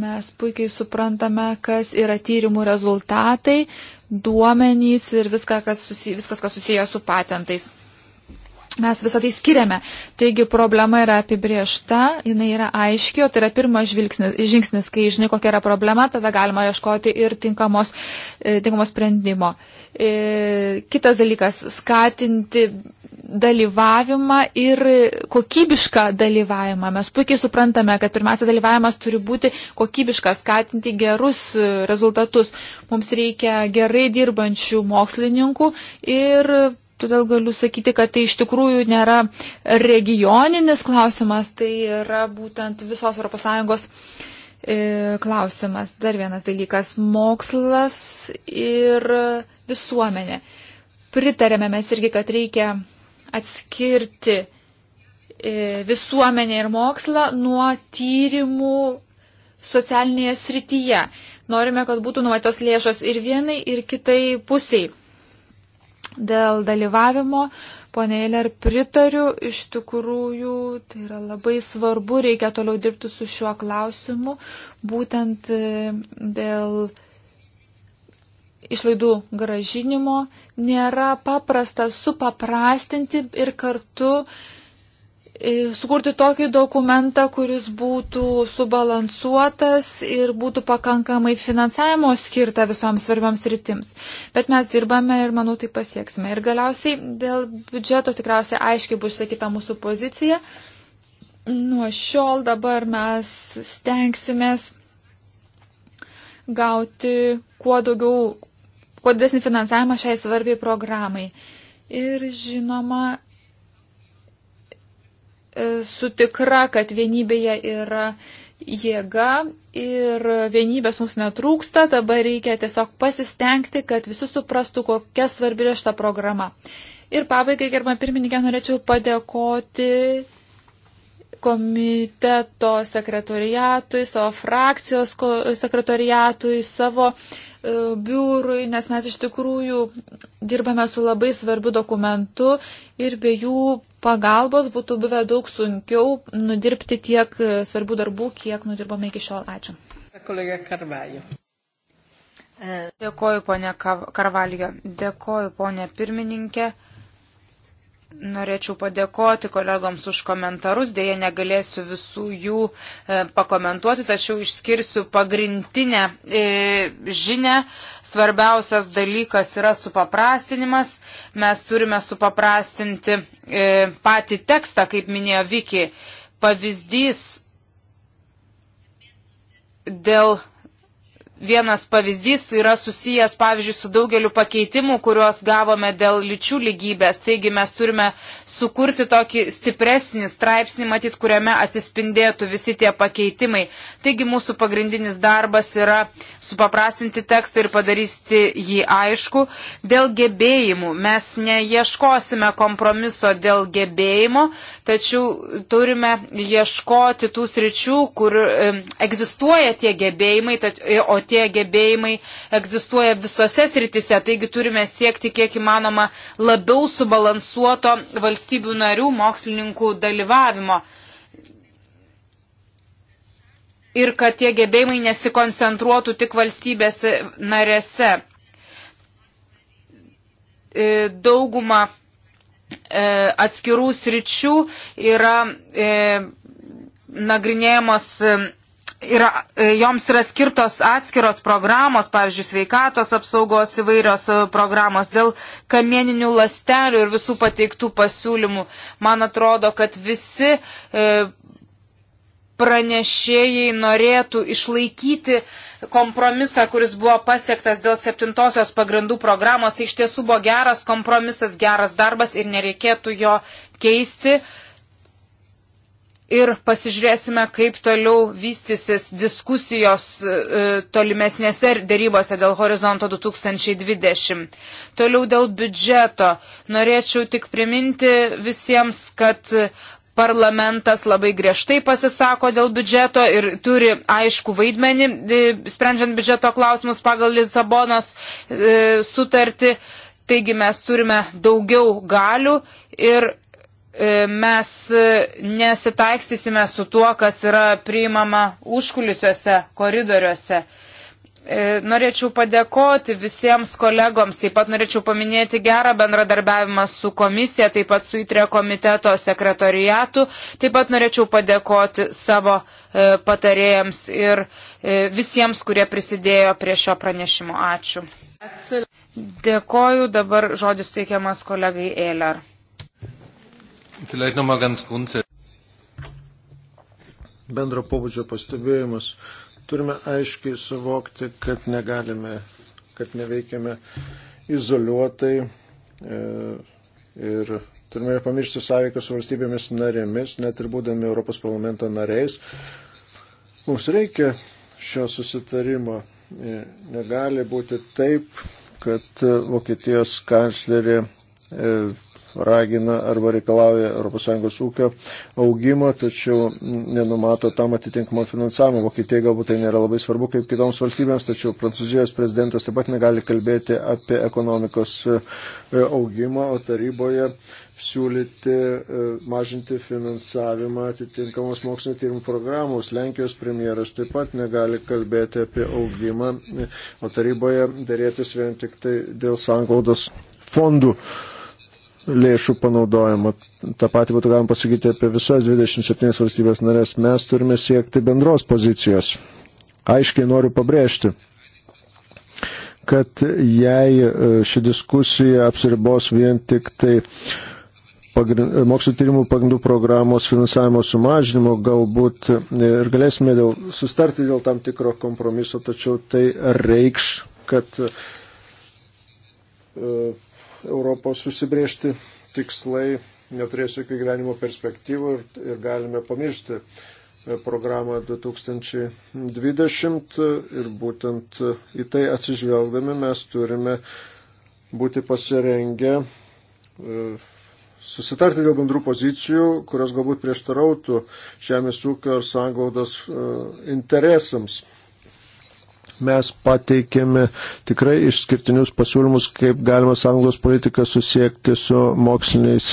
Mes puikiai suprantame, kas yra tyrimų rezultatai, duomenys ir viską, kas susiję, viskas, kas susiję su patentais mes visą tai skiriame. Taigi problema yra apibriešta, jinai yra aiški, o tai yra pirmas žvilgsnis, žingsnis, kai žinai, kokia yra problema, tada galima ieškoti ir tinkamos, e, tinkamos sprendimo. E, kitas dalykas - skatinti dalyvavimą ir kokybišką dalyvavimą. Mes puikiai suprantame, kad pirmiausia dalyvavimas turi būti kokybiškas, skatinti gerus e, rezultatus. Mums reikia gerai dirbančių mokslininkų ir Todėl galiu sakyti, kad tai iš tikrųjų nėra regioninis klausimas, tai yra būtent visos ES e, klausimas. Dar vienas dalykas - mokslas ir visuomenė. Pritarėme mes irgi, kad reikia atskirti e, visuomenę ir mokslą nuo tyrimų socialinėje srityje. Norime, kad būtų numatytos lėšos ir vienai, ir kitai pusiai. Dėl dalyvavimo, ponė Eiler, pritariu, iš tikrųjų tai yra labai svarbu, reikia toliau dirbti su šiuo klausimu, būtent e, dėl išlaidų gražinimo nėra paprasta supaprastinti ir kartu uh, sukurti tokį dokumentą, kuris būtų subalansuotas ir būtų pakankamai finansavimo skirta visoms svarbiams rytims. Bet mes dirbame ir manau tai pasieksime. Ir galiausiai dėl biudžeto tikriausiai aiškiai bus išsakyta mūsų pozicija. Nuo šiol dabar mes stengsimės gauti kuo daugiau, kuo didesnį finansavimą šiai svarbiai programai. Ir žinoma, E, sutikra, kad vienybėje yra jėga ir vienybės mums netrūksta, dabar reikia tiesiog pasistengti, kad visi suprastų, kokia svarbi yra šita programa. Ir pabaigai, gerbama pirmininkė, norėčiau padėkoti komiteto sekretoriatui, savo frakcijos sekretoriatui, savo uh, E, biurui, nes mes iš tikrųjų dirbame su labai svarbiu dokumentu ir be jų pagalbos būtų buvę daug sunkiau nudirbti tiek svarbių darbų, kiek nudirbome iki šiol. Ačiū. Kolega Karvaliu. Dėkoju, ponė Karvaliu. Dėkoju, ponė pirmininkė. Norėčiau padėkoti kolegoms už komentarus, dėje negalėsiu visų jų e, pakomentuoti, tačiau išskirsiu pagrindinę e, žinę. Svarbiausias dalykas yra supaprastinimas. Mes turime supaprastinti e, patį tekstą, kaip minėjo Viki. Pavyzdys dėl vienas pavyzdys yra susijęs, pavyzdžiui, su daugeliu pakeitimų, kuriuos gavome dėl lyčių lygybės. Taigi mes turime sukurti tokį stipresnį straipsnį, matyt, kuriame atsispindėtų visi tie pakeitimai. Taigi mūsų pagrindinis darbas yra supaprastinti tekstą ir padaryti jį aišku. Dėl gebėjimų mes neieškosime kompromiso dėl gebėjimo, tačiau turime ieškoti tų sričių, kur e, egzistuoja tie gebėjimai, tad, o tie gebėjimai egzistuoja visose sritise, taigi turime siekti kiek įmanoma labiau subalansuoto valstybių narių mokslininkų dalyvavimo. Ir kad tie gebėjimai nesikoncentruotų tik valstybės narėse. E, dauguma e, atskirų sričių yra e, nagrinėjamos yra, e, joms yra skirtos atskiros programos, pavyzdžiui, sveikatos apsaugos įvairios e, programos dėl kamieninių lastelių ir visų pateiktų pasiūlymų. Man atrodo, kad visi e, pranešėjai norėtų išlaikyti kompromisą, kuris buvo pasiektas dėl septintosios pagrindų programos. Tai iš tiesų buvo geras kompromisas, geras darbas ir nereikėtų jo keisti. E, ir pasižiūrėsime, kaip toliau vystysis diskusijos e, tolimesnėse dėrybose dėl horizonto 2020. Toliau dėl biudžeto. Norėčiau tik priminti visiems, kad parlamentas labai griežtai pasisako dėl biudžeto ir turi aišku vaidmenį, e, sprendžiant biudžeto klausimus pagal Lisabonos e, sutartį. Taigi mes turime daugiau galių ir E, mes e, nesitaikstysime su tuo, kas yra priimama užkulisiuose koridoriuose. E, norėčiau padėkoti visiems kolegoms, taip pat norėčiau paminėti gerą bendradarbiavimą su komisija, taip pat su įtrė komiteto sekretoriatu, taip pat norėčiau padėkoti savo patarėjams ir visiems, kurie prisidėjo prie šio pranešimo. Ačiū. Dėkoju, dabar žodis teikiamas kolegai Eiler. Vielleicht nochmal ganz grundsätzlich. Bendro pobūdžio pastebėjimas. Turime aiškiai suvokti, kad negalime, kad neveikiame izoliuotai e, ir turime pamiršti sąveiką su valstybėmis narėmis, net ir būdami Europos parlamento nariais. Mums reikia šio susitarimo. E, negali būti taip, kad e, Vokietijos kanclerė ragina arba reikalauja ES ūkio augimo, tačiau nenumato tam atitinkamo finansavimo. Vokietijai galbūt tai nėra labai svarbu kaip kitoms valstybėms, tačiau Prancūzijos prezidentas taip pat negali kalbėti apie ekonomikos e, augimą, o taryboje siūlyti e, mažinti finansavimą atitinkamos mokslinio tyrimų programos. Lenkijos premjeras taip pat negali kalbėti apie augimą, e, o taryboje dėrėtis vien tik tai dėl sanglaudos fondų. Uh, lėšų panaudojimo. Ta pati būtų galima pasakyti apie visas 27 valstybės narės. Mes turime siekti bendros pozicijos. Aiškiai noriu pabrėžti, kad jei e, ši diskusija apsiribos vien tik tai mokslo tyrimų pagrindų programos finansavimo sumažinimo, galbūt e, ir galėsime dėl, sustarti dėl tam tikro kompromiso, tačiau tai reikš, kad uh, Europos susibriežti tikslai neturės jokių gyvenimo perspektyvų ir, ir galime pamiršti e, programą 2020 ir būtent e, į tai atsižvelgdami mes turime būti pasirengę e, susitarti dėl bendrų pozicijų, kurios galbūt prieštarautų žemės ūkio ir sanglaudos interesams mes pateikėme tikrai išskirtinius pasiūlymus, kaip galima sąjungos politiką susiekti su moksliniais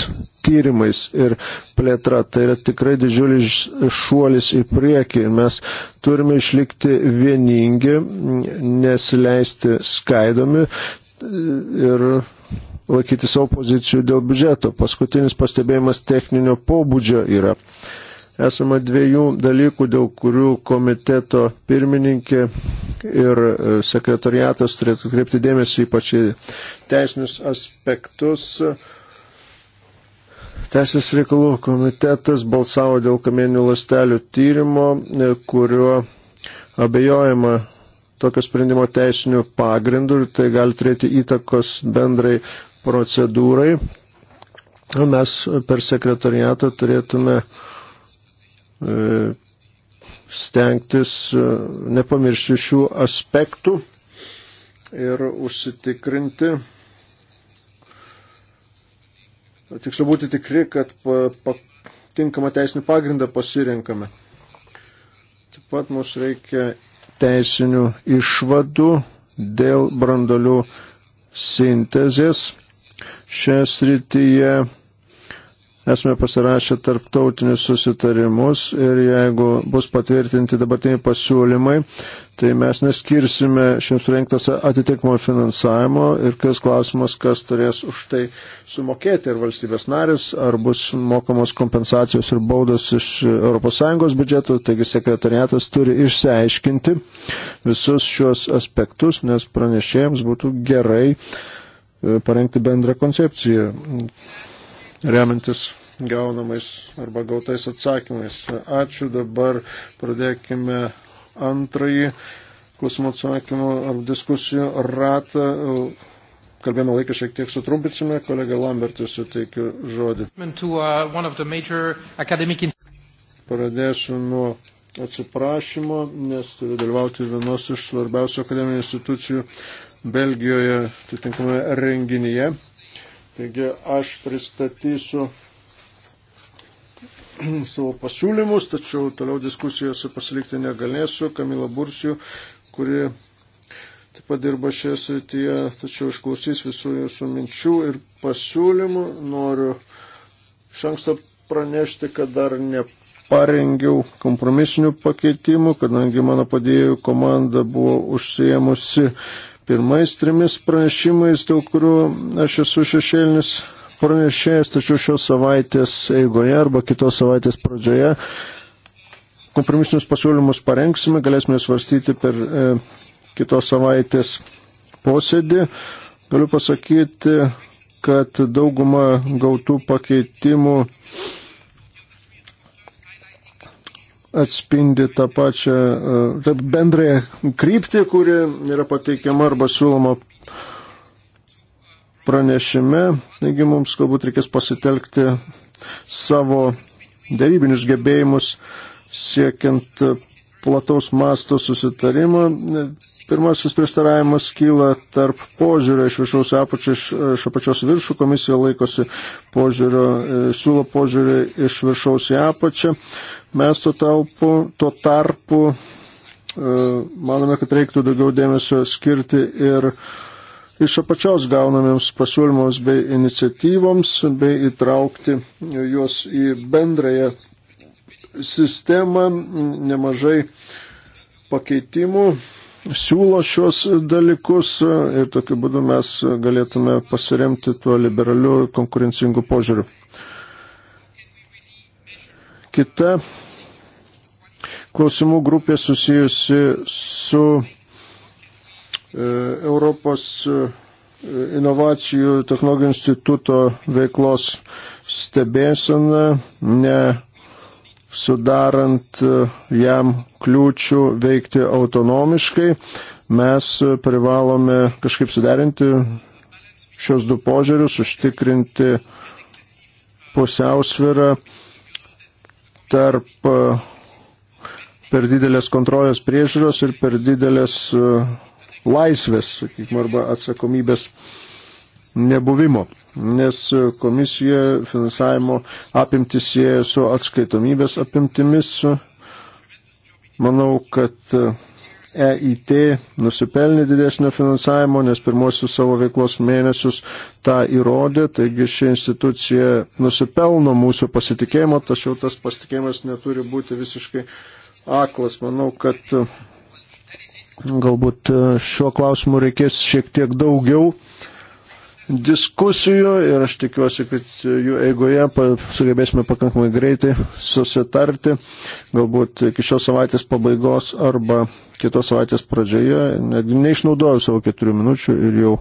tyrimais ir plėtra. Tai yra tikrai didžiulis šuolis į priekį. Mes turime išlikti vieningi, nesileisti skaidomi ir laikyti savo pozicijų dėl biudžeto. Paskutinis pastebėjimas techninio pobūdžio yra. Esama dviejų dalykų, dėl kurių komiteto pirmininkė ir e, sekretariatas turėtų kreipti dėmesį ypač į teisinius aspektus. Teisės reikalų komitetas balsavo dėl kamieninių lastelių tyrimo, e, kuriuo abejojama tokio sprendimo teisinių pagrindų ir tai gali turėti įtakos bendrai procedūrai. Mes per sekretariatą turėtume uh, E, stengtis e, nepamiršti šių aspektų ir užsitikrinti, tiksliau būti tikri, kad patinkamą teisinį pagrindą pasirinkame. Taip pat mums reikia teisinių išvadų dėl brandolių sintezės. Šią srityje esame pasirašę tarptautinius susitarimus ir jeigu bus patvirtinti dabartiniai pasiūlymai, tai mes neskirsime šiems rengtas atitinkamo finansavimo ir kas klausimas, kas turės už tai sumokėti ir valstybės narės, ar bus mokamos kompensacijos ir baudos iš ES biudžeto, taigi sekretariatas turi išsiaiškinti visus šios aspektus, nes pranešėjams būtų gerai e, parengti bendrą koncepciją remiantis gaunamais arba gautais atsakymais. Ačiū, dabar pradėkime antrąjį klausimų atsakymų ar diskusijų ratą. Kalbėjimo laiką šiek tiek sutrumpinsime, kolega Lambertui suteikiu žodį. Uh, Pradėsiu nuo atsiprašymo, nes turiu dalyvauti vienos iš svarbiausių akademinių institucijų Belgijoje atitinkamoje renginyje. Taigi aš pristatysiu <clears throat> savo pasiūlymus, tačiau toliau diskusijose pasilikti negalėsiu. Kamila Bursijų, kuri taip pat dirba šioje srityje, tačiau išklausys visų jūsų minčių ir pasiūlymų. Noriu šanksto pranešti, kad dar neparengiau kompromisinių pakeitimų, kadangi mano padėjėjų komanda buvo užsiemusi pirmais trimis pranešimais, dėl kurių aš esu šešėlinis pranešėjas, tačiau šios savaitės eigoje arba kitos savaitės pradžioje kompromisinius pasiūlymus parengsime, galėsime svarstyti per e, kitos savaitės posėdį. Galiu pasakyti, kad dauguma gautų pakeitimų atspindi tą pačią e, bendrąją kryptį, kuri yra pateikiama arba siūloma pranešime, taigi mums galbūt reikės pasitelkti savo darybinius gebėjimus siekiant plataus masto susitarimą. Pirmasis prieštaravimas kyla tarp požiūrio iš viršaus apačio, iš, iš apačios viršų. Komisija laikosi požiūrio, e, siūlo požiūrį iš viršaus į apačią. Mes tuo, taupu, tuo tarpu e, manome, kad reiktų daugiau dėmesio skirti ir uh, iš apačios gaunamiems pasiūlymams bei iniciatyvoms, bei įtraukti juos į bendrąją sistemą. Nemažai pakeitimų siūlo šios dalykus ir tokiu būdu mes galėtume pasiremti tuo liberaliu ir konkurencingu požiūriu. Kita klausimų grupė susijusi su E, Europos e, inovacijų technologijų instituto veiklos stebėsena, ne sudarant e, jam kliūčių veikti autonomiškai, mes privalome kažkaip suderinti šios du požiūrius, užtikrinti pusiausvirą tarp per didelės kontrolės priežiūros ir per didelės uh, laisvės, sakykime, arba atsakomybės nebuvimo, nes komisija finansavimo apimtis sieja su atskaitomybės apimtimis. Manau, kad EIT nusipelnė didesnio finansavimo, nes pirmosius savo veiklos mėnesius tą įrodė, taigi ši institucija nusipelno mūsų pasitikėjimo, tačiau tas pasitikėjimas neturi būti visiškai aklas. Manau, kad Galbūt e, šiuo klausimu reikės šiek tiek daugiau diskusijų ir aš tikiuosi, kad jų eigoje sugebėsime pakankamai greitai susitarti, galbūt iki šios savaitės pabaigos arba kitos savaitės pradžioje. Netgi neišnaudoju savo keturių minučių ir jau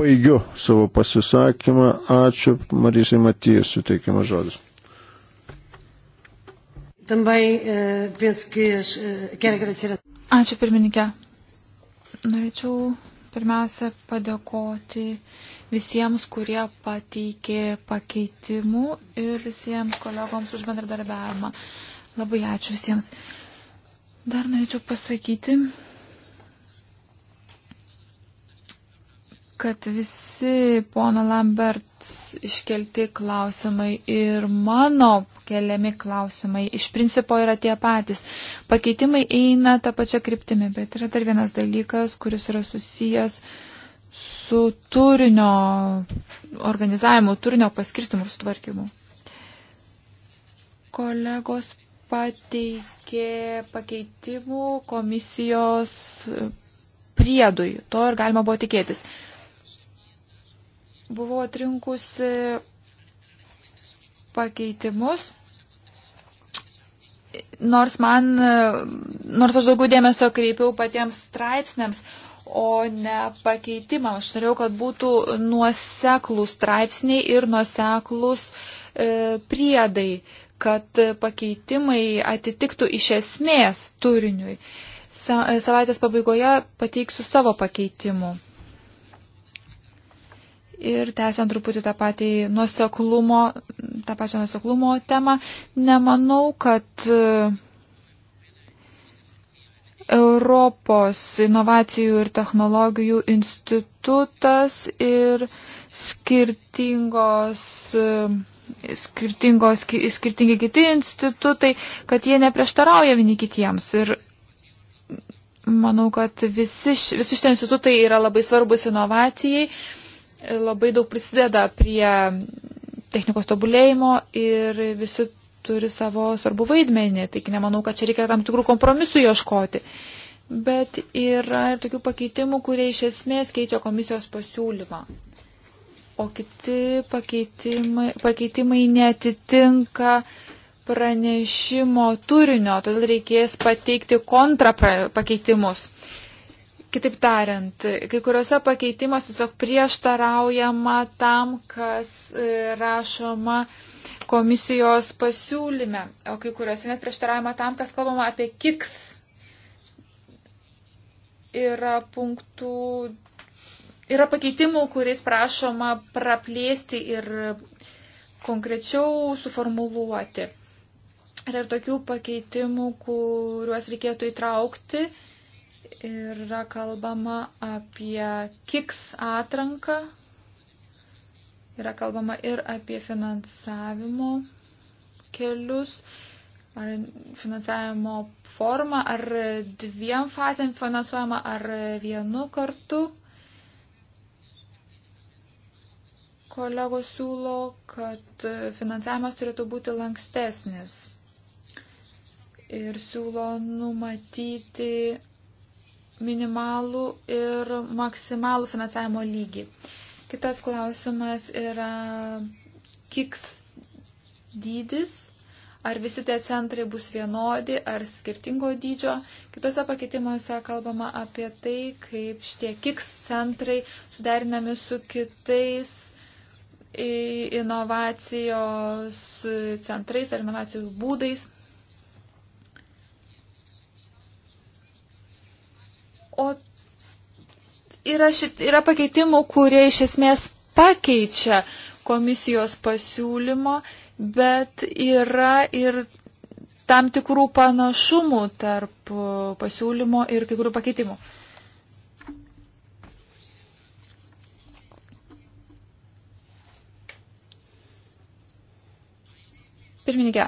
baigiu savo pasisakymą. Ačiū, Marysai Matijas, suteikiamas žodis. Também uh, penso que as, uh, quero agradecer a. Ačiū pirmininkė. Norėčiau pirmiausia padėkoti visiems, kurie pateikė pakeitimų ir visiems kolegoms už bendradarbiavimą. Labai ačiū visiems. Dar norėčiau pasakyti, kad visi pono Lamberts iškelti klausimai ir mano keliami klausimai iš principo yra tie patys. Pakeitimai eina tą pačią kryptimį, bet yra dar vienas dalykas, kuris yra susijęs su turinio organizavimu, turinio paskirstimu ir sutvarkymu. Kolegos pateikė pakeitimų komisijos priedui. To ir galima buvo tikėtis buvau atrinkusi pakeitimus. Nors man, nors aš daugiau dėmesio kreipiau patiems straipsniams, o ne pakeitimą. Aš norėjau, kad būtų nuoseklus straipsniai ir nuoseklus e, priedai, kad pakeitimai atitiktų iš esmės turiniui. Sa savaitės pabaigoje pateiksiu savo pakeitimų. Ir tęsiant truputį tą patį nuoseklumo, tą pačią nuoseklumo temą, nemanau, kad e, Europos inovacijų ir technologijų institutas ir skirtingos e, skirtingos, skirtingi kiti institutai, kad jie neprieštarauja vieni kitiems. Ir manau, kad visi, visi šitie institutai yra labai svarbus inovacijai labai daug prisideda prie technikos tobulėjimo ir visi turi savo svarbu vaidmenį. Taigi nemanau, kad čia reikia tam tikrų kompromisų ieškoti. Bet yra ir tokių pakeitimų, kurie iš esmės keičia komisijos pasiūlymą. O kiti pakeitimai, pakeitimai netitinka pranešimo turinio, todėl reikės pateikti kontrapakeitimus. Pra Kitaip tariant, kai kuriuose pakeitimuose tiesiog prieštaraujama tam, kas e, rašoma komisijos pasiūlyme, o kai kuriuose net prieštaraujama tam, kas kalbama apie kiks. Yra punktų, yra pakeitimų, kuriais prašoma praplėsti ir konkrečiau suformuluoti. Yra ir tokių pakeitimų, kuriuos reikėtų įtraukti yra kalbama apie KIKS atranką, yra kalbama ir apie finansavimo kelius, ar finansavimo formą, ar dviem fazėm finansuojama, ar vienu kartu. Kolegos siūlo, kad finansavimas turėtų būti lankstesnis ir siūlo numatyti minimalų ir maksimalų finansavimo lygį. Kitas klausimas yra kiks dydis, ar visi tie centrai bus vienodi ar skirtingo dydžio. Kitose pakeitimuose kalbama apie tai, kaip šitie kiks centrai suderinami su kitais inovacijos centrais ar inovacijų būdais. O yra, šit, yra pakeitimų, kurie iš esmės pakeičia komisijos pasiūlymo, bet yra ir tam tikrų panašumų tarp pasiūlymo ir kai kurių pakeitimų. Pirmininkė,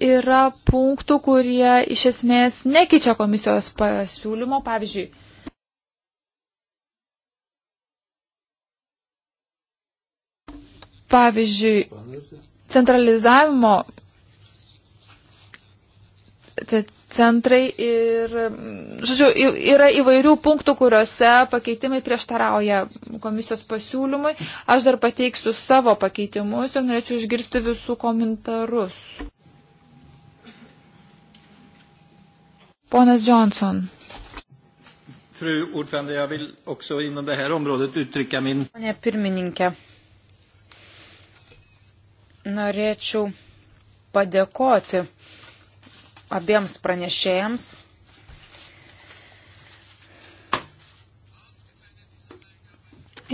yra punktų, kurie iš esmės nekeičia komisijos pasiūlymo. Pavyzdžiui, pavyzdžiui centralizavimo tai centrai ir, žodžiu, yra įvairių punktų, kuriuose pakeitimai prieštarauja komisijos pasiūlymui. Aš dar pateiksiu savo pakeitimus ir norėčiau išgirsti visų komentarus. Ponas Johnson. Fru ordförande, jag vill också inom det här området uttrycka min... Pone pirmininkė, norėčiau padėkoti abiems pranešėjams.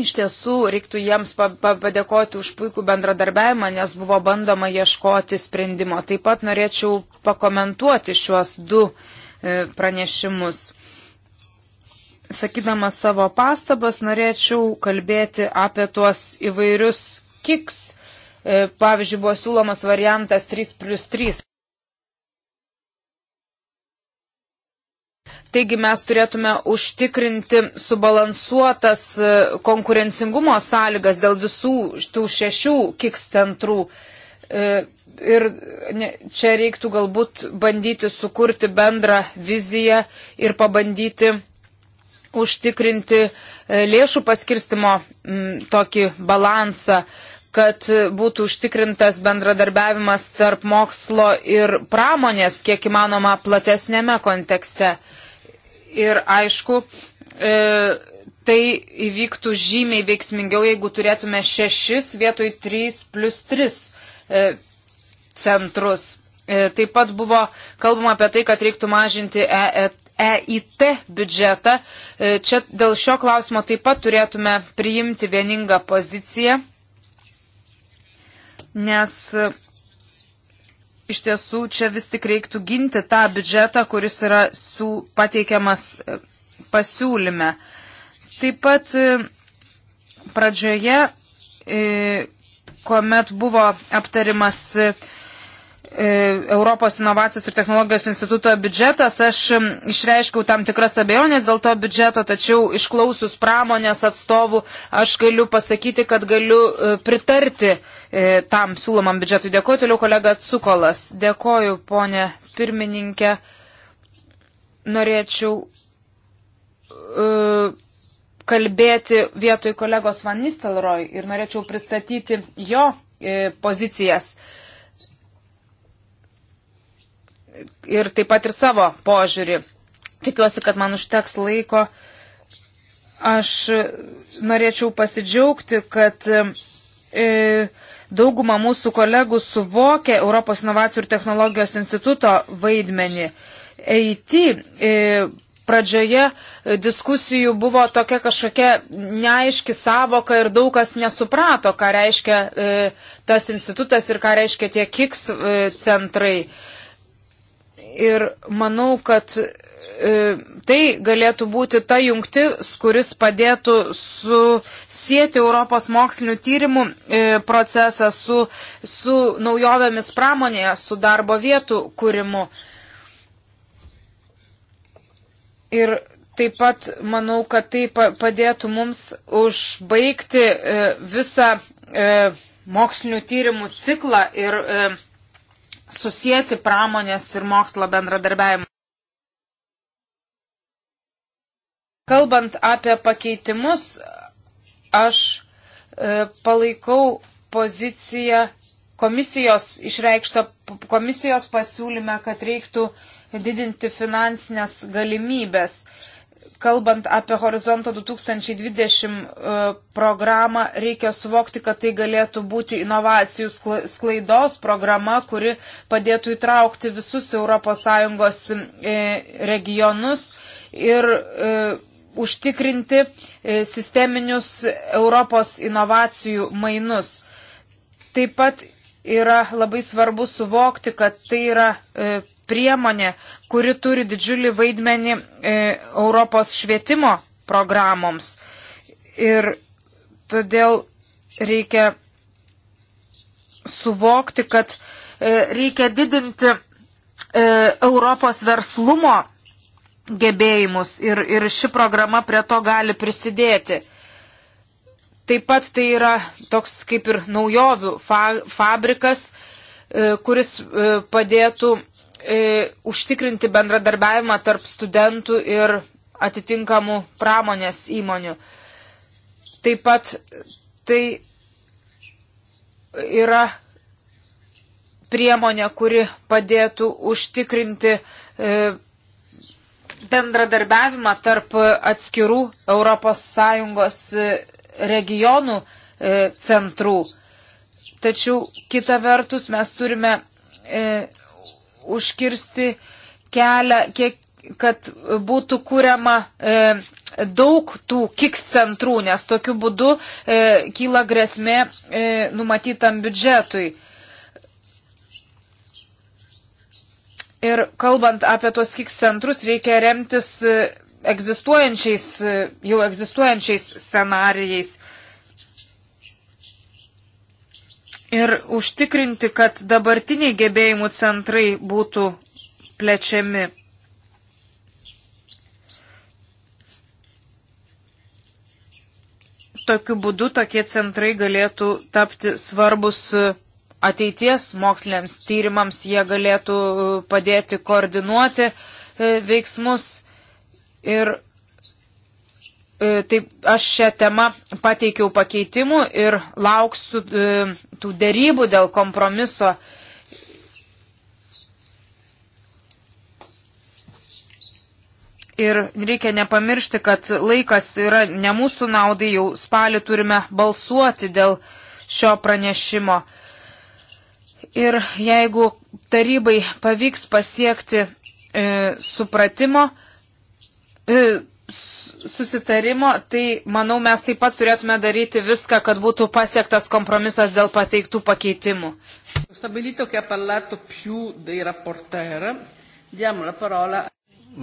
Iš tiesų, reiktų jiems padėkoti už puikų bendradarbiavimą, nes buvo bandoma ieškoti sprendimo. Taip pat norėčiau pakomentuoti šiuos du uh, E, pranešimus. Sakydama savo pastabas, norėčiau kalbėti apie tuos įvairius kiks. E, pavyzdžiui, buvo siūlomas variantas 3 plus 3. Taigi mes turėtume užtikrinti subalansuotas e, konkurencingumo sąlygas dėl visų tų šešių kiks centrų ir ne, čia reiktų galbūt bandyti sukurti bendrą viziją ir pabandyti užtikrinti e, lėšų paskirstimo m, tokį balansą, kad būtų užtikrintas bendradarbiavimas tarp mokslo ir pramonės, kiek įmanoma, platesnėme kontekste. Ir aišku, e, tai įvyktų žymiai veiksmingiau, jeigu turėtume šešis vietoj trys plus tris e, centrus. E, taip pat buvo kalbama apie tai, kad reiktų mažinti EIT e, e biudžetą. Čia dėl šio klausimo taip pat turėtume priimti vieningą poziciją, nes iš tiesų čia vis tik reiktų ginti tą biudžetą, kuris yra su, pateikiamas pasiūlyme. Taip pat pradžioje, kuomet buvo aptarimas E, Europos inovacijos ir technologijos instituto biudžetas. Aš išreiškiau tam tikras abejonės dėl to biudžeto, tačiau išklausus pramonės atstovų aš galiu pasakyti, kad galiu e, pritarti e, tam siūlomam biudžetui. Dėkuoju toliau kolega Cukolas. Dėkuoju, ponė pirmininkė. Norėčiau kalbėti vietoj kolegos Van Nistelroj ir norėčiau pristatyti jo pozicijas. Uh, ir taip pat ir savo požiūrį. Tikiuosi, kad man užteks laiko. Aš norėčiau pasidžiaugti, kad e, dauguma mūsų kolegų suvokia Europos inovacijų ir technologijos instituto vaidmenį. EIT e, pradžioje e, diskusijų buvo tokia kažkokia neaiški savoka ir daug kas nesuprato, ką reiškia e, tas institutas ir ką reiškia tie KIKS e, centrai. E, Ir manau, kad e, tai galėtų būti ta jungtis, kuris padėtų susijęti Europos mokslinių tyrimų e, procesą su, su naujovėmis pramonėje, su darbo vietų kūrimu. Ir taip pat manau, kad tai padėtų mums užbaigti e, visą mokslinių tyrimų ciklą ir susijęti pramonės ir mokslo bendradarbiavimą. Kalbant apie pakeitimus, aš e, palaikau poziciją komisijos išreikštą komisijos pasiūlymę, kad reiktų didinti finansinės galimybės. E, kalbant apie Horizonto 2020 e, programą, reikia suvokti, kad tai galėtų būti inovacijų sklaidos programa, kuri padėtų įtraukti visus ES e, regionus ir e, užtikrinti sisteminius Europos inovacijų mainus. Taip pat yra labai svarbu suvokti, kad tai yra priemonė, kuri turi didžiulį vaidmenį e, Europos švietimo programoms. Ir todėl reikia suvokti, kad e, reikia didinti e, Europos verslumo gebėjimus ir, ir ši programa prie to gali prisidėti. Taip pat tai yra toks kaip ir naujovių fa fabrikas, e, kuris e, padėtų e, užtikrinti bendradarbiavimą tarp studentų ir atitinkamų pramonės įmonių. Taip pat tai yra priemonė, kuri padėtų užtikrinti e, bendradarbiavimą tarp atskirų ES e, regionų e, centrų. Tačiau kita vertus mes turime e, užkirsti kelią, kiek, kad būtų kuriama e, daug tų kiks centrų, nes tokiu būdu e, kyla grėsmė e, numatytam biudžetui. Ir kalbant apie tos kiks centrus, reikia remtis e, egzistuojančiais, e, jau egzistuojančiais scenarijais. ir užtikrinti, kad dabartiniai gebėjimų centrai būtų plečiami. Tokiu būdu tokie centrai galėtų tapti svarbus ateities moksliniams tyrimams, jie galėtų padėti koordinuoti e, veiksmus ir E, Taip, aš šią temą pateikiau pakeitimų ir lauksiu e, tų dėrybų dėl kompromiso. Ir reikia nepamiršti, kad laikas yra ne mūsų naudai, jau spalį turime balsuoti dėl šio pranešimo. Ir jeigu tarybai pavyks pasiekti e, supratimo, e, susitarimo, tai manau mes taip pat turėtume daryti viską, kad būtų pasiektas kompromisas dėl pateiktų pakeitimų.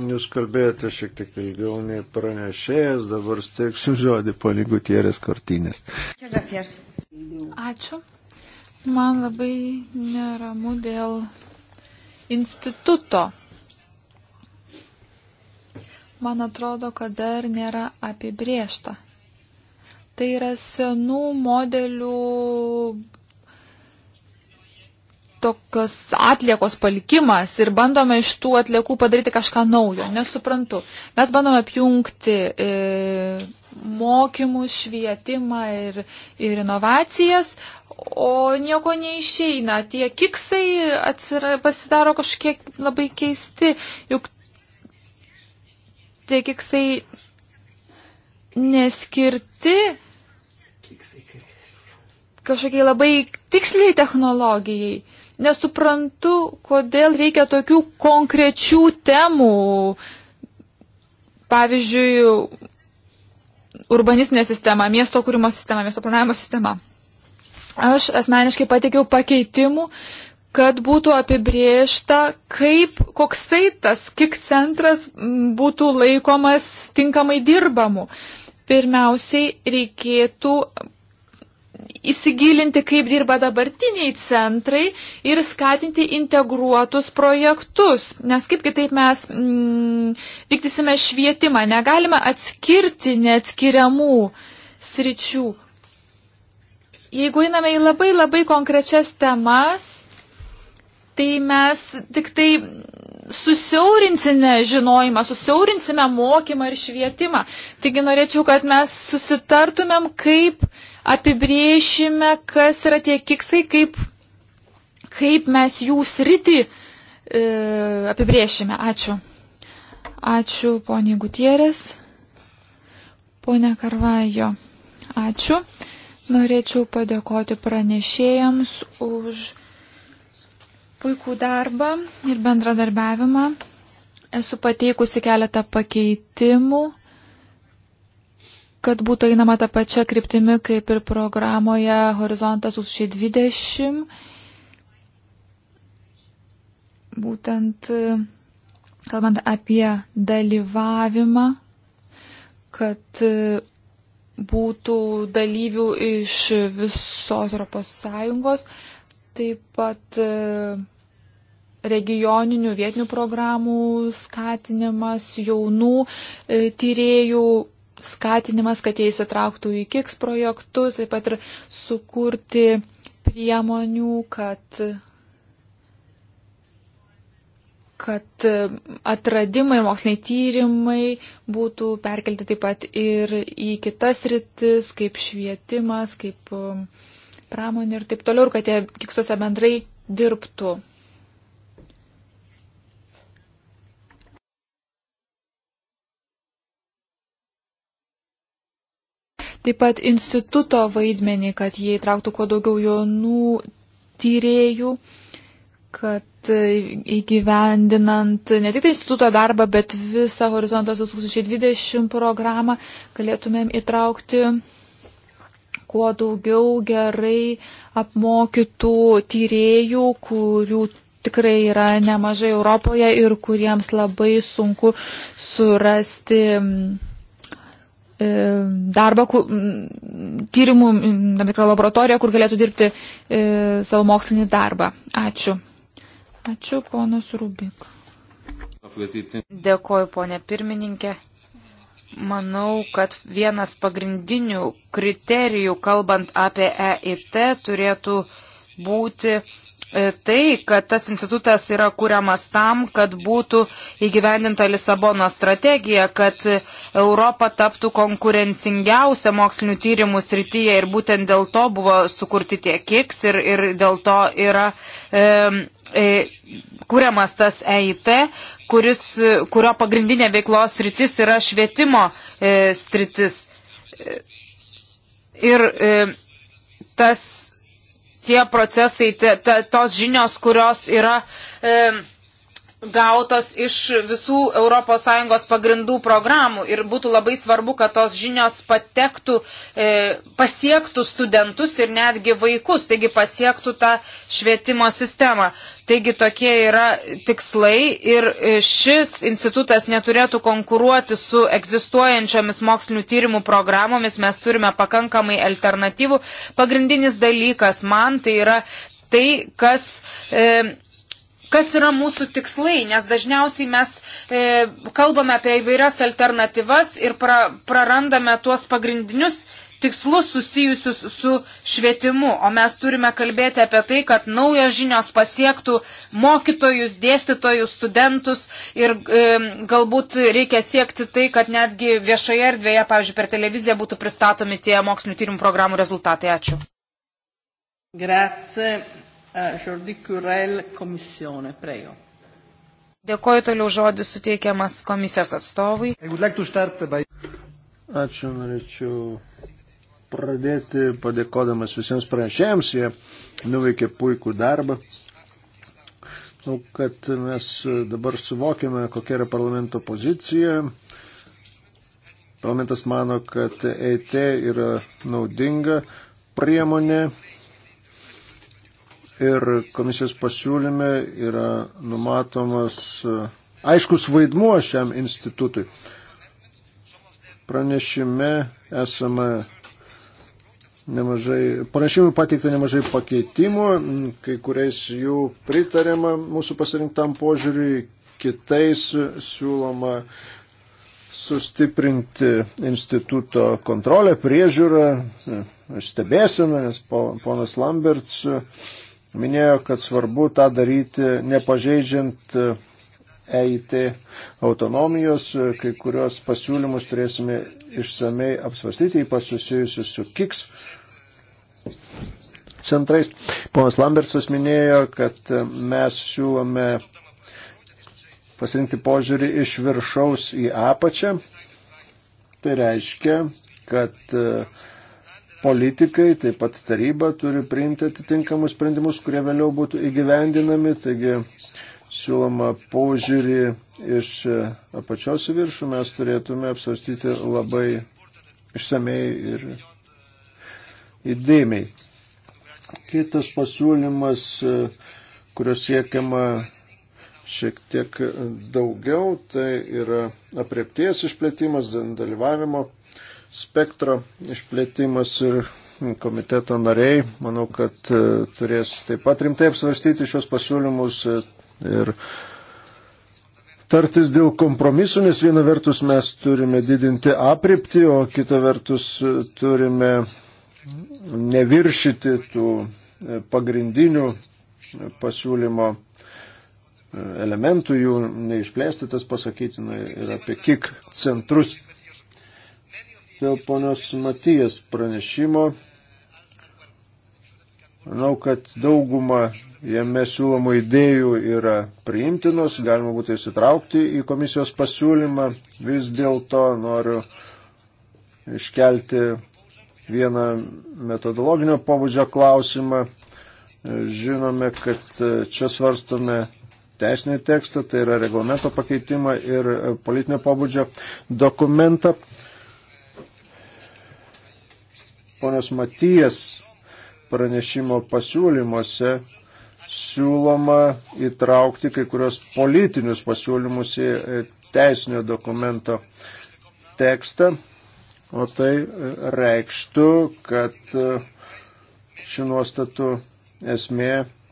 Jūs kalbėjote šiek tiek ilgiau nei pranešėjas, dabar steiksiu <laughs> žodį paligutierės kortinės. Ačiū. Man labai neramu dėl instituto man atrodo, kad dar nėra apibriešta. Tai yra senų modelių tokios atliekos palikimas ir bandome iš tų atliekų padaryti kažką naujo. Nesuprantu. Mes bandome apjungti e, mokymus, švietimą ir, ir inovacijas, o nieko neišeina. Tie kiksai atsira, pasidaro kažkiek labai keisti, juk tie kiksai neskirti kažkokiai labai tiksliai technologijai. Nesuprantu, kodėl reikia tokių konkrečių temų. Pavyzdžiui, urbanistinė sistema, miesto kūrimo sistema, miesto planavimo sistema. Aš asmeniškai pateikiau pakeitimų, uh, kad būtų apibriešta, kaip, koksai tas kik centras būtų laikomas tinkamai dirbamu. Pirmiausiai reikėtų įsigilinti, kaip dirba dabartiniai centrai ir skatinti integruotus projektus. Nes kaip kitaip mes mm, vykdysime švietimą, negalime atskirti neatskiriamų sričių. Jeigu einame į labai labai konkrečias temas, tai mes tik tai susiaurinsime žinojimą, susiaurinsime mokymą ir švietimą. Taigi norėčiau, kad mes susitartumėm, kaip apibriešime, kas yra tie kiksai, kaip, kaip mes jų sritį e, apibriešime. Ačiū. Ačiū, ponė Gutierės. Pone Karvajo, ačiū. Norėčiau padėkoti pranešėjams už puikų darbą ir bendradarbiavimą. Esu pateikusi keletą pakeitimų, kad būtų einama tą pačią kryptimį kaip ir programoje Horizontas už 20. Būtent e, kalbant apie dalyvavimą, kad e, būtų dalyvių iš visos ES taip pat e, regioninių vietinių programų skatinimas, jaunų e, tyriejų skatinimas, kad jie įsitrauktų į KIKS projektus, taip pat ir sukurti priemonių, kad, kad e, atradimai, moksliniai tyrimai būtų perkelti taip pat ir į kitas rytis, kaip švietimas, kaip uh, pramonė ir taip toliau, ir kad jie kiksuose bendrai dirbtų. Taip pat instituto vaidmenį, kad jie įtrauktų kuo daugiau jaunų tyriejų, kad įgyvendinant ne tik tai instituto darbą, bet visą Horizontas 2020 programą galėtumėm įtraukti kuo daugiau gerai apmokytų tyriejų, kurių tikrai yra nemažai Europoje ir kuriems labai sunku surasti mm, e, darbą, mm, tyrimų mm, tam tikrą laboratoriją, kur galėtų dirbti e, savo mokslinį darbą. Ačiū. Ačiū, ponas Rubik. Dėkoju, ponė pirmininkė. Manau, kad vienas pagrindinių kriterijų, kalbant apie EIT, turėtų būti e, tai, kad tas institutas yra kuriamas tam, kad būtų įgyvendinta Lisabono strategija, kad Europa taptų konkurencingiausia mokslinių tyrimų srityje ir būtent dėl to buvo sukurti tie kiks ir, ir dėl to yra. E, e, Kūriamas tas EIT, kuris, kurio pagrindinė veiklos sritis yra švietimo e, sritis. Ir e, tas tie procesai, te, te, tos žinios, kurios yra e, gautos iš visų ES pagrindų programų ir būtų labai svarbu, kad tos žinios patektų, e, pasiektų studentus ir netgi vaikus, taigi pasiektų tą švietimo sistemą. Taigi tokie yra tikslai ir e, šis institutas neturėtų konkuruoti su egzistuojančiomis mokslinių tyrimų programomis, mes turime pakankamai alternatyvų. Pagrindinis dalykas man tai yra tai, kas. E, kas yra mūsų tikslai, nes dažniausiai mes e, kalbame apie įvairias alternatyvas ir pra, prarandame tuos pagrindinius tikslus susijusius su švietimu, o mes turime kalbėti apie tai, kad naujos žinios pasiektų mokytojus, dėstytojus, studentus ir e, galbūt reikia siekti tai, kad netgi viešoje erdvėje, pavyzdžiui, per televiziją būtų pristatomi tie mokslinio tyrimų programų rezultatai. Ačiū. Grazie. Eh, Jordi Curel, komisionė, prego. Dėkoju toliau žodis suteikiamas komisijos atstovui. Like by... Ačiū, norėčiau pradėti padėkodamas visiems pranešėjams, jie nuveikė puikų darbą. Manau, kad mes dabar suvokime, kokia yra parlamento pozicija. Parlamentas mano, kad EIT yra naudinga priemonė ir komisijos pasiūlyme yra numatomas e, aiškus vaidmuo šiam institutui. Pranešime esame nemažai, pranešimui pateikta nemažai pakeitimų, kai kuriais jų pritarėma mūsų pasirinktam požiūriui, kitais siūloma sustiprinti instituto kontrolę, priežiūrą, stebėseną, nes ponas Lamberts minėjo, kad svarbu tą daryti nepažeidžiant EIT e autonomijos, kai kurios pasiūlymus turėsime išsamei apsvastyti, ypač susijusius su KIKS centrais. Ponas Lambersas minėjo, kad mes siūlome pasirinkti požiūrį iš viršaus į apačią. Tai reiškia, kad uh, politikai, taip pat taryba turi priimti atitinkamus sprendimus, kurie vėliau būtų įgyvendinami. Taigi siūloma požiūrį iš apačios į viršų mes turėtume apsvarstyti labai išsamei ir įdėmiai. Kitas pasiūlymas, kurio siekiama šiek tiek daugiau, tai yra apriepties išplėtimas, dalyvavimo spektro išplėtimas ir komiteto nariai, manau, kad e, turės taip pat rimtai apsvarstyti šios pasiūlymus e, ir tartis dėl kompromisų, nes viena vertus mes turime didinti apripti, o kita vertus e, turime neviršyti tų pagrindinių pasiūlymo elementų, jų neišplėsti, tas pasakytina ir apie kiek centrus dėl ponios Matijas pranešimo. Manau, kad dauguma jame siūlomų idėjų yra priimtinos, galima būtų įsitraukti į komisijos pasiūlymą. Vis dėlto noriu iškelti vieną metodologinio pobūdžio klausimą. Žinome, kad čia svarstome teisinį tekstą, tai yra reglamento pakeitimą ir politinio pobūdžio dokumentą ponios Matijas pranešimo pasiūlymuose siūloma įtraukti kai kurios politinius pasiūlymus į e, teisinio dokumento tekstą, o tai e, reikštų, kad e, šių nuostatų esmė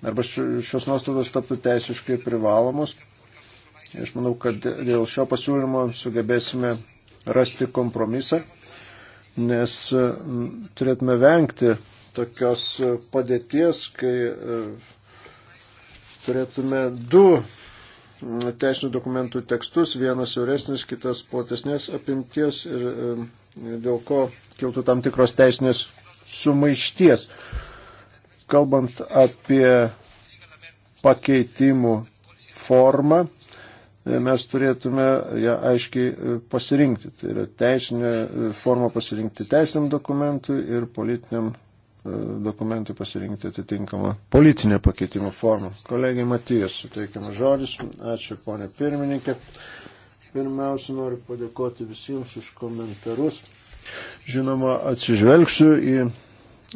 arba šios nuostatos taptų teisiškai privalomos. Aš manau, kad dėl šio pasiūlymo sugebėsime rasti kompromisą nes e, turėtume vengti tokios e, padėties, kai e, turėtume du teisinių dokumentų tekstus, vienas siauresnis, kitas platesnės apimties ir dėl ko kiltų tam tikros teisinės sumaišties. Kalbant apie pakeitimų formą, E, mes turėtume ją aiškiai e, pasirinkti. Tai yra teisinė e, forma pasirinkti teisiniam dokumentui ir politiniam dokumentui pasirinkti atitinkamą politinę pakeitimo formą. Kolegiai Matijas, suteikiamas žodis. Ačiū, ponė pirmininkė. Pirmiausia, noriu padėkoti visiems už komentarus. Žinoma, atsižvelgsiu į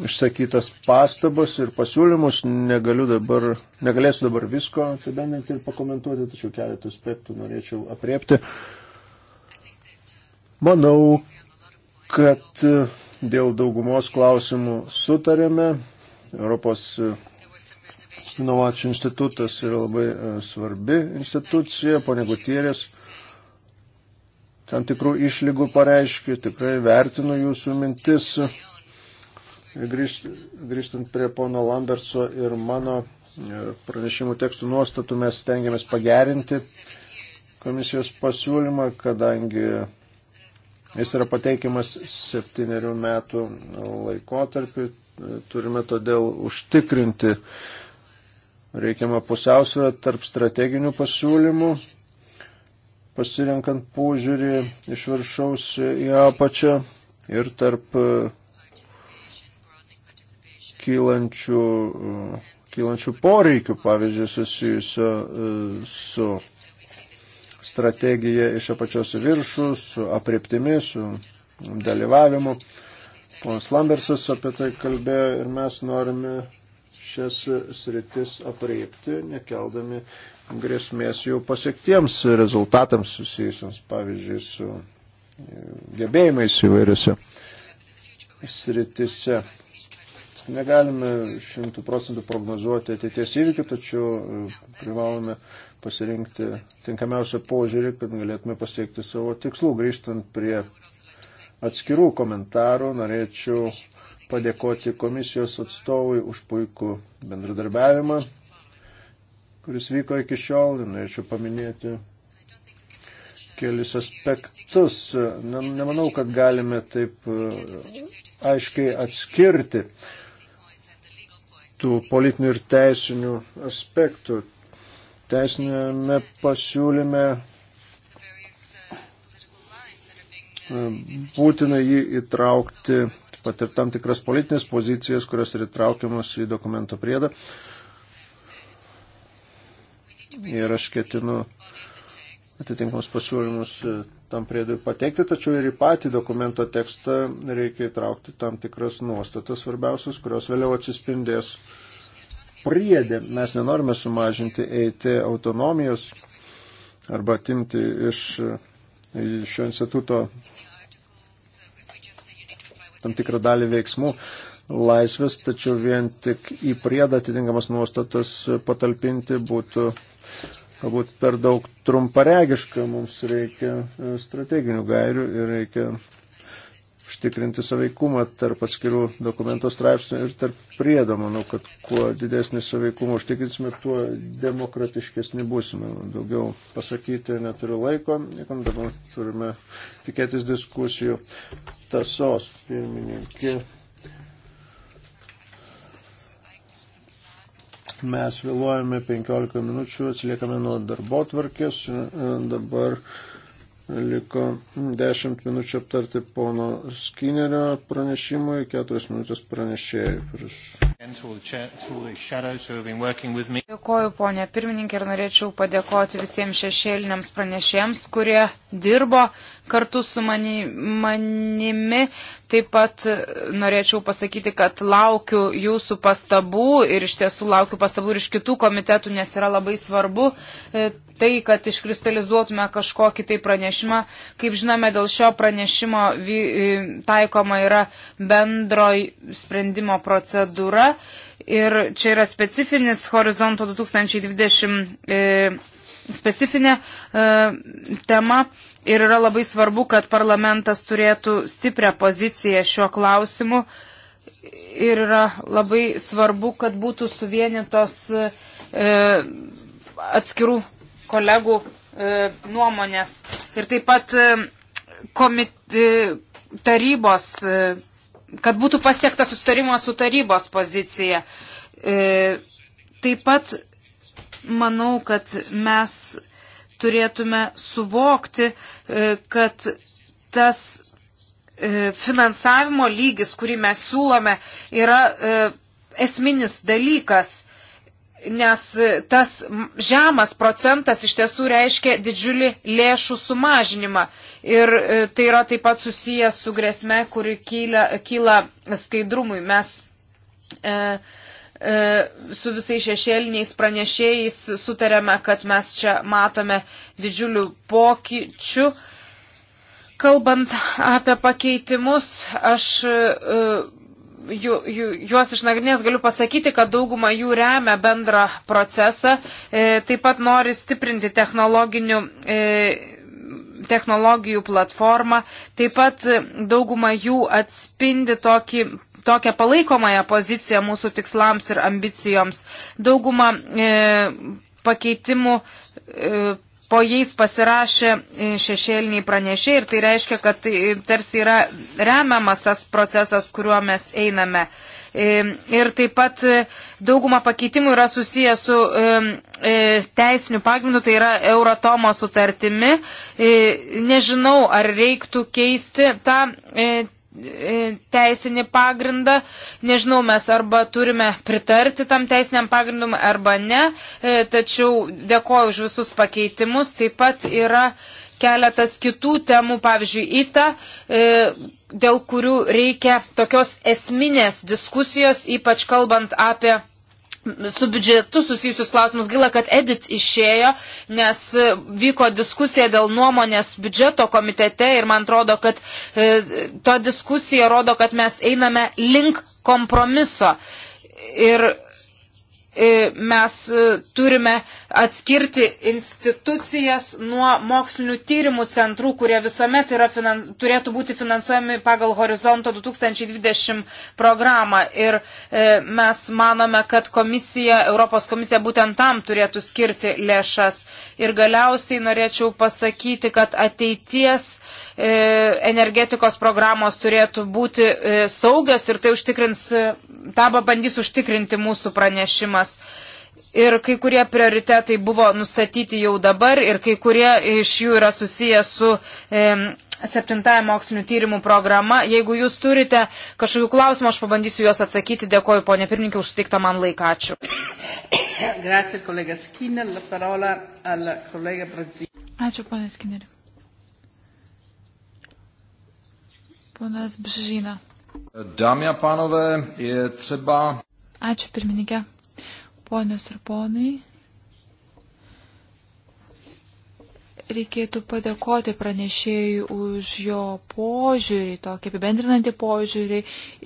išsakytas pastabas ir pasiūlymus. Negaliu dabar, negalėsiu dabar visko apibendrinti ir pakomentuoti, tačiau keletą aspektų norėčiau apriepti. Manau, kad dėl daugumos klausimų sutarėme. Europos inovacijų institutas yra labai e, svarbi institucija, ponė Gutierės tam tikrų išlygų pareiškiu, tikrai vertinu jūsų mintis Grįžt, grįžtant prie pono Lamberso ir mano e, pranešimų tekstų nuostatų, mes stengiamės pagerinti komisijos pasiūlymą, kadangi jis yra pateikiamas septyniarių metų laikotarpį. E, turime todėl užtikrinti reikiamą pusiausvę tarp strateginių pasiūlymų, pasirinkant požiūrį iš viršaus į apačią ir tarp e, kylančių, kylančių poreikių, pavyzdžiui, susijusio e, su strategija iš apačios į viršų, su apriptimi, su dalyvavimu. Ponas Lambersas apie tai kalbėjo ir mes norime šias sritis apriepti, nekeldami grėsmės jau pasiektiems rezultatams susijusiams, pavyzdžiui, su gebėjimais įvairiose sritise. Negalime šimtų procentų prognozuoti ateities įvykių, tačiau e, privalome pasirinkti tinkamiausią požiūrį, kad galėtume pasiekti savo tikslų. Grįžtant prie atskirų komentarų, norėčiau padėkoti komisijos atstovui už puikų bendradarbiavimą, kuris vyko iki šiol. Norėčiau paminėti kelis aspektus. Nemanau, kad galime taip e, aiškiai atskirti tų politinių ir teisinių aspektų. Teisinėme pasiūlyme e, būtina jį įtraukti, pat ir tam tikras politinės pozicijas, kurios yra įtraukiamas į dokumento priedą. Ir aš ketinu atitinkamus pasiūlymus e, tam priedui pateikti, tačiau ir į patį dokumento tekstą reikia įtraukti tam tikras nuostatas svarbiausias, kurios vėliau atsispindės priedė. Mes nenorime sumažinti EIT autonomijos arba atimti iš šio instituto tam tikrą dalį veiksmų laisvės, tačiau vien tik į priedą atitinkamas nuostatas patalpinti būtų galbūt per daug trumparegiška, mums reikia e, strateginių gairių ir reikia užtikrinti saveikumą tarp atskirų dokumento straipsnių ir tarp priedo. Manau, kad kuo didesnį saveikumą užtikrinsime, tuo demokratiškesni būsime. Daugiau pasakyti neturiu laiko, niekam dabar turime tikėtis diskusijų tasos pirmininkė. Mes vėluojame 15 minučių, atsiliekame nuo darbo tvarkės. Dabar Liko 10 minučių aptarti pono Skinnerio pranešimui, 4 minutės pranešėjai. Dėkoju, ponė pirmininkė, ir norėčiau padėkoti visiems šešėliniams pranešėjams, kurie dirbo kartu su mani, manimi. Taip pat norėčiau pasakyti, kad laukiu jūsų pastabų ir iš tiesų laukiu pastabų ir iš kitų komitetų, nes yra labai svarbu e, tai, kad iškristalizuotume kažkokį tai pranešimą. Kaip žinome, dėl šio pranešimo e, taikoma yra bendro sprendimo procedūra. Ir čia yra specifinis horizonto 2020 e, specifinė e, tema. Ir yra labai svarbu, kad parlamentas turėtų stiprią poziciją šiuo klausimu. Ir yra labai svarbu, kad būtų suvienytos e, atskirų kolegų e, nuomonės. Ir taip pat e, komit, e, tarybos, kad būtų pasiektas sustarimas su tarybos pozicija. Taip pat manau, kad mes turėtume suvokti, kad tas finansavimo lygis, kurį mes siūlome, yra esminis dalykas nes tas žemas procentas iš tiesų reiškia didžiulį lėšų sumažinimą. Ir e, tai yra taip pat susijęs su grėsme, kuri kyla, kyla skaidrumui. Mes e, e, su visais šešėliniais pranešėjais sutarėme, kad mes čia matome didžiulių pokyčių. Kalbant apie pakeitimus, aš. E, ju, ju, juos išnagrinės, galiu pasakyti, kad dauguma jų remia bendrą procesą, e, taip pat nori stiprinti technologinių. E, technologijų platformą, taip pat dauguma jų atspindi tokį tokią palaikomąją poziciją mūsų tikslams ir ambicijoms. Dauguma e, pakeitimų e, po jais pasirašė e, šešėliniai pranešiai ir tai reiškia, kad e, tarsi yra remiamas tas procesas, kuriuo mes einame. E, ir taip pat dauguma pakeitimų yra susiję su teisiniu pagrindu, tai yra Euratomo sutartimi. Nežinau, ar reiktų keisti tą E, teisinį pagrindą. Nežinau, mes arba turime pritarti tam teisiniam pagrindum, arba ne. E, tačiau dėkoju už visus pakeitimus. Taip pat yra keletas kitų temų, pavyzdžiui, ITA, e, dėl kurių reikia tokios esminės diskusijos, ypač kalbant apie su biudžetu susijusius klausimus. Gaila, kad Edit išėjo, nes e, vyko diskusija dėl nuomonės biudžeto komitete ir man atrodo, kad e, ta diskusija rodo, kad mes einame link kompromiso. Ir E, mes e, turime atskirti institucijas nuo mokslinių tyrimų centrų, kurie visuomet finan, turėtų būti finansuojami pagal Horizonto 2020 programą. Ir e, mes manome, kad komisija, Europos komisija būtent tam turėtų skirti lėšas. Ir galiausiai norėčiau pasakyti, kad ateities E, energetikos programos turėtų būti e, saugios ir tai užtikrins, e, tą bandys užtikrinti mūsų pranešimas. Ir kai kurie prioritetai buvo nustatyti jau dabar ir kai kurie iš jų yra susiję su e, septintąją mokslinių tyrimų programą. Jeigu jūs turite kažkokių klausimų, aš pabandysiu juos atsakyti. Dėkoju, ponė pirmininkė, už suteiktą man laiką. Ačiū. Grazie, kolega Skinner. La parola al kolega Brazil. Ačiū, ponė Skinner. Ponas Bžžina. Dámy a pánové, je třeba. Ačiū pirmininkė. Ponios ir ponai, reikėtų padėkoti pranešėjui už jo požiūrį, tokį apibendrinantį požiūrį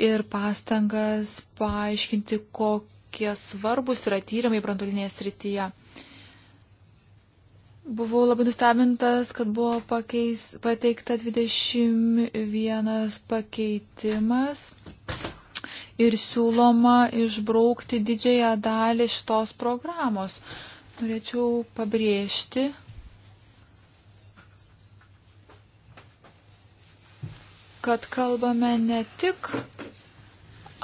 ir pastangas paaiškinti, kokie svarbus yra tyrimai brandulinėje srityje. Buvau labai nustebintas, kad buvo pakeis, pateikta 21 pakeitimas ir siūloma išbraukti didžiąją dalį šitos programos. Norėčiau pabrėžti, kad kalbame ne tik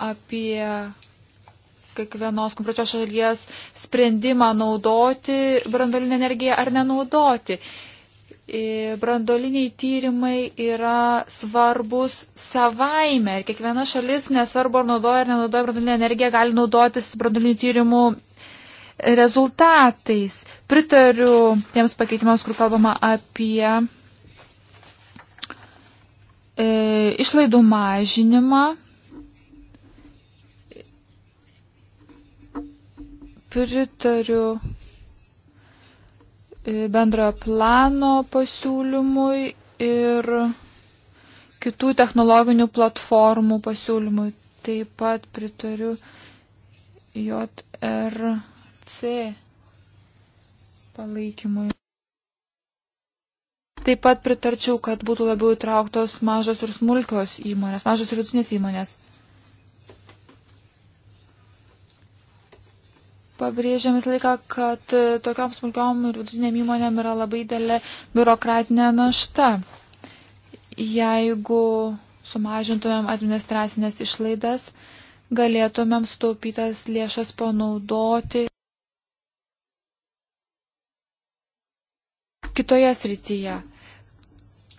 apie kiekvienos konkrečios šalies sprendimą naudoti brandolinę energiją ar nenaudoti. E, brandoliniai tyrimai yra svarbus savaime ir kiekviena šalis, nesvarbu ar naudoja ar nenaudoja brandolinę energiją, gali naudotis brandolinių tyrimų rezultatais. Pritariu tiems pakeitimams, kur kalbama apie e, išlaidų mažinimą pritariu e, bendrojo plano pasiūlymui ir kitų technologinių platformų pasiūlymui. Taip pat pritariu JRC palaikymui. Taip pat pritarčiau, kad būtų labiau įtrauktos mažos ir smulkios įmonės, mažos ir vidutinės įmonės. pabrėžėm visą laiką, kad e, tokiom smulkiom ir vidutinėm įmonėm yra labai dėlė biurokratinė našta. Jeigu sumažintumėm administracinės išlaidas, galėtumėm staupytas lėšas panaudoti kitoje srityje.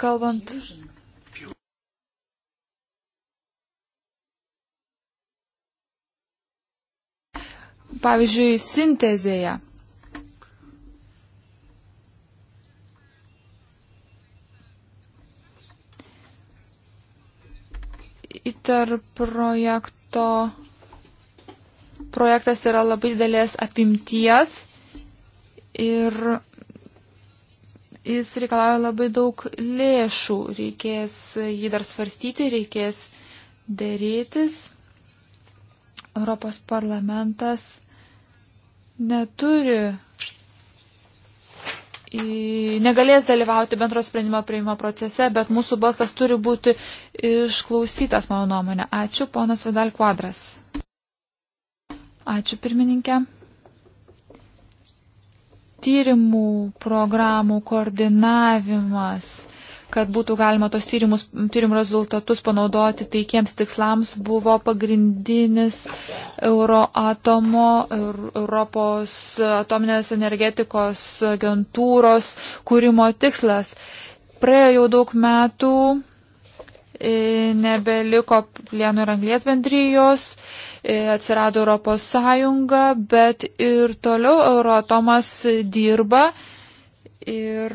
Kalbant. Vision pavyzdžiui, sintezėje. ITER projekto projektas yra labai didelės apimties ir jis reikalauja labai daug lėšų. Reikės jį dar svarstyti, reikės dėrėtis. Europos parlamentas neturi, negalės dalyvauti bendro sprendimo prieimo procese, bet mūsų balsas turi būti išklausytas, mano nuomonė. Ačiū, ponas Vidal Kvadras. Ačiū, pirmininkė. Tyrimų programų koordinavimas kad būtų galima tos tyrimus, tyrimų rezultatus panaudoti taikiems tikslams, buvo pagrindinis Euroatomo, Europos atominės energetikos agentūros kūrimo tikslas. Praėjo jau daug metų, e, nebeliko plieno ir anglės bendrijos, e, atsirado Europos Sąjunga, bet ir toliau Euroatomas dirba Ir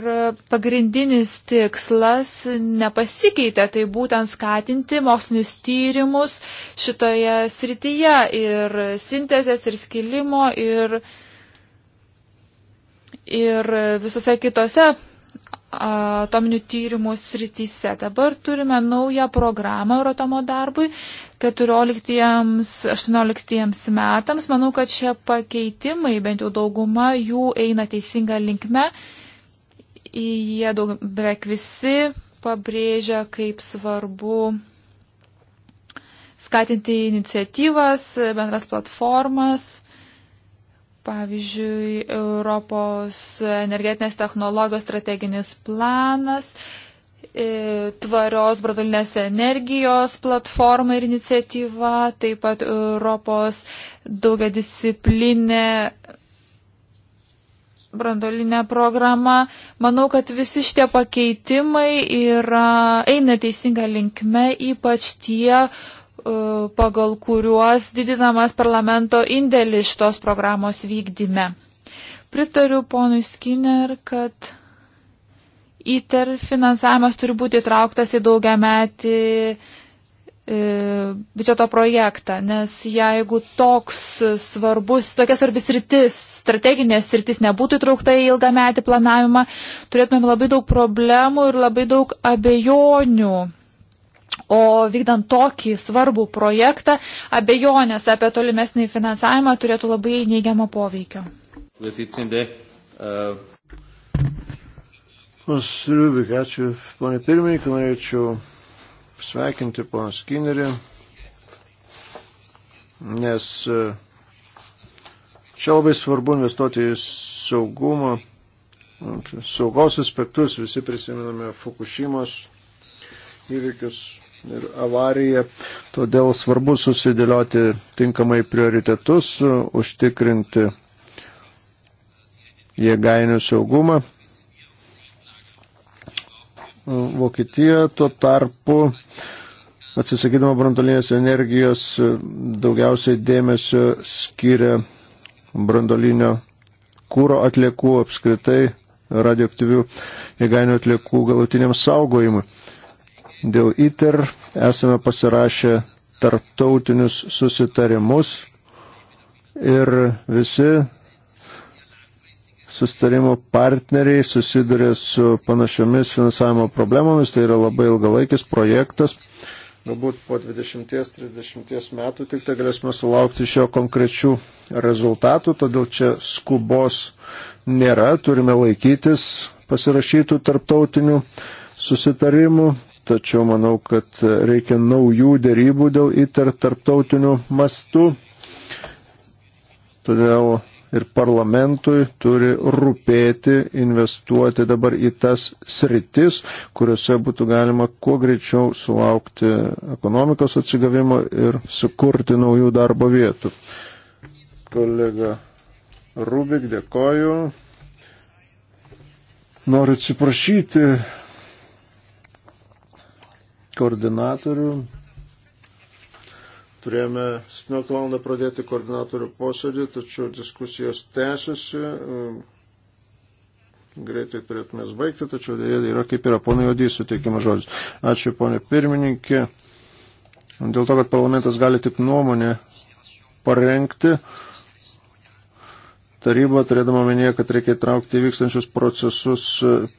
pagrindinis tikslas nepasikeitė, tai būtent skatinti mokslinius tyrimus šitoje srityje ir sintezės, ir skilimo, ir, ir visose kitose atominių tyrimų srityse. Dabar turime naują programą Euratomo darbui 14-18 metams. Manau, kad šie pakeitimai, bent jau dauguma jų eina teisinga linkme jie daug, beveik visi pabrėžia, kaip svarbu skatinti iniciatyvas, bendras platformas. Pavyzdžiui, Europos energetinės technologijos strateginis planas, e, tvarios branduolinės energijos platforma ir iniciatyva, taip pat Europos daugiadisciplinė brandolinė programa. Manau, kad visi šitie pakeitimai yra, eina teisinga linkme, ypač tie, e, pagal kuriuos didinamas parlamento indėlis šitos programos vykdyme. Pritariu ponui Skinner, kad ITER finansavimas turi būti įtrauktas į daugiametį metį E, biudžeto projektą, nes jeigu toks svarbus, tokia svarbis rytis, strateginės rytis nebūtų įtraukta į ilgą metį planavimą, turėtumėm labai daug problemų ir labai daug abejonių. O vykdant tokį svarbų projektą, abejonės apie tolimesnį finansavimą turėtų labai neigiamą poveikio. Ponas eh, Riubik, ačiū, ponė pirmininkė, norėčiau pasveikinti poną Skinnerį, nes e, čia labai svarbu investuoti į saugumą, saugos aspektus, visi prisimename Fukushimos įvykius ir avariją, todėl svarbu susidėlioti tinkamai prioritetus, užtikrinti jėgainių saugumą Vokietija tuo tarpu atsisakydama brandolinės energijos daugiausiai dėmesio skiria brandolinio kūro atliekų apskritai radioaktyvių jėgainių atliekų galutiniam saugojimui. Dėl ITER esame pasirašę tarptautinius susitarimus ir visi sustarimo partneriai susiduria su panašiomis finansavimo problemomis, tai yra labai ilgalaikis projektas. Galbūt po 20-30 metų tik tai galėsime sulaukti šio konkrečių rezultatų, todėl čia skubos nėra, turime laikytis pasirašytų tarptautinių susitarimų, tačiau manau, kad reikia naujų dėrybų dėl įtar tarptautinių mastų. Todėl ir parlamentui turi rūpėti investuoti dabar į tas sritis, kuriuose būtų galima kuo greičiau sulaukti ekonomikos atsigavimo ir sukurti naujų darbo vietų. Kolega Rubik, dėkoju. Noriu atsiprašyti koordinatorių Turėjome 17 val. pradėti koordinatorių posėdį, tačiau diskusijos tęsiasi. Greitai turėtume baigti, tačiau dėja yra kaip yra. Pone Jodys, suteikimas žodis. Ačiū, ponė pirmininkė. Dėl to, kad parlamentas gali tik nuomonę parengti, taryba, turėdama minėję, kad reikia įtraukti vykstančius procesus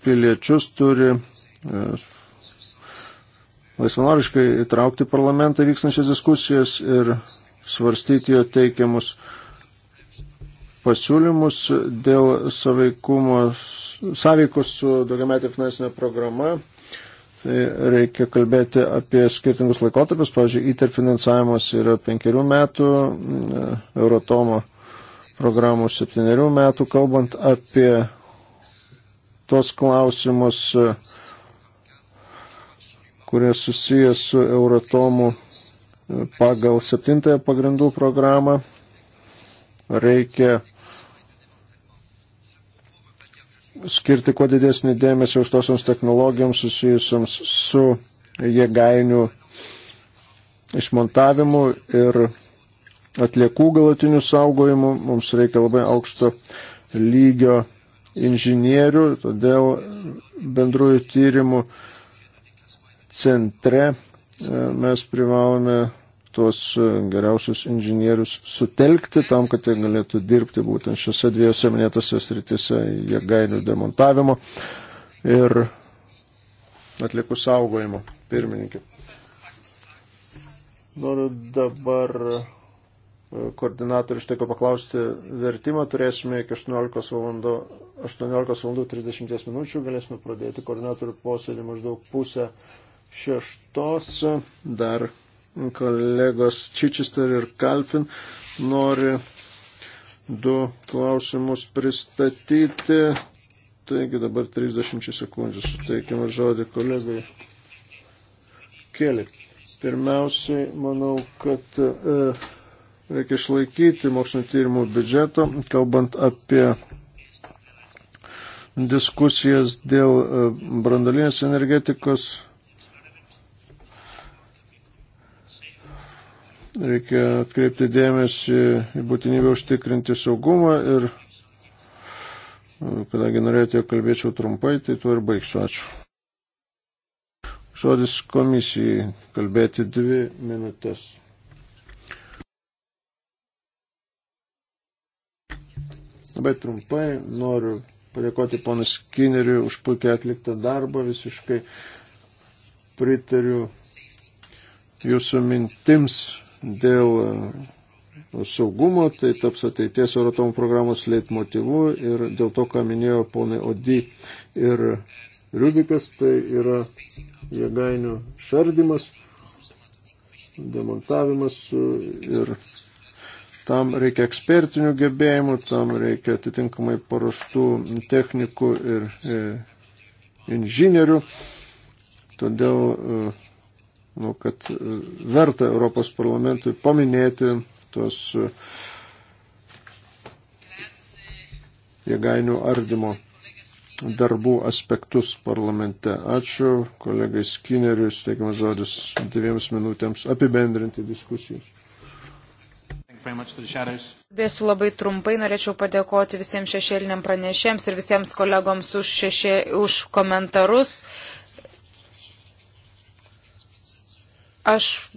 piliečius, turi laisvanoriškai įtraukti parlamentą vykstančias diskusijas ir svarstyti jo teikiamus pasiūlymus dėl saveikumo, sąveikos su daugiametė finansinė programa. Tai reikia kalbėti apie skirtingus laikotarpius. Pavyzdžiui, ITER finansavimas yra penkerių metų, Euratomo programų septyniarių metų, kalbant apie tos klausimus, uh, kurie susijęs su Euratomu e, pagal septintąją pagrindų programą. Reikia skirti kuo didesnį dėmesį aukštosioms technologijoms susijusiams su jėgainių išmontavimu ir atliekų galutinių saugojimų. Mums reikia labai aukšto lygio inžinierių, todėl bendrųjų tyrimų centre e, mes privalome tuos e, geriausius inžinierius sutelkti tam, kad jie galėtų dirbti būtent šiose dviejose minėtose sritise jėgainių demontavimo ir atlikų saugojimo. Pirmininkė. Noriu dabar e, koordinatorių štai ko paklausti vertimą. Turėsime iki 18 valandų, 18 valandų 30 minučių. Galėsime pradėti koordinatorių posėdį maždaug pusę šeštos dar kolegos Čičister ir Kalfin nori du klausimus pristatyti. Taigi dabar 30 sekundžių suteikime žodį kolegai Keli. Pirmiausiai, manau, kad e, reikia išlaikyti mokslinio tyrimų biudžeto, kalbant apie diskusijas dėl e, brandalinės energetikos Reikia atkreipti dėmesį į būtinybę užtikrinti saugumą ir e, kadangi norėjote, jog kalbėčiau trumpai, tai tuo ir baigsiu. Ačiū. Žodis komisijai kalbėti dvi minutės. Labai trumpai noriu padėkoti ponas Skineriui už puikiai atliktą darbą, visiškai pritariu jūsų mintims dėl e, saugumo, tai taps ateities Euratom programos leitmotivu ir dėl to, ką minėjo ponai Odi ir Rubikas, tai yra jėgainių šardimas, demontavimas e, ir tam reikia ekspertinių gebėjimų, tam reikia atitinkamai paruoštų technikų ir e, inžinierių. Todėl uh, nu, kad e, verta Europos parlamentui paminėti tos e, jėgainių ardymo darbų aspektus parlamente. Ačiū kolegai Skinneriui, steigiamas žodis dviems minutėms apibendrinti diskusijas. Bėsiu labai trumpai, norėčiau padėkoti visiems šešėliniam pranešėms ir visiems kolegoms už, šešė, už komentarus. Aš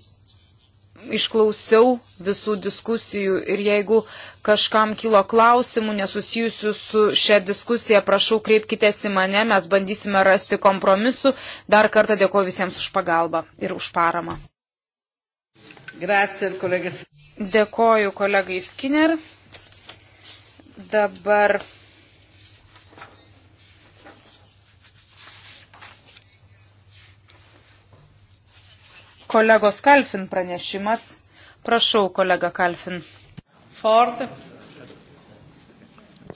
išklausiau visų diskusijų ir jeigu kažkam kilo klausimų nesusijusių su šia diskusija, prašau kreipkite į mane, mes bandysime rasti kompromisu. Dar kartą dėkuoju visiems už pagalbą ir už paramą. Grazie, kolegas. Dėkoju kolegai Skinner. Dabar kolegos Kalfin pranešimas. Prašau, kolega Kalfin. Ford.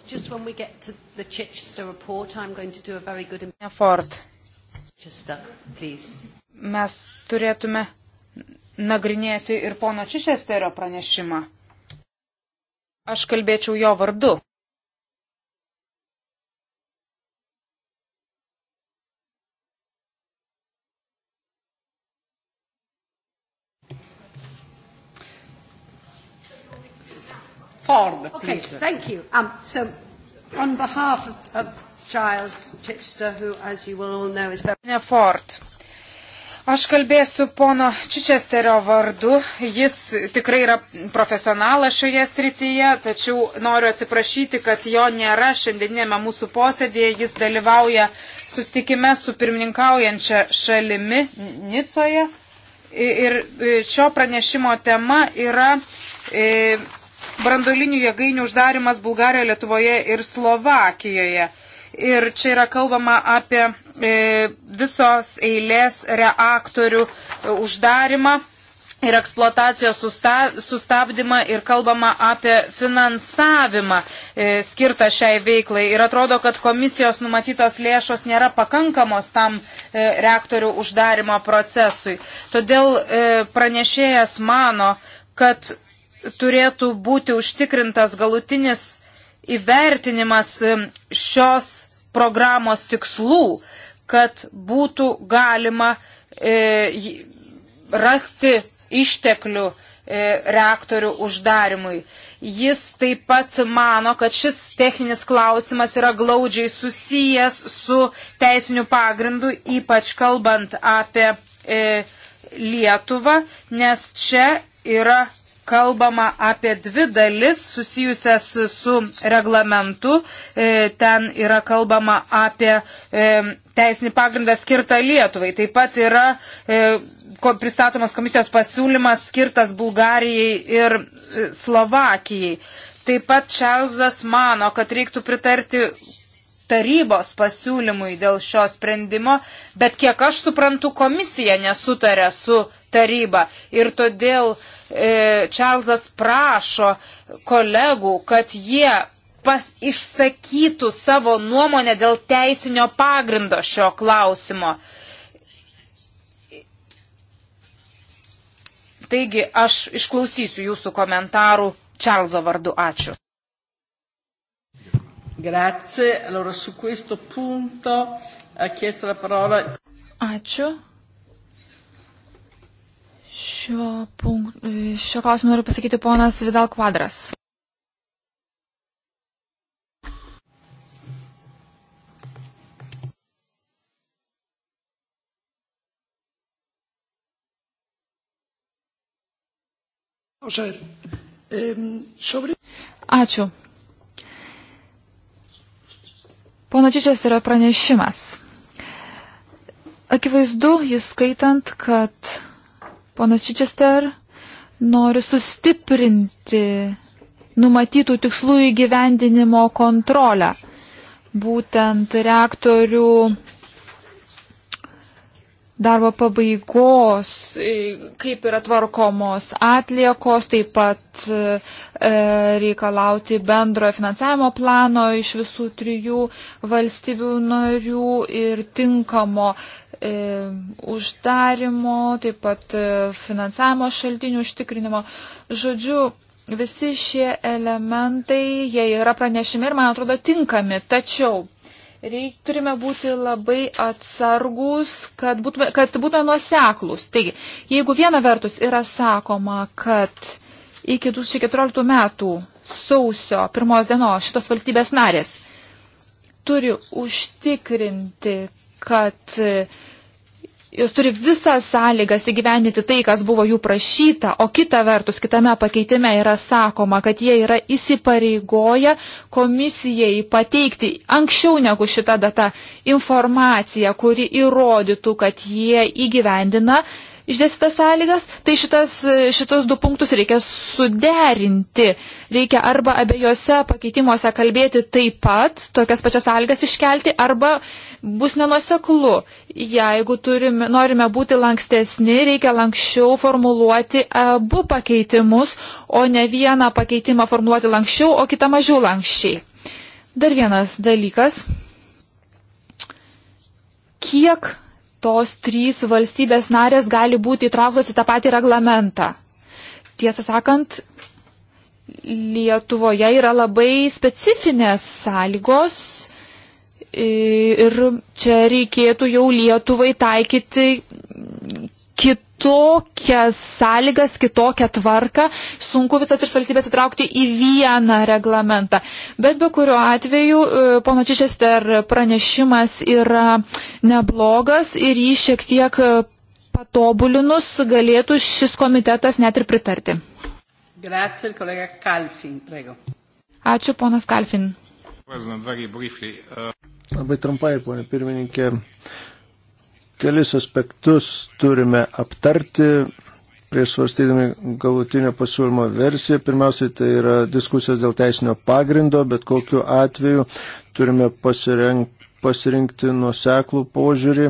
Just when we get to the Chichester report, I'm going to do a very good... Ne Ford. Chichester, please. Mes turėtume nagrinėti ir pono Čičesterio pranešimą. Aš kalbėčiau jo vardu. Ford, okay, please. thank you. Um, so, on behalf of, of Giles Chichester, who, as you will all know, is very... Ne Ford. Aš kalbėsiu pono Čičesterio vardu. Jis tikrai yra profesionalas šioje srityje, tačiau noriu atsiprašyti, kad jo nėra šiandieninėme mūsų posėdėje. Jis dalyvauja sustikime su pirmininkaujančia šalimi Nicoje. Ir e, šio pranešimo tema yra. E, brandolinių jėgainių uždarimas Bulgarijoje, Lietuvoje ir Slovakijoje. Ir čia yra kalbama apie e, visos eilės reaktorių e, uždarimą ir eksploatacijos sustabdymą ir kalbama apie finansavimą e, skirtą šiai veiklai. Ir atrodo, kad komisijos numatytos lėšos nėra pakankamos tam e, reaktorių uždarimo procesui. Todėl e, pranešėjas mano, kad turėtų būti užtikrintas galutinis įvertinimas šios programos tikslų, kad būtų galima e, rasti išteklių e, reaktorių uždarimui. Jis taip pat mano, kad šis techninis klausimas yra glaudžiai susijęs su teisiniu pagrindu, ypač kalbant apie e, Lietuvą, nes čia yra kalbama apie dvi dalis susijusias su reglamentu. E, ten yra kalbama apie e, teisinį pagrindą skirtą Lietuvai. Taip pat yra e, pristatomas komisijos pasiūlymas skirtas Bulgarijai ir Slovakijai. Taip pat Čelzas mano, kad reiktų pritarti tarybos pasiūlymui dėl šio sprendimo, bet kiek aš suprantu, komisija nesutarė su taryba. Ir todėl e, Čarlzas prašo kolegų, kad jie pas išsakytų savo nuomonę dėl teisinio pagrindo šio klausimo. Taigi aš išklausysiu jūsų komentarų Čarlzo vardu. Ačiū. Grazie. Allora, su questo punto ha chiesto la parola. Ačiū. Šio, punkt, šio klausimu noriu pasakyti ponas Vidal Kvadras. Ačiū. Pono Čičias yra pranešimas. Akivaizdu, jis skaitant, kad Ponas Čičester nori sustiprinti numatytų tikslų įgyvendinimo kontrolę. Būtent reaktorių darbo pabaigos, kaip yra tvarkomos atliekos, taip pat e, reikalauti bendrojo finansavimo plano iš visų trijų valstybių narių ir tinkamo E, uždarimo, taip pat e, finansavimo šaltinių užtikrinimo. Žodžiu, visi šie elementai, jie yra pranešimi ir, man atrodo, tinkami. Tačiau reik, turime būti labai atsargus, kad būtume, kad būtume nuoseklus. Taigi, jeigu viena vertus yra sakoma, kad iki 2014 metų sausio pirmos dienos šitos valstybės narės turi užtikrinti, kad uh, jos turi visas sąlygas įgyvendinti tai, kas buvo jų prašyta, o kita vertus, kitame pakeitime yra sakoma, kad jie yra įsipareigoję komisijai pateikti anksčiau negu šita data informaciją, kuri įrodytų, kad jie įgyvendina išdėstytas sąlygas, tai šitas, šitos du punktus reikia suderinti. Reikia arba abiejose pakeitimuose kalbėti taip pat, tokias pačias sąlygas iškelti, arba bus nenuoseklu. Jeigu turime, norime būti lankstesni, reikia lankščiau formuluoti abu pakeitimus, o ne vieną pakeitimą formuluoti lankščiau, o kitą mažiau lankščiai. Dar vienas dalykas. Kiek tos trys valstybės narės gali būti įtrauktos į tą patį reglamentą. Tiesą sakant, Lietuvoje yra labai specifinės sąlygos ir čia reikėtų jau Lietuvai taikyti kit, kitokias sąlygas, kitokią tvarką, sunku visas tris valstybės įtraukti į vieną reglamentą. Bet be kurio atveju, e, pono Čišester pranešimas yra neblogas ir jį šiek tiek e, patobulinus galėtų šis komitetas net ir pritarti. Grazie, kolega Kalfin, prego. Ačiū, ponas Kalfin. Uh, Labai trumpai, ponė pirmininkė kelis aspektus turime aptarti prieš svarstydami galutinio pasiūlymo versiją. Pirmiausiai tai yra diskusijos dėl teisinio pagrindo, bet kokiu atveju turime pasirenk, pasirinkti nuoseklų požiūrį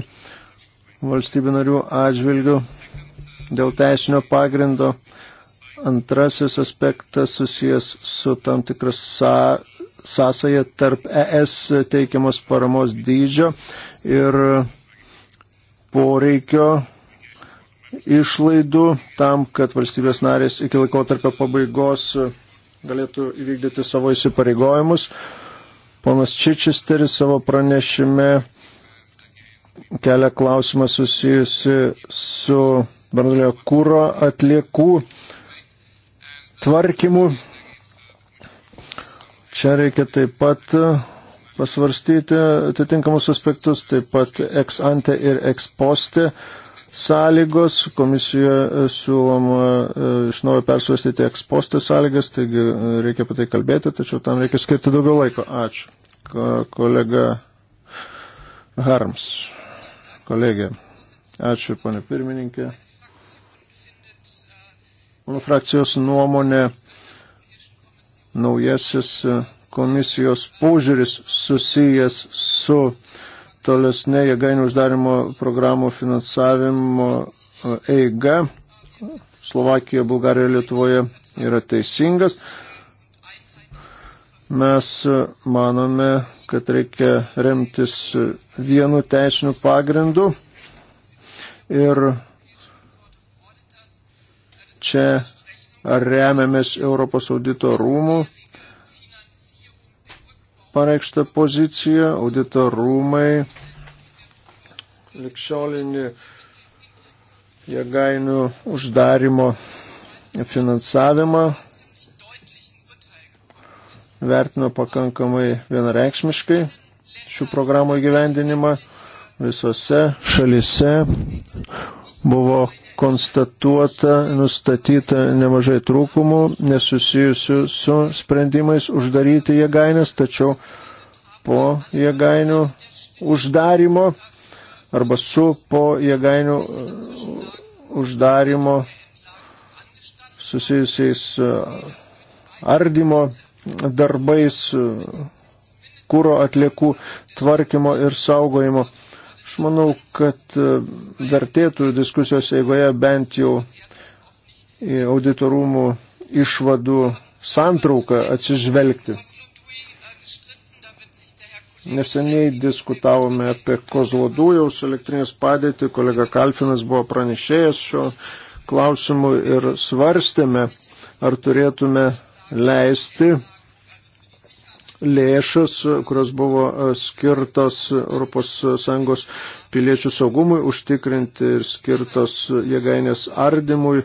valstybių narių atžvilgių dėl teisinio pagrindo. Antrasis aspektas susijęs su tam tikras są, sąsaja tarp ES teikiamos paramos dydžio ir poreikio išlaidų tam, kad valstybės narės iki laikotarpio pabaigos galėtų įvykdyti savo įsipareigojimus. Ponas Čičisteris savo pranešime kelia klausimą susijusi su branduolio kūro atliekų tvarkymu. Čia reikia taip pat pasvarstyti atitinkamus aspektus, taip pat ex ante ir ex poste sąlygos. Komisija e, siūloma e, iš naujo persvarstyti ex poste sąlygas, taigi e, reikia apie tai kalbėti, tačiau tam reikia skirti daugiau laiko. Ačiū. Ko, kolega Harms. Kolegė. Ačiū, ponė pirmininkė. Mano frakcijos nuomonė naujasis komisijos požiūris susijęs su tolesnė jėgainių uždarimo programų finansavimo e, eiga Slovakijoje, Bulgarijoje, Lietuvoje yra teisingas. Mes e, manome, kad reikia remtis e, vienu teisiniu pagrindu ir čia remiamės Europos audito rūmų pareikštą poziciją, auditorumai, likščiolinį jėgainių uždarimo finansavimą vertino pakankamai vienareikšmiškai šių programų įgyvendinimą visose šalise buvo konstatuota, nustatyta nemažai trūkumų nesusijusių su sprendimais uždaryti jėgainės, tačiau po jėgainių uždarimo arba su po jėgainių uh, uždarimo susijusiais uh, ardymo darbais, uh, kūro atliekų tvarkymo ir saugojimo Aš manau, kad e, vertėtų diskusijos eigoje bent jau į auditorumų išvadų santrauką atsižvelgti. Neseniai diskutavome apie kozlodūjaus elektrinės padėtį, kolega Kalfinas buvo pranešėjęs šio klausimu ir svarstėme, ar turėtume leisti lėšas, kurios buvo e, skirtos ES piliečių saugumui užtikrinti ir skirtos jėgainės ardymui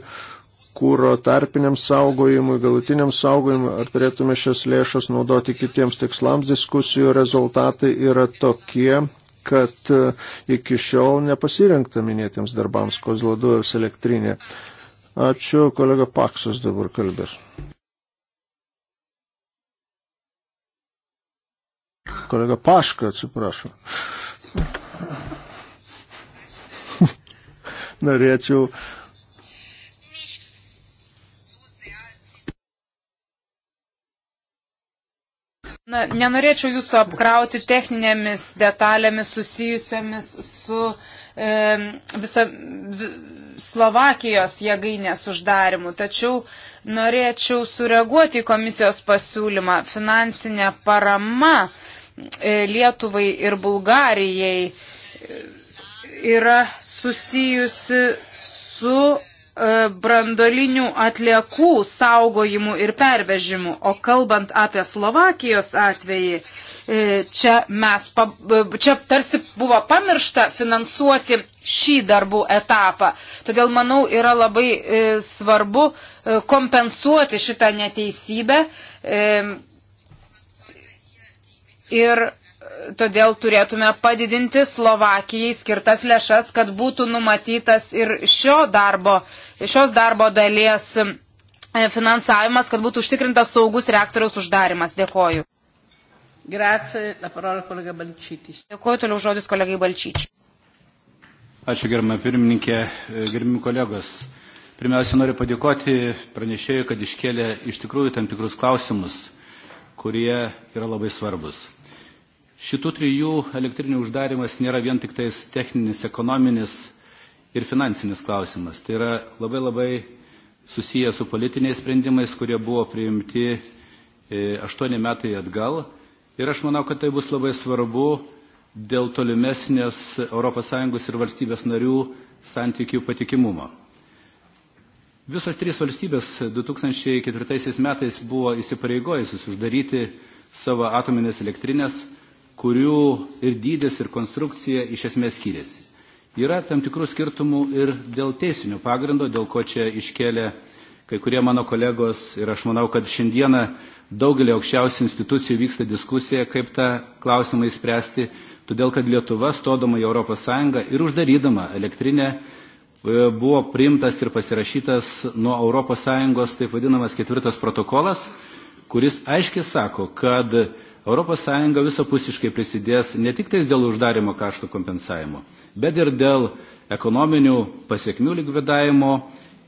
kūro tarpiniam saugojimui, galutiniam saugojimui, ar turėtume šias lėšas naudoti kitiems tikslams. Diskusijų rezultatai yra tokie, kad e, iki šiol nepasirinkta minėtiems darbams Kozlodujos elektrinė. Ačiū, kolega Paksas dabar kalbės. kolega Paška, atsiprašau. Norėčiau Na, nenorėčiau jūsų apkrauti techninėmis detalėmis susijusiamis su e, viso, vi, Slovakijos jėgainės uždarimu, tačiau norėčiau sureaguoti į komisijos pasiūlymą. Finansinė parama E, Lietuvai ir Bulgarijai e, yra susijusi su e, brandolinių atliekų saugojimu ir pervežimu. O kalbant apie Slovakijos atvejį, čia, mes, čia tarsi buvo pamiršta finansuoti šį darbų etapą. Todėl, manau, yra labai svarbu kompensuoti šitą neteisybę ir todėl turėtume padidinti Slovakijai skirtas lėšas, kad būtų numatytas ir šio darbo, šios darbo dalies e, finansavimas, kad būtų užtikrintas saugus reaktoriaus uždarimas. Dėkoju. Grazie, la parola kolega Balčytis. Dėkoju, toliau žodis kolegai Balčyčiui. Ačiū gerbama pirmininkė, e, gerbimi kolegos. Pirmiausia, noriu padėkoti pranešėjui, kad iškėlė iš tikrųjų tam tikrus klausimus, kurie yra labai svarbus. Šitų trijų elektrinių uždarimas nėra vien tik tais techninis, ekonominis ir finansinis klausimas. Tai yra labai labai susiję su politiniais sprendimais, kurie buvo priimti e, aštuoni metai atgal. Ir aš manau, kad tai bus labai svarbu dėl tolimesnės ES ir valstybės narių santykių patikimumo. Visos trys valstybės 2004 metais buvo įsipareigojusios uždaryti savo atominės elektrinės kurių ir dydis, ir konstrukcija iš esmės skiriasi. Yra tam tikrų skirtumų ir dėl teisinių pagrindo, dėl ko čia iškelia kai kurie mano kolegos ir aš manau, kad šiandieną daugelį aukščiausių institucijų vyksta diskusija, kaip tą klausimą įspręsti, todėl kad Lietuva, stodama į ES ir uždarydama elektrinę, e, buvo priimtas ir pasirašytas nuo ES taip vadinamas ketvirtas protokolas, kuris aiškiai sako, kad ES visapusiškai prisidės ne tik tais dėl uždarimo kaštų kompensavimo, bet ir dėl ekonominių pasiekmių likvidavimo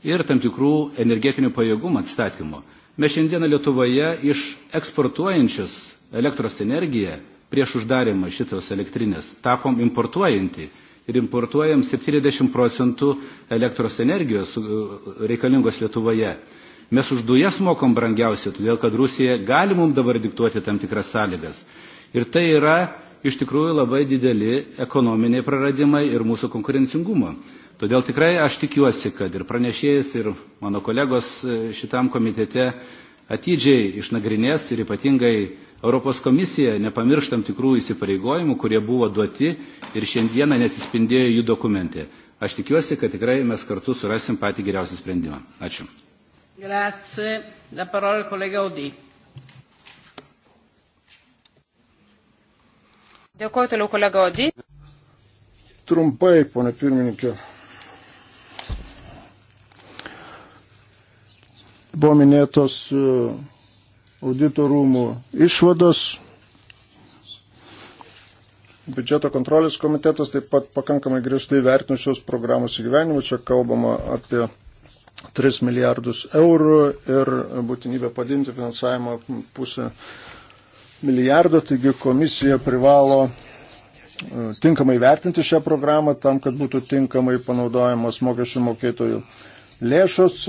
ir tam tikrų energetinių pajėgumų atstatymo. Mes šiandieną Lietuvoje iš eksportuojančius elektros energiją prieš uždarimą šitos elektrinės tapom importuojantį ir importuojam 70 procentų elektros energijos uh, reikalingos Lietuvoje. Mes už dujas mokam brangiausiai, todėl kad Rusija gali mums dabar diktuoti tam tikras sąlygas. Ir tai yra iš tikrųjų labai dideli ekonominiai praradimai ir mūsų konkurencingumo. Todėl tikrai aš tikiuosi, kad ir pranešėjas, ir mano kolegos e, šitam komitete atidžiai išnagrinės ir ypatingai Europos komisija nepamirš tam tikrų įsipareigojimų, kurie buvo duoti ir šiandieną nesispindėjo jų dokumente. Aš tikiuosi, kad tikrai mes kartu surasim patį geriausią sprendimą. Ačiū. Grazie. La parola al collega Odį. Dėkuoju toliau kolega Odį. Trumpai, ponė pirmininkė. Buvo minėtos e, auditorumų išvados. Biudžeto kontrolės komitetas taip pat pakankamai griežtai vertino šios programos įgyvenimą. Čia kalbama apie 3 milijardus eurų ir būtinybė padinti finansavimą pusę milijardo, taigi komisija privalo e, tinkamai vertinti šią programą tam, kad būtų tinkamai panaudojamos mokesčių mokėtojų lėšos.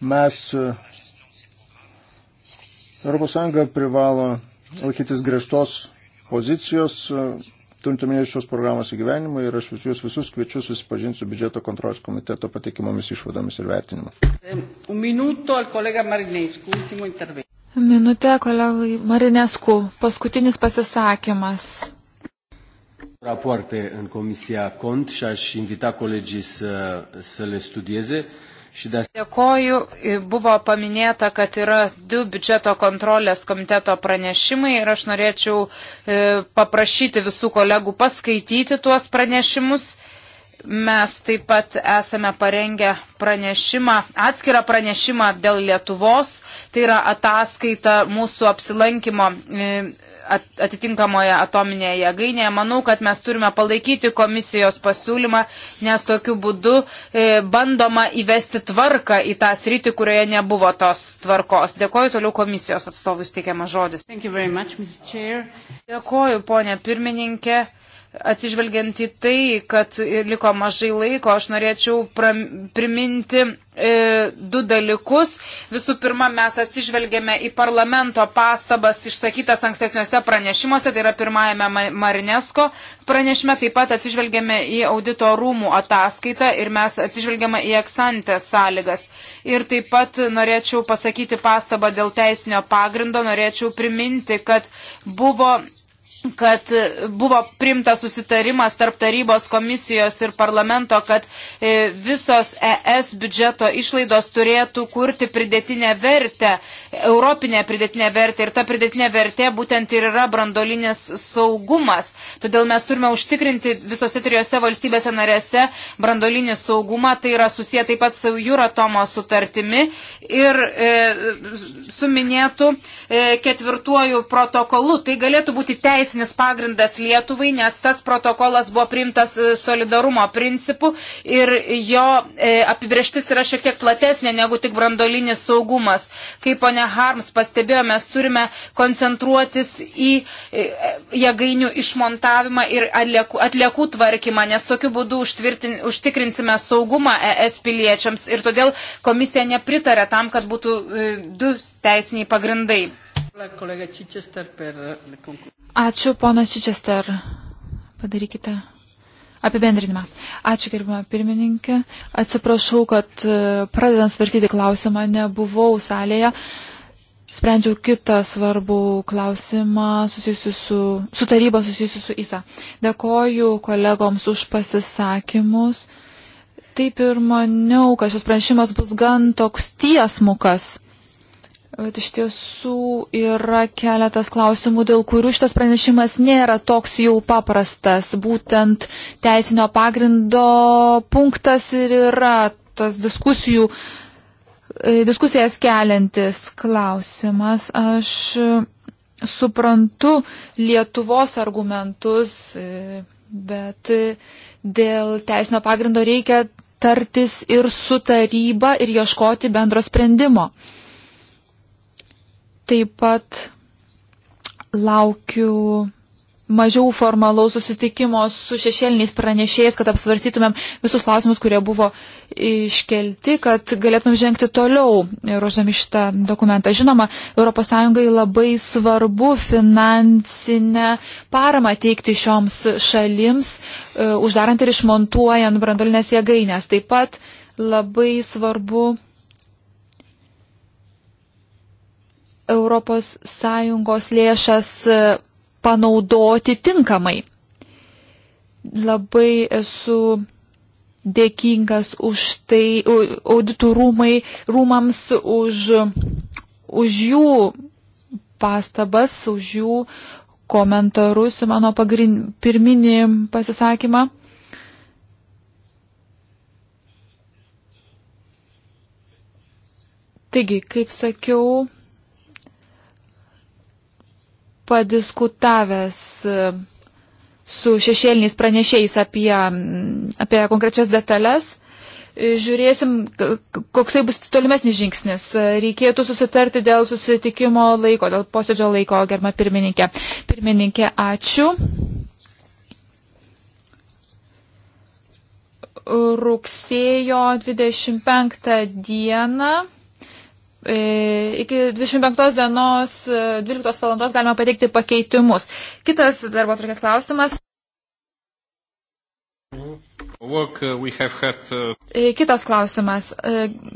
Mes ES privalo laikytis griežtos pozicijos e, turint omenyje šios programos įgyvenimą ir aš jūs visus kviečiu susipažinti su biudžeto kontrolės komiteto patikimomis išvadomis ir vertinimu. Minutė kolegai Marinesku, paskutinis pasisakymas. Rapoarte în Comisia Cont și aș invita colegii să, să le studieze. Dėkoju. Buvo paminėta, kad yra du biudžeto kontrolės komiteto pranešimai ir aš norėčiau e, paprašyti visų kolegų paskaityti tuos pranešimus. Mes taip pat esame parengę pranešimą, atskirą pranešimą dėl Lietuvos. Tai yra ataskaita mūsų apsilankimo e, atitinkamoje atominėje jėgainėje. Manau, kad mes turime palaikyti komisijos pasiūlymą, nes tokiu būdu e, bandoma įvesti tvarką į tą sritį, kurioje nebuvo tos tvarkos. Dėkoju toliau komisijos atstovus teikiamas žodis. Much, Dėkoju, ponė pirmininkė. Atsižvelgiant į tai, kad liko mažai laiko, aš norėčiau pram, priminti e, du dalykus. Visų pirma, mes atsižvelgėme į parlamento pastabas išsakytas ankstesniuose pranešimuose, tai yra pirmajame Marinesko pranešime, taip pat atsižvelgėme į audito rūmų ataskaitą ir mes atsižvelgėme į eksantės sąlygas. Ir taip pat norėčiau pasakyti pastabą dėl teisinio pagrindo, norėčiau priminti, kad buvo kad buvo primtas susitarimas tarp tarybos komisijos ir parlamento, kad e, visos ES biudžeto išlaidos turėtų kurti pridėtinę vertę, europinę pridėtinę vertę ir ta pridėtinė vertė būtent ir yra brandolinis saugumas. Todėl mes turime užtikrinti visose trijose valstybėse narėse brandolinį saugumą, tai yra susiję taip pat su Juratomo sutartimi ir e, suminėtų e, ketvirtuoju protokolu. Tai galėtų būti teisė teisinis pagrindas Lietuvai, nes tas protokolas buvo priimtas e, solidarumo principu ir jo e, apibrieštis yra šiek tiek platesnė negu tik brandolinis saugumas. Kaip ponia Harms pastebėjo, mes turime koncentruotis į e, jėgainių išmontavimą ir atliekų, atliekų tvarkymą, nes tokiu būdu užtikrinsime saugumą ES piliečiams ir todėl komisija nepritarė tam, kad būtų du teisiniai pagrindai. La kolega Chichester per concludere. Ačiū, ponas Čičester. Padarykite apibendrinimą. Ačiū, gerbama pirmininkė. Atsiprašau, kad e, pradedant svarstyti klausimą nebuvau salėje. Sprendžiau kitą svarbų klausimą susijusiu su, su taryba susijusiu su ISA. Dėkoju kolegoms už pasisakymus. Taip ir maniau, kad šis pranešimas bus gan toks tiesmukas. Bet iš tiesų yra keletas klausimų, dėl kurių šitas pranešimas nėra toks jau paprastas. Būtent teisinio pagrindo punktas ir yra tas diskusijų, e, diskusijas keliantis klausimas. Aš suprantu Lietuvos argumentus, e, bet dėl teisinio pagrindo reikia tartis ir su taryba ir ieškoti bendro sprendimo. Taip pat laukiu mažiau formalaus susitikimo su šešėliniais pranešėjais, kad apsvarstytumėm visus klausimus, kurie buvo iškelti, kad galėtumėm žengti toliau, ruožami šitą dokumentą. Žinoma, ES labai svarbu finansinę paramą teikti šioms šalims, e, uždarant ir išmontuojant brandolinės jėgainės. Taip pat labai svarbu ES lėšas e, panaudoti tinkamai. Labai esu dėkingas už tai auditų rūmai, rūmams, už, už jų pastabas, už jų komentarus į mano pagrin, pirminį pasisakymą. Taigi, kaip sakiau, padiskutavęs e, su šešėliniais pranešėjais apie, apie konkrečias detalės. E, žiūrėsim, koksai bus tolimesnis žingsnis. E, reikėtų susitarti dėl susitikimo laiko, dėl posėdžio laiko, germa pirmininkė. Pirmininkė, ačiū. Rugsėjo 25 dieną. E, iki 25 dienos 12 e, valandos galima pateikti pakeitimus. Kitas darbo atrakės klausimas. Work, uh, had, uh... E, kitas klausimas.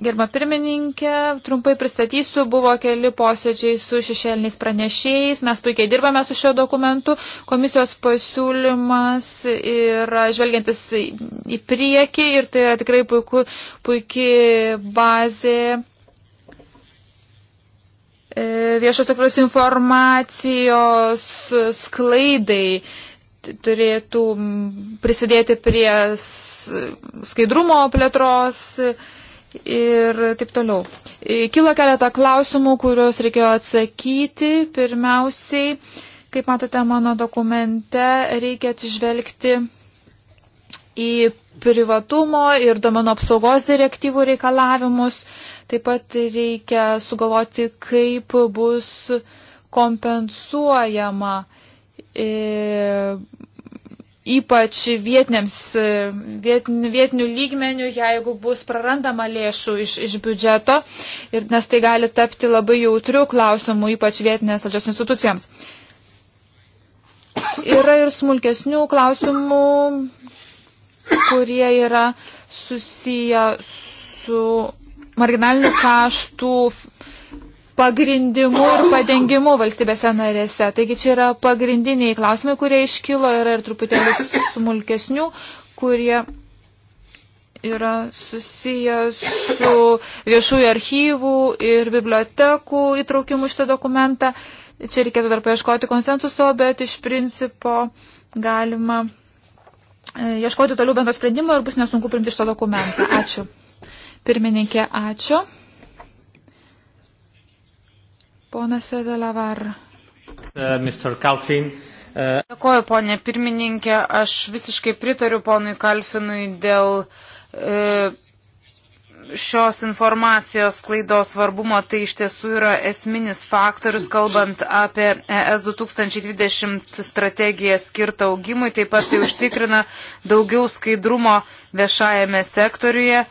Gerba pirmininkė, trumpai pristatysiu, buvo keli posėdžiai su šešėliniais pranešėjais, mes puikiai dirbame su šio dokumentu, komisijos pasiūlymas yra žvelgiantis į priekį ir tai yra tikrai puiku, puikiai bazė E, viešos sektoriaus informacijos sklaidai turėtų prisidėti prie skaidrumo plėtros ir taip toliau. E, kilo keletą klausimų, kuriuos reikėjo atsakyti. Pirmiausiai, kaip matote mano dokumente, reikia atsižvelgti į privatumo ir domenų apsaugos direktyvų reikalavimus. Taip pat reikia sugalvoti, kaip bus kompensuojama e, ypač vietiniams, e, vietin, vietinių lygmenių, jeigu bus prarandama lėšų iš, iš biudžeto, ir, nes tai gali tapti labai jautrių klausimų, ypač vietinės valdžios institucijams. Yra ir smulkesnių klausimų, kurie yra susiję su marginalinių kaštų pagrindimu ir padengimu valstybėse narėse. Taigi čia yra pagrindiniai klausimai, kurie iškilo, yra ir truputėlį smulkesnių, kurie yra susiję su viešųjų archyvų ir bibliotekų įtraukimu šitą dokumentą. Čia reikėtų dar paieškoti konsensuso, bet iš principo galima E, ieškoti toliau bendro sprendimo ir bus nesunku priimti šitą dokumentą. Ačiū. Pirmininkė, ačiū. Ponas Edelavar. Uh, e, Mr. Kalfin. Uh... Dėkoju, ponė pirmininkė. Aš visiškai pritariu ponui Kalfinui dėl. Uh, šios informacijos klaidos svarbumo, tai iš tiesų yra esminis faktorius, kalbant apie ES 2020 strategiją skirtą augimui, taip pat tai užtikrina daugiau skaidrumo viešajame sektoriuje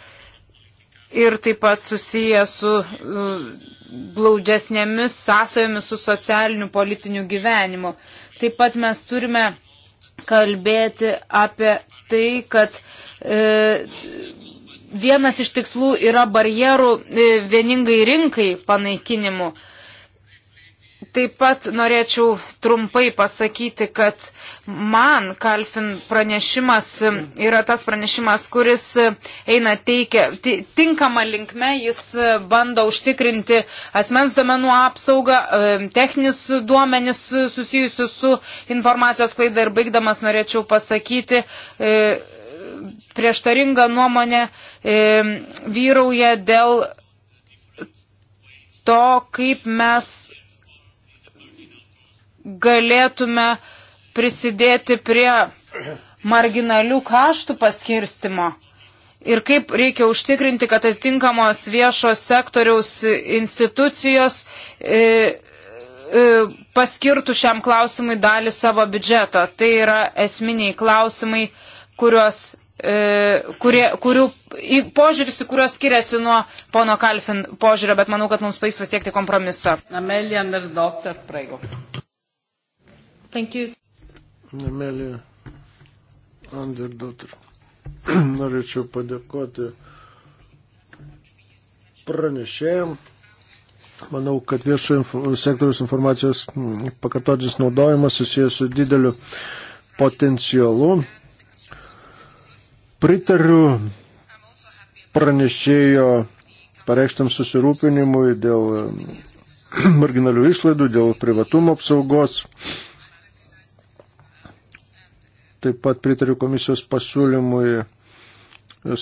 ir taip pat susiję su uh, glaudžesnėmis sąsajomis su socialiniu politiniu gyvenimu. Taip pat mes turime kalbėti apie tai, kad e, vienas iš tikslų yra barjerų e, vieningai rinkai panaikinimu. Taip pat norėčiau trumpai pasakyti, kad man Kalfin pranešimas e, yra tas pranešimas, kuris e, eina teikia, tinkama linkme, jis bando užtikrinti asmens duomenų apsaugą, techninius duomenis susijusius su informacijos klaida ir baigdamas norėčiau pasakyti prieštaringą nuomonę E, vyrauja dėl to, kaip mes galėtume prisidėti prie marginalių kaštų paskirstimo ir kaip reikia užtikrinti, kad atitinkamos viešos sektoriaus institucijos e, e, paskirtų šiam klausimui dalį savo biudžeto. Tai yra esminiai klausimai, kuriuos E, kurie, kurių požiūris, į kuriuos skiriasi nuo pono Kalfin požiūrio, bet manau, kad mums pavyks pasiekti kompromiso. Amelija ir doktor, praigo. Thank you. Amelija ir doktor. <clears throat> Norėčiau padėkoti pranešėjim. Manau, kad viešo inf sektoriaus informacijos mm, pakartotis naudojimas susijęs su dideliu potencialu Pritariu pranešėjo pareikštam susirūpinimui dėl <clears throat> marginalių išlaidų, dėl privatumo apsaugos. Taip pat pritariu komisijos pasiūlymui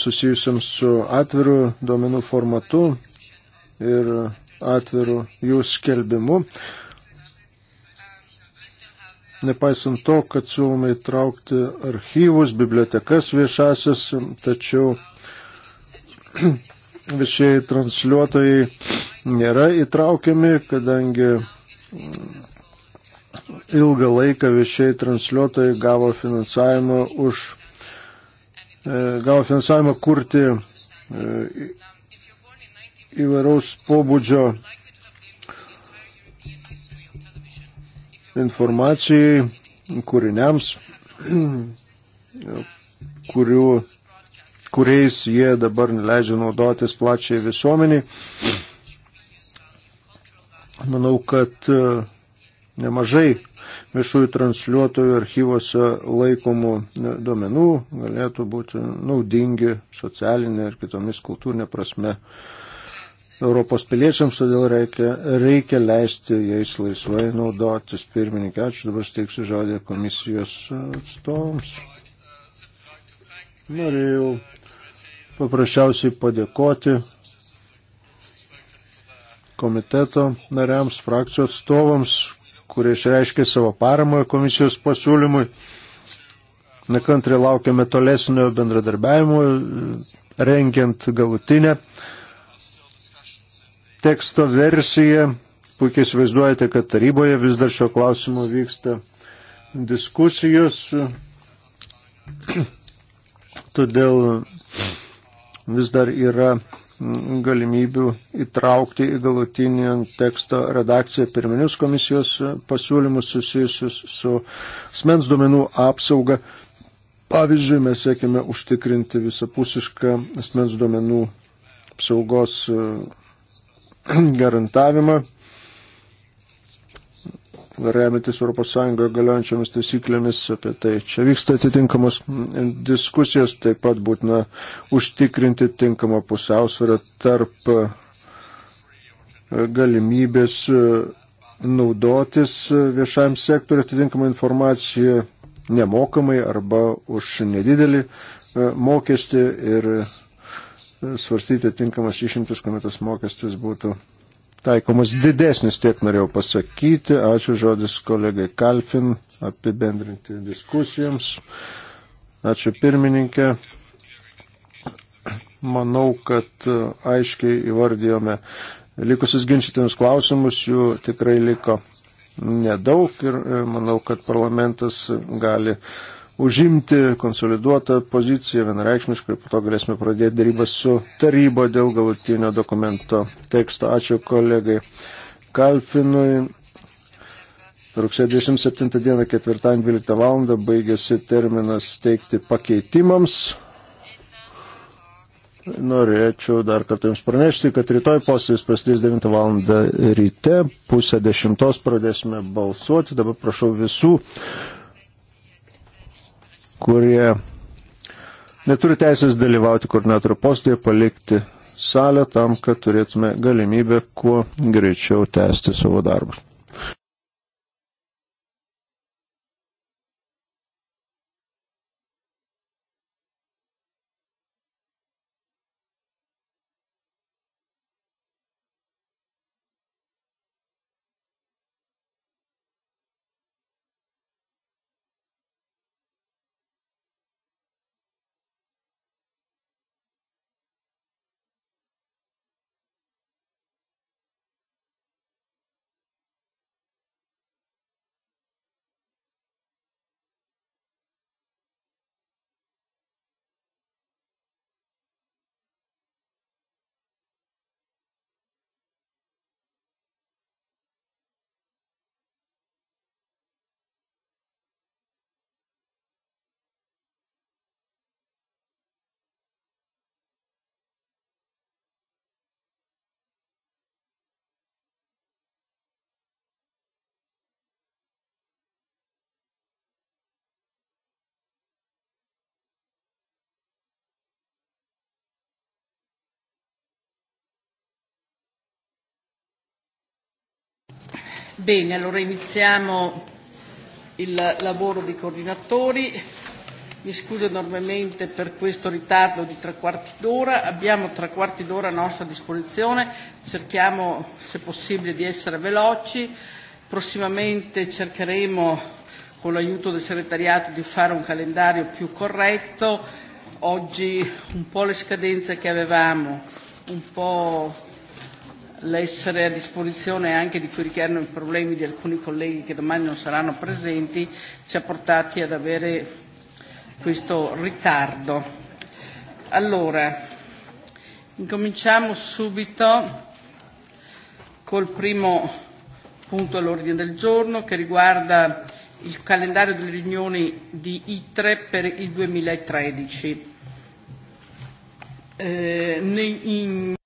susijusiam su atviru duomenų formatu ir atviru jų skelbimu nepaisant to, kad siūloma įtraukti archyvus, bibliotekas viešasias, tačiau <clears throat> viešieji transliuotojai nėra įtraukiami, kadangi ilgą laiką viešieji transliuotojai gavo finansavimą už e, gavo finansavimą kurti e, įvairaus pobūdžio informacijai, kūriniams, <clears throat> kurių, kuriais jie dabar leidžia naudotis plačiai visuomeniai. Manau, kad e, nemažai viešųjų transliuotojų archyvose laikomų e, duomenų galėtų būti naudingi socialinė ir kitomis kultūrinė prasme uh, Europos piliečiams, todėl reikia, reikia leisti jais laisvai naudotis. Pirmininkė, ačiū, dabar steiksiu žodį komisijos atstovams. Norėjau paprasčiausiai padėkoti komiteto nariams, frakcijų atstovams, kurie išreiškė savo paramą komisijos pasiūlymui. Nekantrai laukiame tolesnio bendradarbiavimo, rengiant galutinę teksto versiją. Puikiai įsivaizduojate, kad taryboje vis dar šio klausimo vyksta diskusijos. <clears throat> Todėl vis dar yra galimybių įtraukti į galutinį teksto redakciją pirminius komisijos pasiūlymus susijusius su smens duomenų apsauga. Pavyzdžiui, mes siekime užtikrinti visapusišką asmens duomenų apsaugos <clears throat> garantavimą, remiantis ES galiojančiomis taisyklėmis apie tai. Čia vyksta atitinkamos diskusijos, taip pat būtina užtikrinti tinkamą pusiausvyrą tarp e, galimybės e, naudotis e, viešajam sektoriu atitinkamą informaciją nemokamai arba už nedidelį mokestį ir svarstyti tinkamas išimtis, kuomet tas mokestis būtų taikomas didesnis, tiek norėjau pasakyti. Ačiū žodis kolegai Kalfin apibendrinti diskusijoms. Ačiū pirmininkė. Manau, kad aiškiai įvardijome likusius ginčytinus klausimus, jų tikrai liko nedaug ir e, manau, kad parlamentas gali užimti konsoliduotą poziciją vienareikšmiškai, po to galėsime pradėti darybas su taryba dėl galutinio dokumento teksto. Ačiū kolegai Kalfinui. Rugsėjo 27 dieną 4.12 val. baigėsi terminas teikti pakeitimams. Norėčiau dar kartą Jums pranešti, kad rytoj posėdis prasidės 9 val. ryte, pusę dešimtos pradėsime balsuoti. Dabar prašau visų kurie neturi teisės dalyvauti koordinatorių postėje, palikti salę tam, kad turėtume galimybę kuo greičiau tęsti savo darbus. Bene, allora iniziamo il lavoro dei coordinatori. Mi scuso enormemente per questo ritardo di tre quarti d'ora. Abbiamo tre quarti d'ora a nostra disposizione. Cerchiamo, se possibile, di essere veloci. Prossimamente cercheremo, con l'aiuto del segretariato, di fare un calendario più corretto. Oggi un po' le scadenze che avevamo, un po' l'essere a disposizione anche di quelli che erano i problemi di alcuni colleghi che domani non saranno presenti ci ha portati ad avere questo ritardo. Allora, incominciamo subito col primo punto all'ordine del giorno che riguarda il calendario delle riunioni di ITRE per il 2013. Eh, in